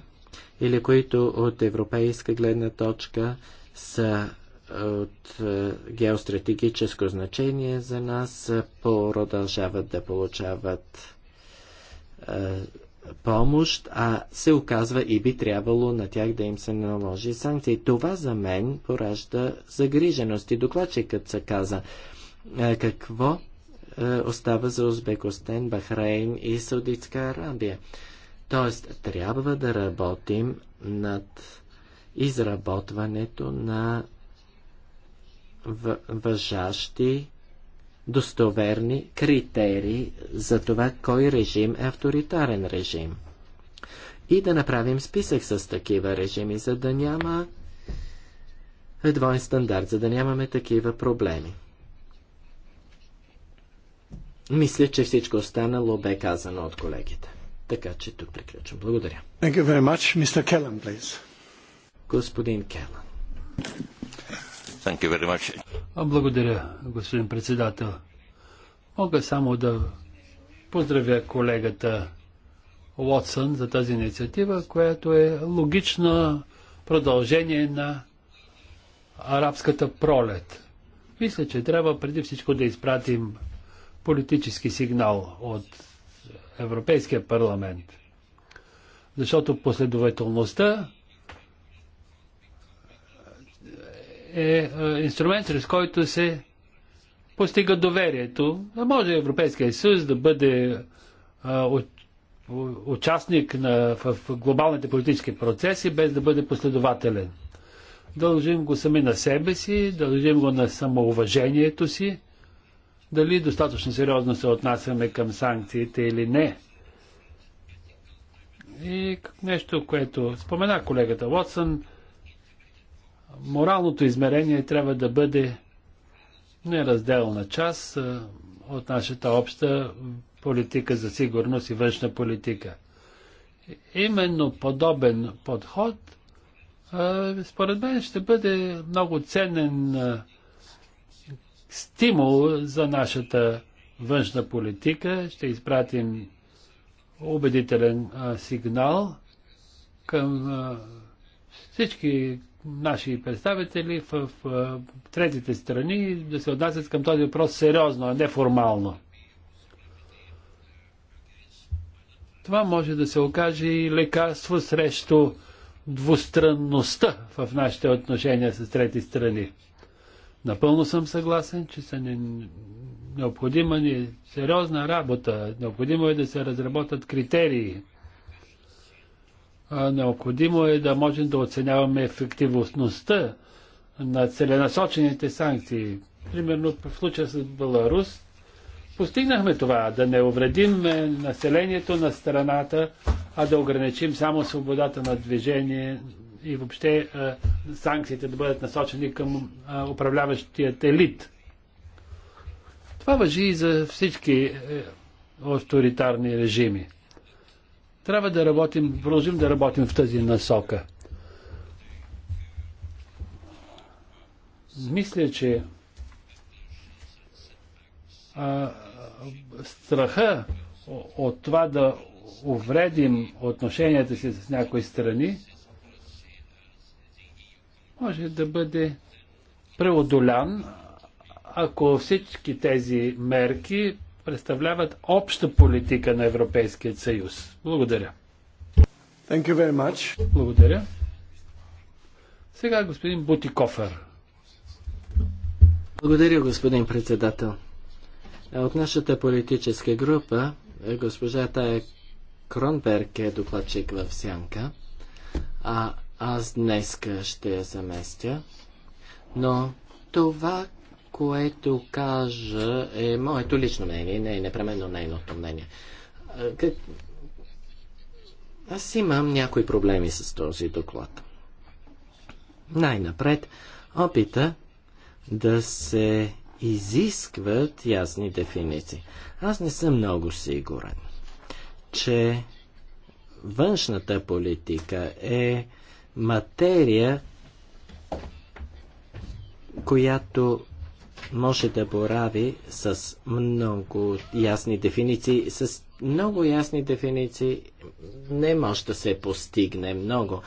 или които от европейска гледна точка са е, от е, геостратегическо значение за нас, продължават да получават е, помощ, а се оказва и би трябвало на тях да им се наложи санкции. Това за мен поражда загриженост и докладчикът се каза. Е, какво е, остава за Узбекостен, Бахрейн и Саудитска Арабия? Тоест, трябва да работим над изработването на въжащи достоверни критерии за това кой режим е авторитарен режим. И да направим списък с такива режими, за да няма двоен стандарт, за да нямаме такива проблеми. Мисля, че всичко останало бе казано от колегите. Така че тук приключвам. Благодаря. Thank you very much. Mr. Келан, please. Господин Келан. Thank you very much. Благодаря, господин председател. Мога само да поздравя колегата Уотсън за тази инициатива, която е логично продължение на арабската пролет. Мисля, че трябва преди всичко да изпратим политически сигнал от Европейския парламент. Защото последователността Е, е инструмент, чрез който се постига доверието. да Може Европейския съюз да бъде участник на, в глобалните политически процеси, без да бъде последователен. Дължим го сами на себе си, дължим го на самоуважението си, дали достатъчно сериозно се отнасяме към санкциите или не. И нещо, което спомена колегата Уотсън – моралното измерение трябва да бъде неразделна част от нашата обща политика за сигурност и външна политика. Именно подобен подход, според мен, ще бъде много ценен стимул за нашата външна политика. Ще изпратим убедителен сигнал към всички наши представители в, в третите страни да се отнасят към този въпрос сериозно, а не формално. Това може да се окаже и лекарство срещу двустранността в нашите отношения с трети страни. Напълно съм съгласен, че са не, необходима ни сериозна работа. Необходимо е да се разработят критерии – необходимо е да можем да оценяваме ефективността на целенасочените санкции. Примерно в случая с Беларус постигнахме това, да не увредим е, населението на страната, а да ограничим само свободата на движение и въобще е, санкциите да бъдат насочени към е, управляващият елит. Това въжи и за всички авторитарни режими. Трябва да работим, продължим да работим в тази насока. Мисля, че а, страха от това да увредим отношенията си с някои страни, може да бъде преодолян, ако всички тези мерки представляват обща политика на Европейския съюз. Благодаря. Thank you very much. Благодаря. Сега господин Бутикофер. Благодаря, господин председател. От нашата политическа група е, госпожа Тая Кронберг е докладчик в Сянка, а аз днеска ще я заместя. Но това, което кажа е моето лично мнение, не е непременно нейното мнение. Аз имам някои проблеми с този доклад. Най-напред, опита да се изискват ясни дефиниции. Аз не съм много сигурен, че външната политика е материя, която може да борави с много ясни дефиниции. С много ясни дефиниции не може да се постигне много.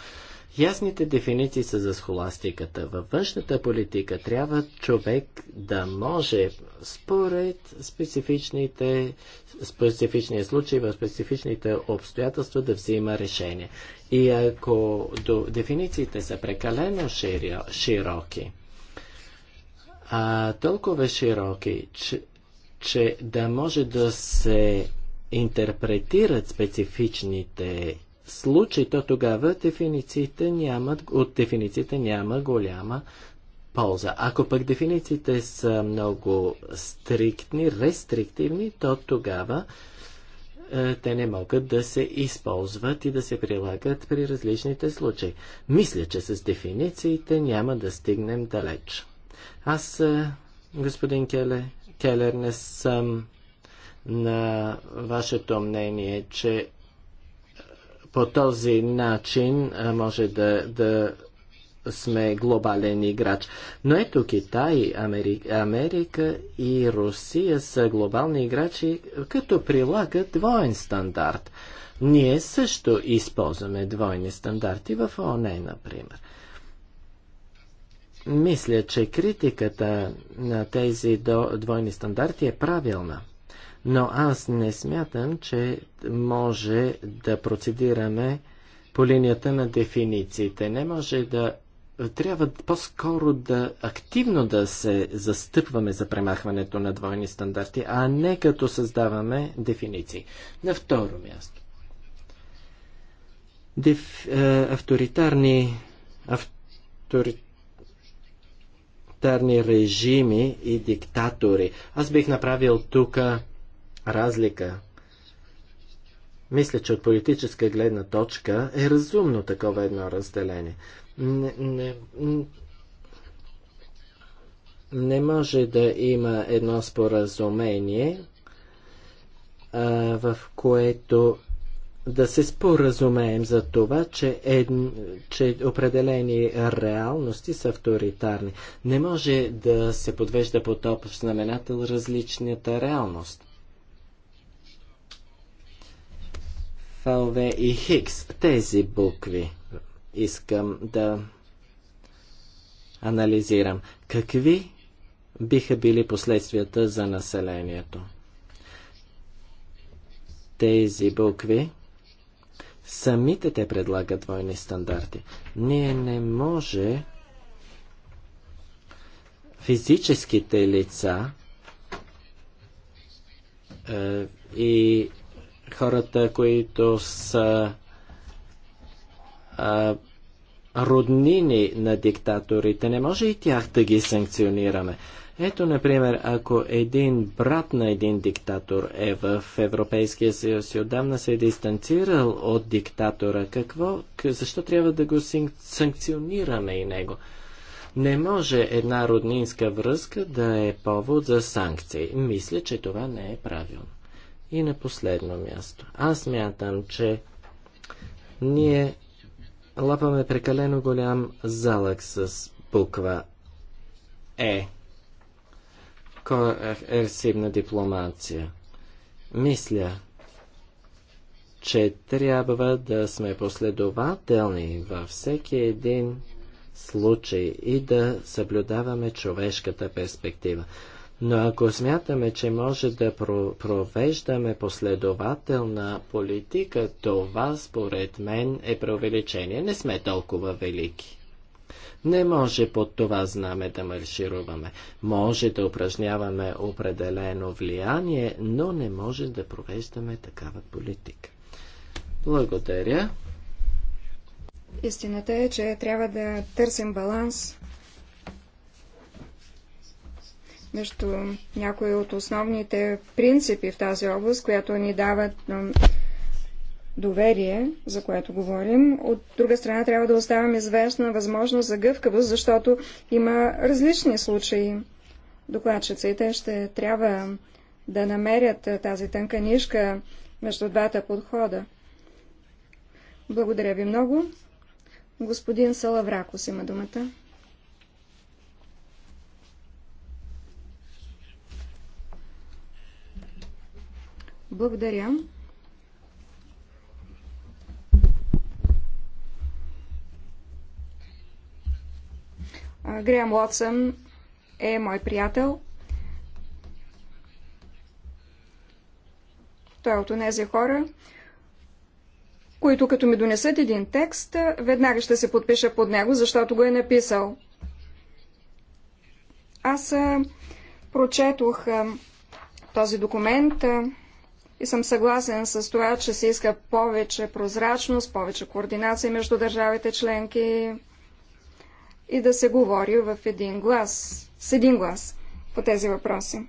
Ясните дефиниции са за схоластиката. Във външната политика трябва човек да може според специфичните, специфичния случай, в специфичните обстоятелства да взима решение. И ако до, дефинициите са прекалено широки, а, толкова широки, че, че да може да се интерпретират специфичните случаи, то тогава дефинициите нямат, от дефинициите няма голяма полза. Ако пък дефинициите са много стриктни, рестриктивни, то тогава е, те не могат да се използват и да се прилагат при различните случаи. Мисля, че с дефинициите няма да стигнем далеч. Аз, е, господин Келе, Келер, не съм на вашето мнение, че по този начин е, може да, да сме глобален играч. Но ето Китай, Америка, Америка и Русия са глобални играчи, като прилагат двоен стандарт. Ние също използваме двойни стандарти в ОНЕ, например. Мисля, че критиката на тези двойни стандарти е правилна. Но аз не смятам, че може да процедираме по линията на дефинициите. Не може да. Трябва по-скоро да активно да се застъпваме за премахването на двойни стандарти, а не като създаваме дефиниции. На второ място. Деф, е, авторитарни. Авторитарни авторитарни режими и диктатори. Аз бих направил тук разлика. Мисля, че от политическа гледна точка е разумно такова едно разделение. Не, не, не може да има едно споразумение, а, в което да се споразумеем за това, че, е, че определени реалности са авторитарни. Не може да се подвежда под общ знаменател различната реалност. Фалве и Хикс, тези букви искам да анализирам. Какви биха били последствията за населението? Тези букви Самите те предлагат двойни стандарти. Ние не може физическите лица е, и хората, които са е, роднини на диктаторите, не може и тях да ги санкционираме. Ето, например, ако един брат на един диктатор е в Европейския съюз и отдавна се е дистанцирал от диктатора, какво, защо трябва да го санкционираме и него? Не може една роднинска връзка да е повод за санкции. Мисля, че това не е правилно. И на последно място. Аз мятам, че ние лапаме прекалено голям залък с буква Е коерсивна дипломация. Мисля, че трябва да сме последователни във всеки един случай и да съблюдаваме човешката перспектива. Но ако смятаме, че може да провеждаме последователна политика, това според мен е преувеличение. Не сме толкова велики. Не може под това знаме да маршируваме. Може да упражняваме определено влияние, но не може да провеждаме такава политика. Благодаря. Истината е, че трябва да търсим баланс между някои от основните принципи в тази област, която ни дават доверие, за което говорим. От друга страна трябва да оставим известна възможност за гъвкавост, защото има различни случаи. докладчица и те ще трябва да намерят тази тънка нишка между двата подхода. Благодаря ви много. Господин Салавракос има думата. Благодаря. Греъм Лотсън е мой приятел. Той е от тези хора, които като ми донесат един текст, веднага ще се подпиша под него, защото го е написал. Аз прочетох този документ и съм съгласен с това, че се иска повече прозрачност, повече координация между държавите членки, и да се говори в един глас, с един глас по тези въпроси.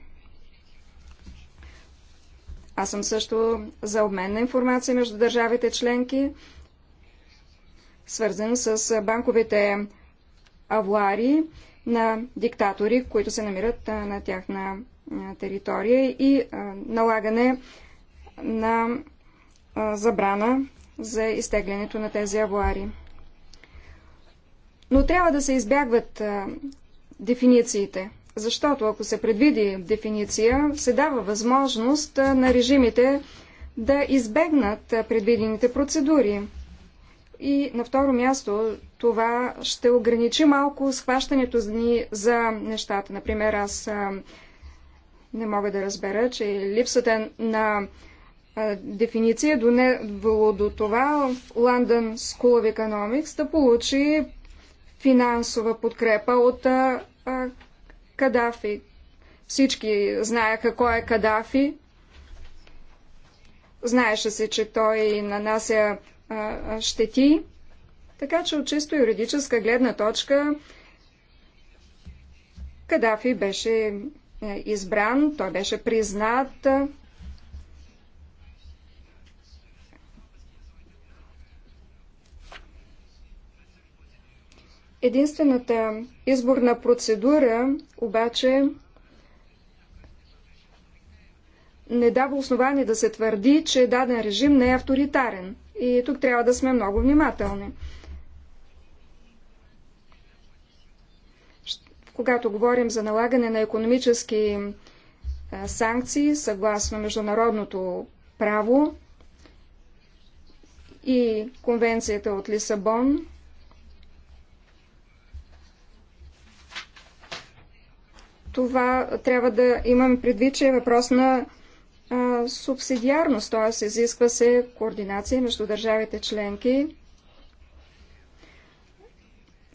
Аз съм също за обмен на информация между държавите членки, свързан с банковите авуари на диктатори, които се намират на тяхна територия и налагане на забрана за изтеглянето на тези авуари. Но трябва да се избягват а, дефинициите, защото ако се предвиди дефиниция, се дава възможност а, на режимите да избегнат а, предвидените процедури. И на второ място това ще ограничи малко схващането ни за нещата. Например, аз а, не мога да разбера, че липсата на а, дефиниция довело до това в London School of Economics да получи финансова подкрепа от а, а, Кадафи. Всички знаеха кой е Кадафи. Знаеше се, че той нанася а, щети. Така че от чисто юридическа гледна точка Кадафи беше е, избран, той беше признат Единствената изборна процедура обаче не дава основание да се твърди, че даден режим не е авторитарен. И тук трябва да сме много внимателни. Когато говорим за налагане на економически санкции съгласно международното право и конвенцията от Лисабон, това трябва да имаме предвид, че е въпрос на а, субсидиарност, т.е. изисква се координация между държавите членки.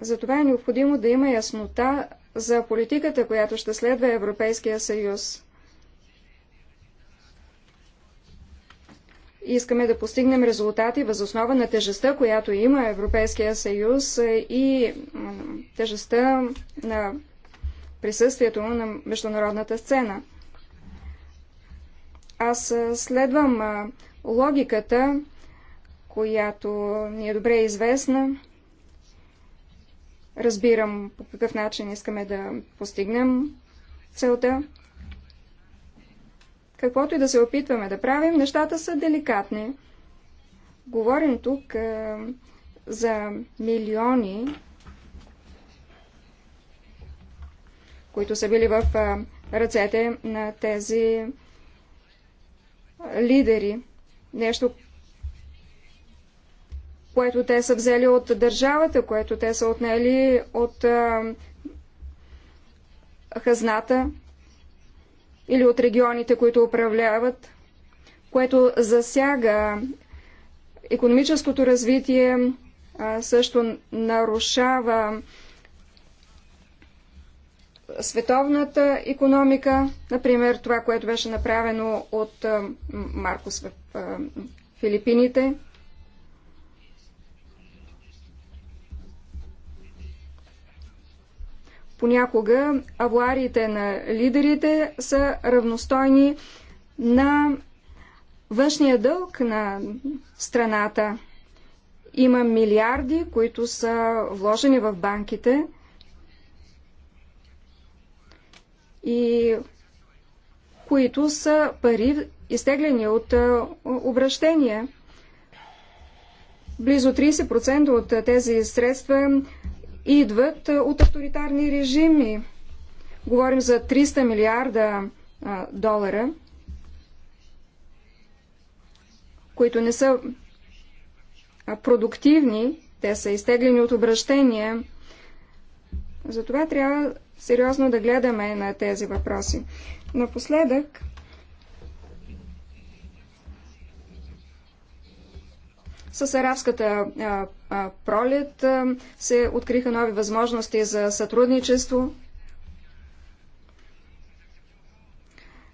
Затова е необходимо да има яснота за политиката, която ще следва Европейския съюз. Искаме да постигнем резултати възоснова на тежестта, която има Европейския съюз и тежестта на присъствието му на международната сцена. Аз следвам логиката, която ни е добре известна. Разбирам по какъв начин искаме да постигнем целта. Каквото и да се опитваме да правим, нещата са деликатни. Говорим тук за милиони които са били в ръцете на тези лидери. Нещо, което те са взели от държавата, което те са отнели от хазната или от регионите, които управляват, което засяга економическото развитие, също нарушава световната економика, например това, което беше направено от Маркос в Филипините. Понякога авуариите на лидерите са равностойни на външния дълг на страната. Има милиарди, които са вложени в банките – и които са пари изтеглени от обращения. Близо 30% от тези средства идват от авторитарни режими. Говорим за 300 милиарда долара, които не са продуктивни, те са изтеглени от обращения. Затова трябва сериозно да гледаме на тези въпроси. Напоследък, с арабската а, а, пролет а, се откриха нови възможности за сътрудничество.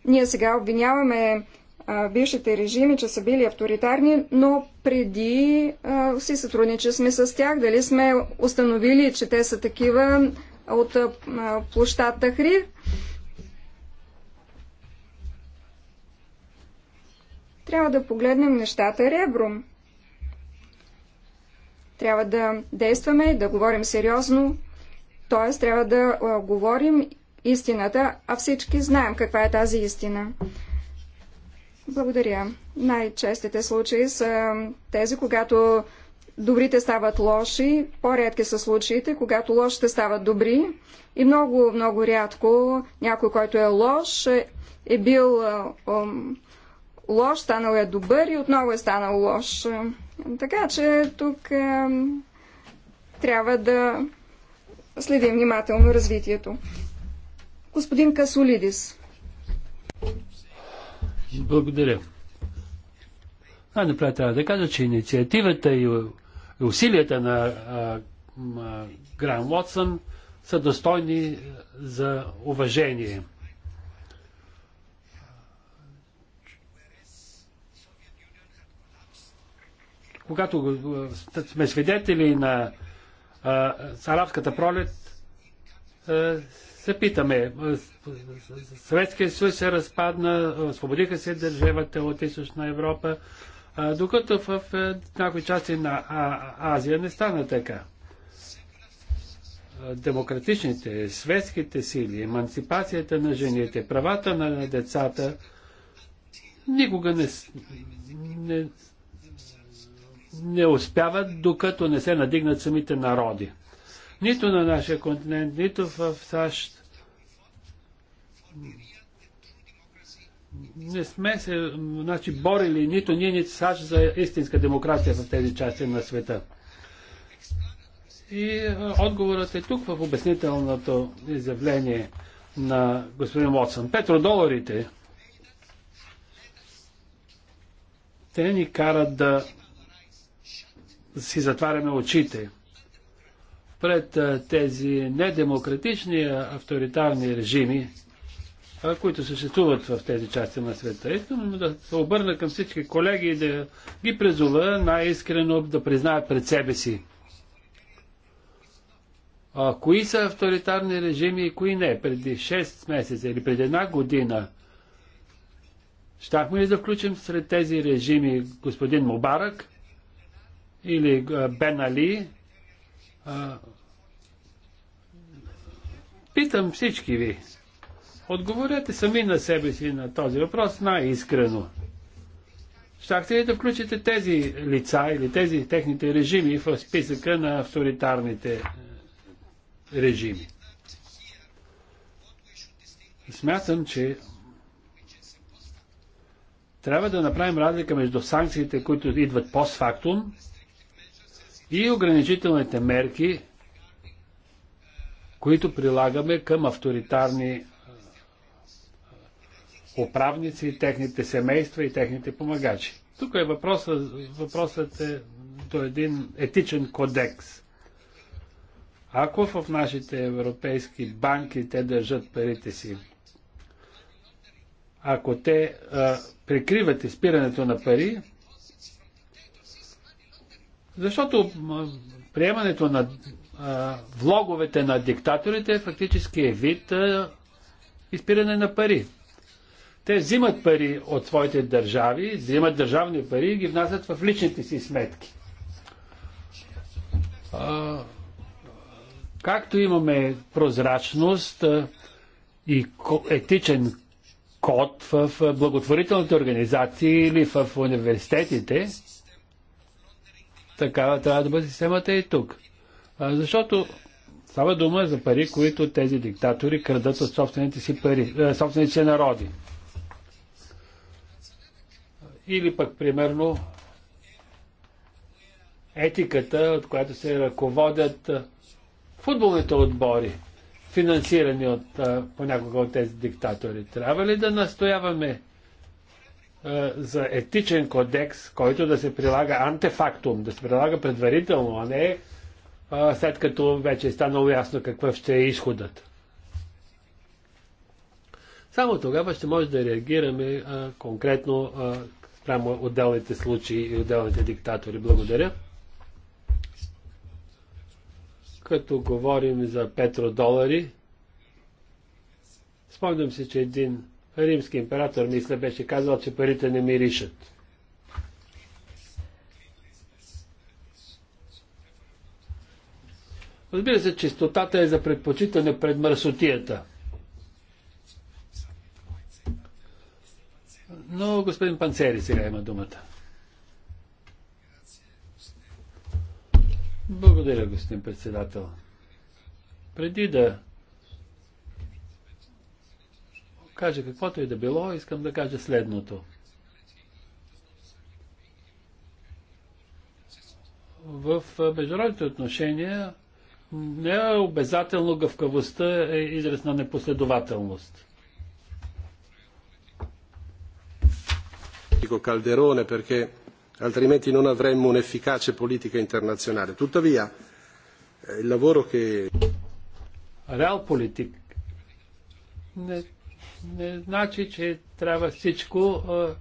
Ние сега обвиняваме а, бившите режими, че са били авторитарни, но преди а, си сътрудниче сме с тях. Дали сме установили, че те са такива, от площад Тахрир. Трябва да погледнем нещата ребром. Трябва да действаме, да говорим сериозно, т.е. трябва да говорим истината, а всички знаем каква е тази истина. Благодаря. Най-честите случаи са тези, когато добрите стават лоши, по-редки са случаите, когато лошите стават добри и много, много рядко някой, който е лош, е, е бил ом, лош, станал е добър и отново е станал лош. Така че тук е, трябва да следим внимателно развитието. Господин Касолидис. Благодаря. Най-напред трябва да кажа, че инициативата и усилията на Гран Уотсън са достойни за уважение. Когато сме свидетели на арабската пролет, се питаме, Съветския съюз се разпадна, освободиха се държавата от източна Европа, а, докато в, в някои части на а, Азия не стана така. Демократичните, светските сили, емансипацията на жените, правата на децата никога не, не, не успяват, докато не се надигнат самите народи. Нито на нашия континент, нито в САЩ не сме се значи, борили нито ние, нито САЩ за истинска демокрация в тези части на света. И е, отговорът е тук в обяснителното изявление на господин Уотсън. Петродоларите, те ни карат да си затваряме очите пред е, тези недемократични авторитарни режими, които съществуват в тези части на света. Искам да се обърна към всички колеги и да ги призова най-искрено да признаят пред себе си. А, кои са авторитарни режими и кои не? Преди 6 месеца или преди една година щахме ли да включим сред тези режими господин Мубарак или Бен Али? А, питам всички ви. Отговорете сами на себе си на този въпрос най-искрено. Щяхте ли да включите тези лица или тези техните режими в списъка на авторитарните е, режими? Смятам, че трябва да направим разлика между санкциите, които идват постфактум и ограничителните мерки, които прилагаме към авторитарни управници, техните семейства и техните помагачи. Тук е въпросът, въпросът е до един етичен кодекс. Ако в нашите европейски банки те държат парите си, ако те а, прикриват изпирането на пари, защото приемането на а, влоговете на диктаторите фактически е вид а, изпиране на пари. Те взимат пари от своите държави, взимат държавни пари и ги внасят в личните си сметки. както имаме прозрачност и етичен код в благотворителните организации или в университетите, такава трябва да бъде системата и тук. защото става дума за пари, които тези диктатори крадат от собствените си, пари, собствените си народи. Или пък, примерно, етиката, от която се ръководят футболните отбори, финансирани от, понякога от тези диктатори. Трябва ли да настояваме за етичен кодекс, който да се прилага антефактум, да се прилага предварително, а не след като вече е станало ясно какъв ще е изходът. Само тогава ще може да реагираме а, конкретно а, спрямо отделните случаи и отделните диктатори. Благодаря. Като говорим за петродолари, спомням се, че един римски император, мисля, беше казал, че парите не миришат. Разбира се, чистотата е за предпочитане пред мърсотията – Но господин Панцери сега има думата. Благодаря, господин председател. Преди да кажа каквото и да било, искам да кажа следното. В международните отношения не е обязателно гъвкавостта е израз на непоследователност. politico Calderone perché altrimenti non avremmo un'efficace politica internazionale. Tuttavia, eh, il lavoro che... Realpolitik. не, не значи, че трябва всичко е,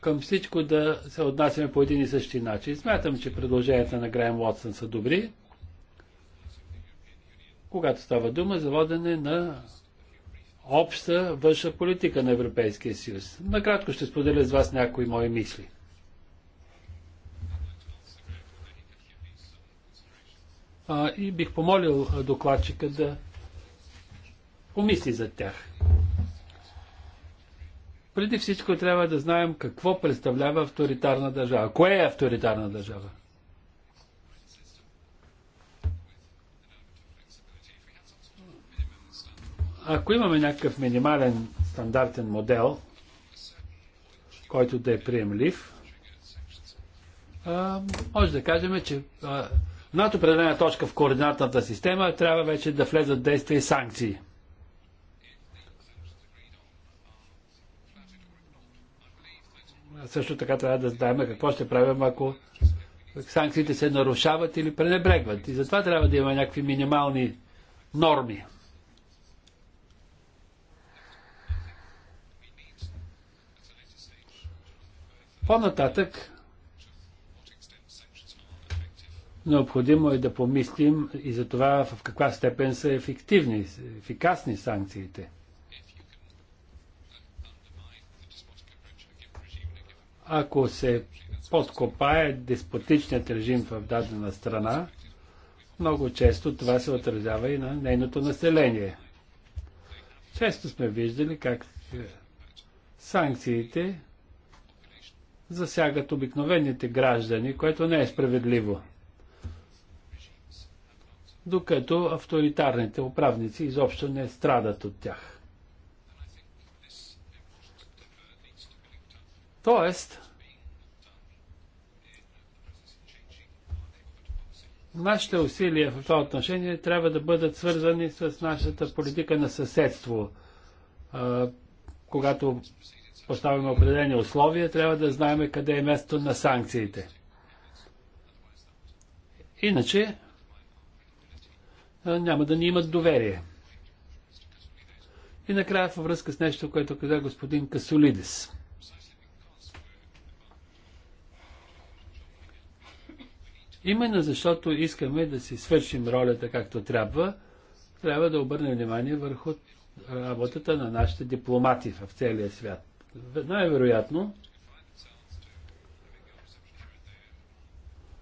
към всичко да се отнасяме по един и същи начин. Смятам, че предложенията на Грайм Уотсън са добри, когато става дума за водене на обща външна политика на Европейския съюз. Накратко ще споделя с вас някои мои мисли. А, и бих помолил докладчика да помисли за тях. Преди всичко трябва да знаем какво представлява авторитарна държава. Кое е авторитарна държава? Ако имаме някакъв минимален стандартен модел, който да е приемлив, а, може да кажем, че а, над определена точка в координатната система трябва вече да влезат действия и санкции. Също така трябва да знаем какво ще правим, ако санкциите се нарушават или пренебрегват. И затова трябва да има някакви минимални норми. По-нататък необходимо е да помислим и за това в каква степен са ефективни, ефикасни санкциите. Ако се подкопае деспотичният режим в дадена страна, много често това се отразява и на нейното население. Често сме виждали как е, санкциите засягат обикновените граждани, което не е справедливо. Докато авторитарните управници изобщо не страдат от тях. Тоест, нашите усилия в това отношение трябва да бъдат свързани с нашата политика на съседство. когато поставяме определени условия, трябва да знаем къде е мястото на санкциите. Иначе няма да ни имат доверие. И накрая във връзка с нещо, което каза господин Касолидис. Именно защото искаме да си свършим ролята както трябва, трябва да обърнем внимание върху работата на нашите дипломати в целия свят най-вероятно,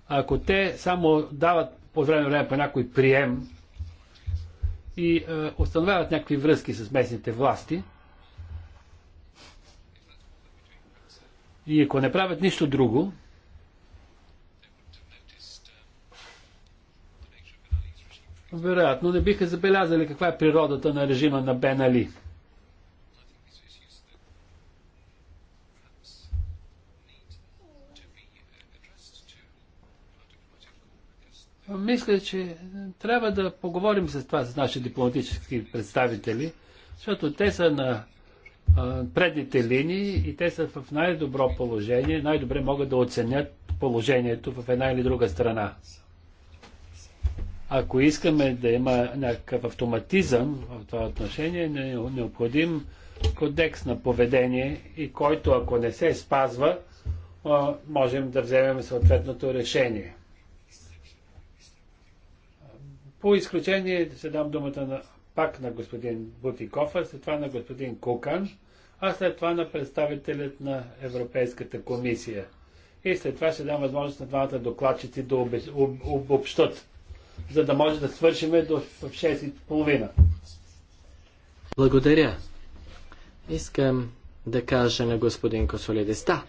ако те само дават по време време по някой прием и е, установяват някакви връзки с местните власти, и ако не правят нищо друго, вероятно не биха забелязали каква е природата на режима на Бен Али. Мисля, че трябва да поговорим с това, с наши дипломатически представители, защото те са на предните линии и те са в най-добро положение, най-добре могат да оценят положението в една или друга страна. Ако искаме да има някакъв автоматизъм в това отношение, е необходим кодекс на поведение и който, ако не се спазва, можем да вземем съответното решение. По изключение ще дам думата на, пак на господин Бутиков, а след това на господин Кукан, а след това на представителят на Европейската комисия. И след това ще дам възможност на двамата докладчици да обобщат, за да може да свършим до 6.30. Благодаря. Искам да кажа на господин Косолидис. Да,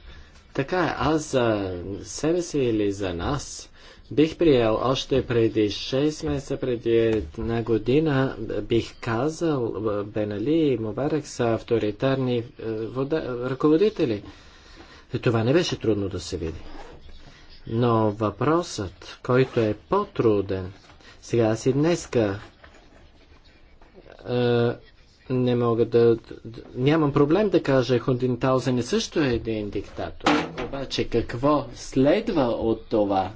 така е. Аз за себе си или за нас бих приел още преди 6 месеца, преди една година, бих казал, Бенали и Мубарак са авторитарни е, вода, ръководители. Е, това не беше трудно да се види. Но въпросът, който е по-труден, сега си днеска е, не мога да, Нямам проблем да кажа, Таузен е също един диктатор. Обаче какво следва от това?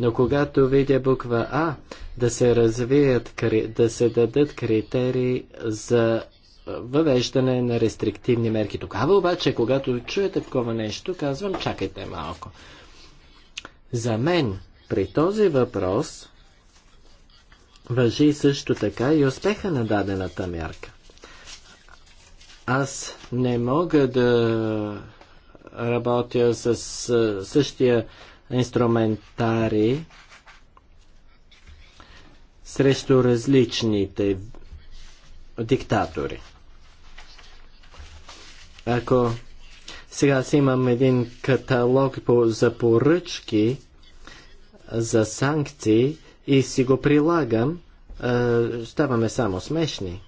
Но когато видя буква А, да се развият, да се дадат критерии за въвеждане на рестриктивни мерки. Тогава обаче, когато чуете такова нещо, казвам, чакайте малко. За мен при този въпрос въжи също така и успеха на дадената мярка. Аз не мога да работя с същия инструментари срещу различните диктатори. Ако сега си имам един каталог по, за поръчки, за санкции и си го прилагам, ставаме само смешни.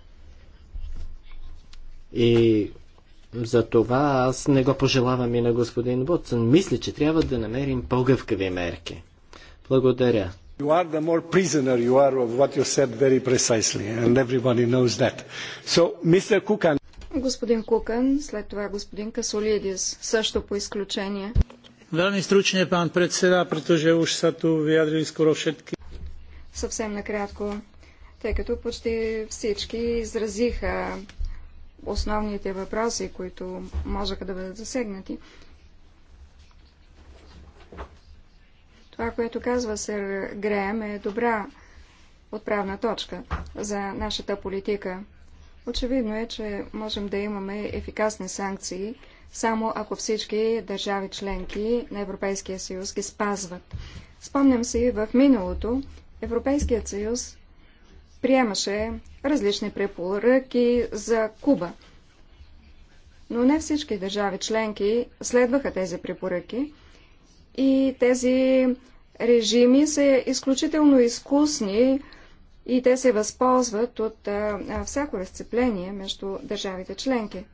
И за това аз не го пожелавам и на господин Ботсън. Мисля, че трябва да намерим по-гъвкави мерки. Благодаря. You are the more prisoner you are of what you said very precisely, and everybody knows that. So, Mr. Kukan. Господин Кукан, след това господин Касолидис, също по изключение. Veľmi стручния пан председа, претоже уж са ту vyjadrili скоро všetky. Съвсем накратко, тъй като почти всички изразиха основните въпроси, които можеха да бъдат засегнати. Това, което казва сър Греем, е добра отправна точка за нашата политика. Очевидно е, че можем да имаме ефикасни санкции, само ако всички държави членки на Европейския съюз ги спазват. Спомням си, в миналото Европейският съюз приемаше различни препоръки за Куба. Но не всички държави членки следваха тези препоръки и тези режими са изключително изкусни и те се възползват от всяко разцепление между държавите членки.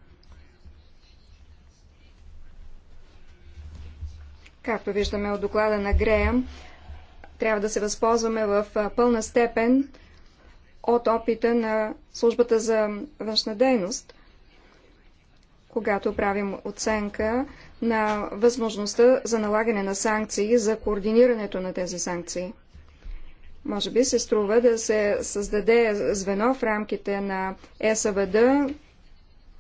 Както виждаме от доклада на Грея, трябва да се възползваме в пълна степен от опита на службата за външна дейност, когато правим оценка на възможността за налагане на санкции, за координирането на тези санкции. Може би се струва да се създаде звено в рамките на СВД,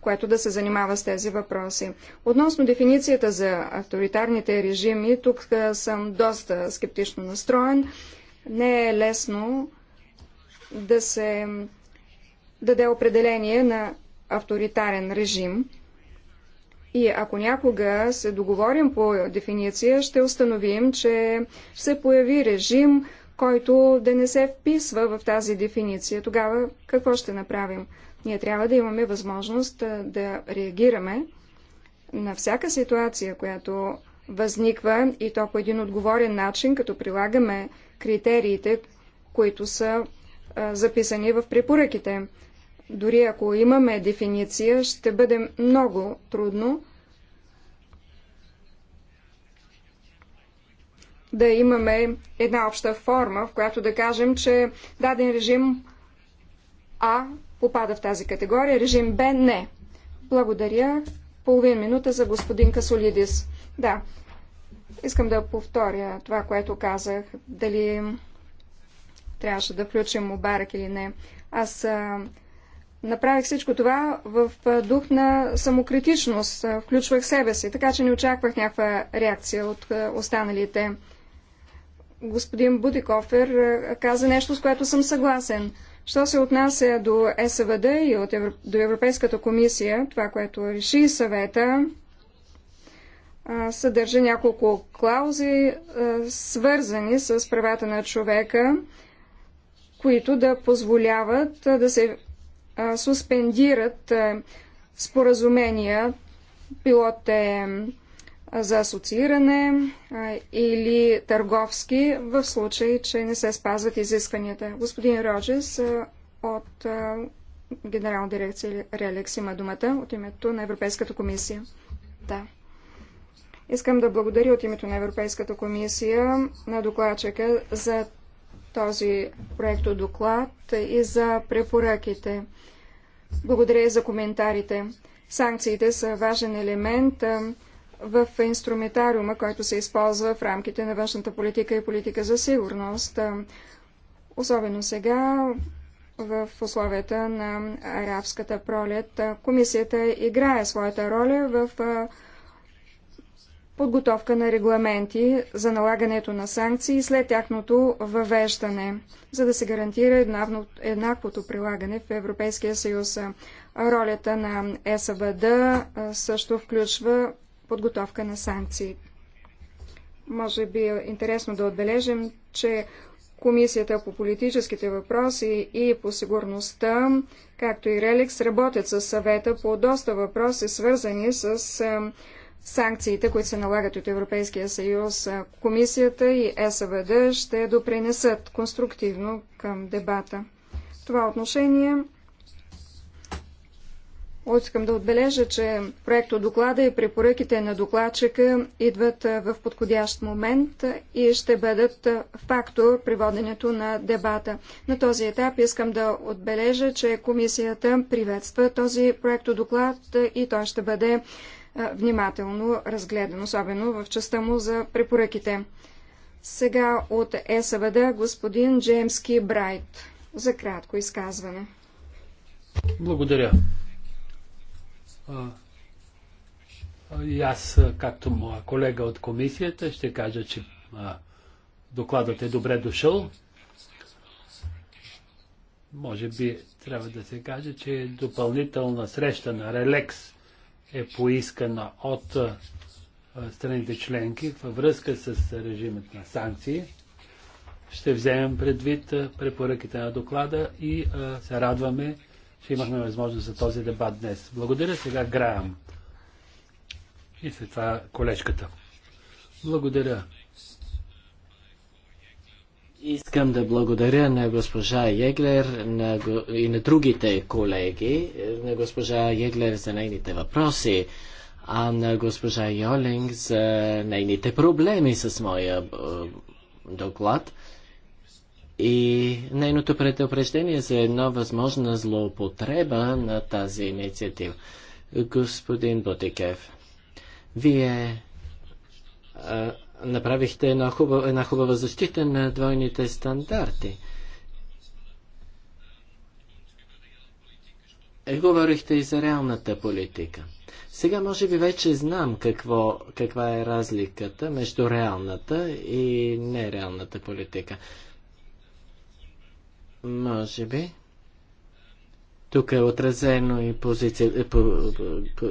което да се занимава с тези въпроси. Относно дефиницията за авторитарните режими, тук съм доста скептично настроен. Не е лесно да се даде определение на авторитарен режим. И ако някога се договорим по дефиниция, ще установим, че се появи режим, който да не се вписва в тази дефиниция. Тогава какво ще направим? Ние трябва да имаме възможност да реагираме на всяка ситуация, която възниква и то по един отговорен начин, като прилагаме критериите, които са записани в препоръките. Дори ако имаме дефиниция, ще бъде много трудно да имаме една обща форма, в която да кажем, че даден режим А попада в тази категория, режим Б не. Благодаря. Половин минута за господин Касолидис. Да, искам да повторя това, което казах. Дали трябваше да включим Мубарак или не. Аз а, направих всичко това в дух на самокритичност. Включвах себе си, така че не очаквах някаква реакция от останалите. Господин Будикофер каза нещо, с което съм съгласен. Що се отнася до СВД и от Евро... до Европейската комисия, това, което реши съвета, съдържа няколко клаузи, свързани с правата на човека които да позволяват да се суспендират споразумения, пилоте за асоцииране или търговски, в случай, че не се спазват изискванията. Господин Роджес от Генерална дирекция Релекс има думата от името на Европейската комисия. Да. Искам да благодаря от името на Европейската комисия на докладчика за този проект доклад и за препоръките. Благодаря и за коментарите. Санкциите са важен елемент в инструментариума, който се използва в рамките на външната политика и политика за сигурност. Особено сега, в условията на арабската пролет, комисията играе своята роля в подготовка на регламенти за налагането на санкции след тяхното въвеждане, за да се гарантира еднаквото прилагане в Европейския съюз. Ролята на СВД също включва подготовка на санкции. Може би е интересно да отбележим, че Комисията по политическите въпроси и по сигурността, както и Реликс, работят с съвета по доста въпроси, свързани с санкциите, които се налагат от Европейския съюз, комисията и СВД ще допринесат конструктивно към дебата. В това отношение искам да отбележа, че проекто доклада и препоръките на докладчика идват в подходящ момент и ще бъдат фактор при воденето на дебата. На този етап искам да отбележа, че комисията приветства този проекто доклад и той ще бъде внимателно разгледан, особено в частта му за препоръките. Сега от СВД господин Джеймски Брайт за кратко изказване. Благодаря. и аз, както моя колега от комисията, ще кажа, че а, докладът е добре дошъл. Може би трябва да се каже, че е допълнителна среща на Релекс е поискана от страните членки във връзка с режимът на санкции. Ще вземем предвид препоръките на доклада и се радваме, че имахме възможност за този дебат днес. Благодаря сега Граем. И след това колечката. Благодаря. Искам да благодаря на госпожа Еглер на, и на другите колеги, на госпожа Еглер за нейните въпроси, а на госпожа Йолинг за нейните проблеми с моя е, доклад и нейното предупреждение за едно възможна злоупотреба на тази инициатива. Господин Ботикев, вие е, направихте една хубава, една хубава защита на двойните стандарти. Е, говорихте и за реалната политика. Сега може би вече знам какво, каква е разликата между реалната и нереалната политика. Може би. Тук е отразено и позиция, е, по, по,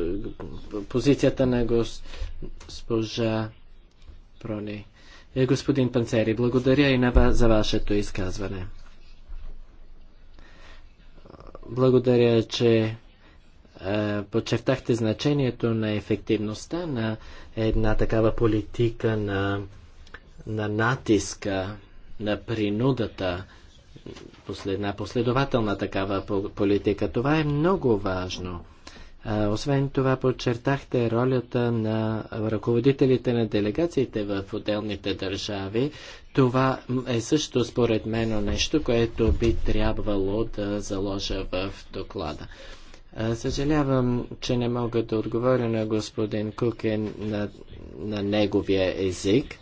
по, позицията на госпожа Проли. Е, господин Панцери, благодаря и на вас за вашето изказване. Благодаря, че е, подчертахте значението на ефективността на една такава политика на, на натиска, на принудата, последна последователна такава политика. Това е много важно. Освен това, подчертахте ролята на ръководителите на делегациите в отделните държави. Това е също, според мен, нещо, което би трябвало да заложа в доклада. Съжалявам, че не мога да отговоря на господин Кукен на, на неговия език.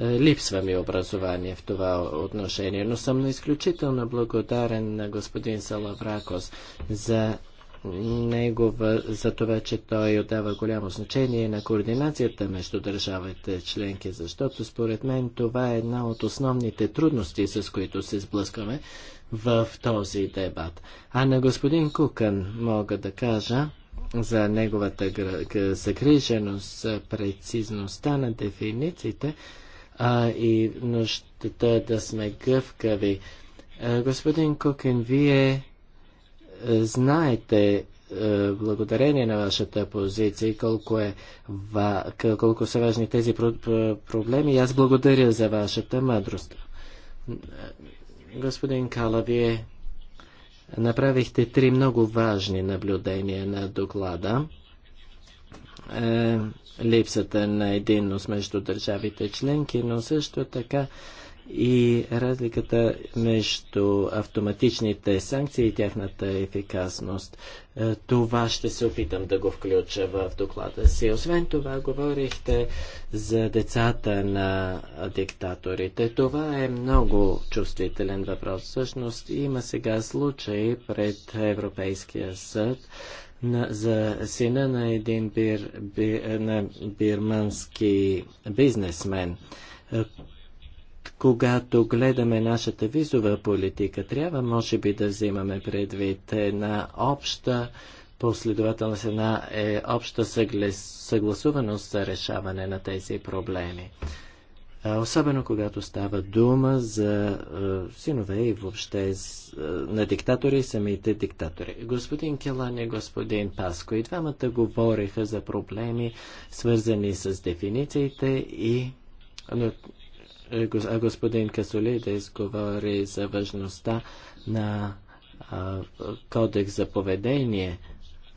Липсва ми образование в това отношение, но съм изключително благодарен на господин Салавракос за негова, за това, че той отдава голямо значение на координацията между държавите членки, защото според мен това е една от основните трудности, с които се сблъскваме в този дебат. А на господин Кукън мога да кажа за неговата загриженост, прецизността на дефинициите а, и нуждата да сме гъвкави. Господин Кукен, вие знаете, е, благодарение на вашата позиция, колко, е, колко са важни тези проблеми. Аз благодаря за вашата мъдрост. Господин Кала, вие направихте три много важни наблюдения на доклада. Е, липсата на единност между държавите членки, но също така и разликата между автоматичните санкции и тяхната ефикасност. Е, това ще се опитам да го включа в доклада си. Освен това, говорихте за децата на диктаторите. Това е много чувствителен въпрос. Всъщност има сега случай пред Европейския съд на, за сина на един бир, бир, на бирмански бизнесмен е, когато гледаме нашата визова политика, трябва може би да взимаме предвид една обща последователност, една е, обща съгласуваност за решаване на тези проблеми. Особено когато става дума за е, синове и въобще е, на диктатори и самите диктатори. Господин Келан и господин Паско и двамата говориха за проблеми, свързани с дефинициите и господин да говори за важността на а, кодекс за поведение.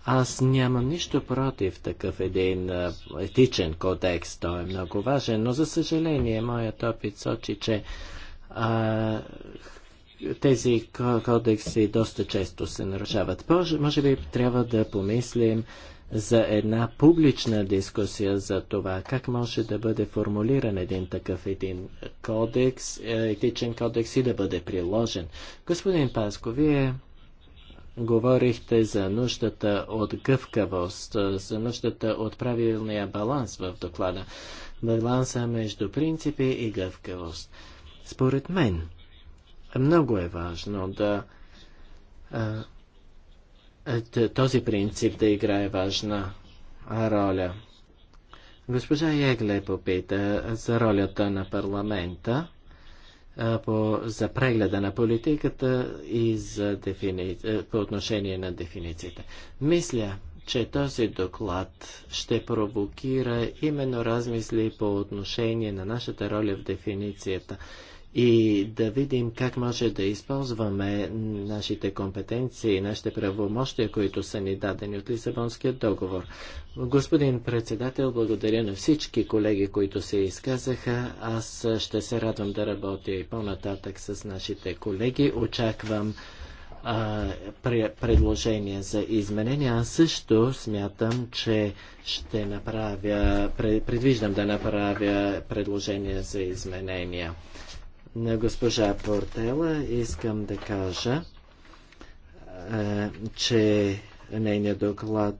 Аз нямам нищо против такъв един а, етичен кодекс. Той е много важен, но за съжаление моят опит сочи, че а, тези кодекси доста често се нарушават. може би трябва да помислим за една публична дискусия за това как може да бъде формулиран един такъв един кодекс, е, етичен кодекс и да бъде приложен. Господин Паско, вие говорихте за нуждата от гъвкавост, за нуждата от правилния баланс в доклада. Баланса между принципи и гъвкавост. Според мен, много е важно да е, този принцип да играе важна роля. Госпожа Егле попита за ролята на парламента е, по, за прегледа на политиката и за дефини... Е, по отношение на дефинициите. Мисля, че този доклад ще провокира именно размисли по отношение на нашата роля в дефиницията и да видим как може да използваме нашите компетенции, и нашите правомощия, които са ни дадени от Лисабонския договор. Господин председател, благодаря на всички колеги, които се изказаха. Аз ще се радвам да работя и по-нататък с нашите колеги. Очаквам предложения за изменения. Аз също смятам, че ще направя, предвиждам да направя предложения за изменения на госпожа Портела искам да кажа, е, че нейният доклад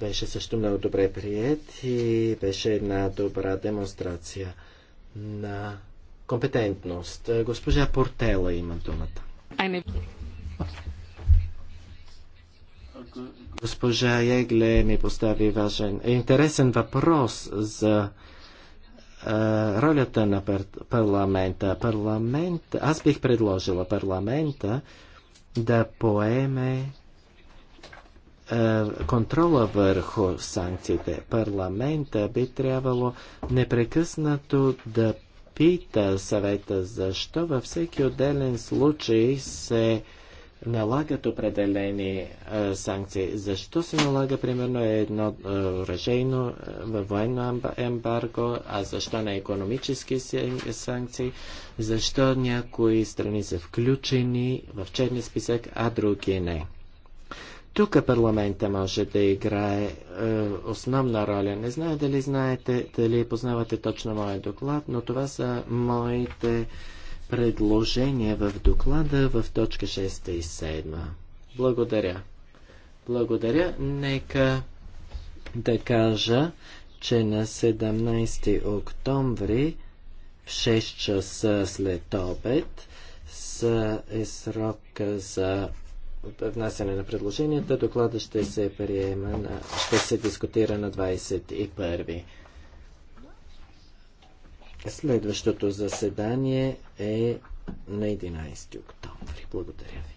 беше също много добре прият и беше една добра демонстрация на компетентност. Госпожа Портела има думата. Госпожа Егле ми постави важен, интересен въпрос за ролята на парламента. Парламент, аз бих предложила парламента да поеме контрола върху санкциите. Парламента би трябвало непрекъснато да пита съвета защо във всеки отделен случай се налагат определени а, санкции. Защо се налага, примерно, едно оръжейно, военно ембарго, а защо на економически санкции? Защо някои страни са включени в черни списък, а други не? Тук парламента може да играе е, основна роля. Не знам дали знаете, дали познавате точно моят доклад, но това са моите предложения в доклада в точка 6 и 7. Благодаря. Благодаря. Нека да кажа, че на 17 октомври в 6 часа след обед са е срока за внасяне на предложенията. Доклада ще се приема, на, ще се дискутира на 21. Следващото заседание е на 11 октомври. Благодаря ви.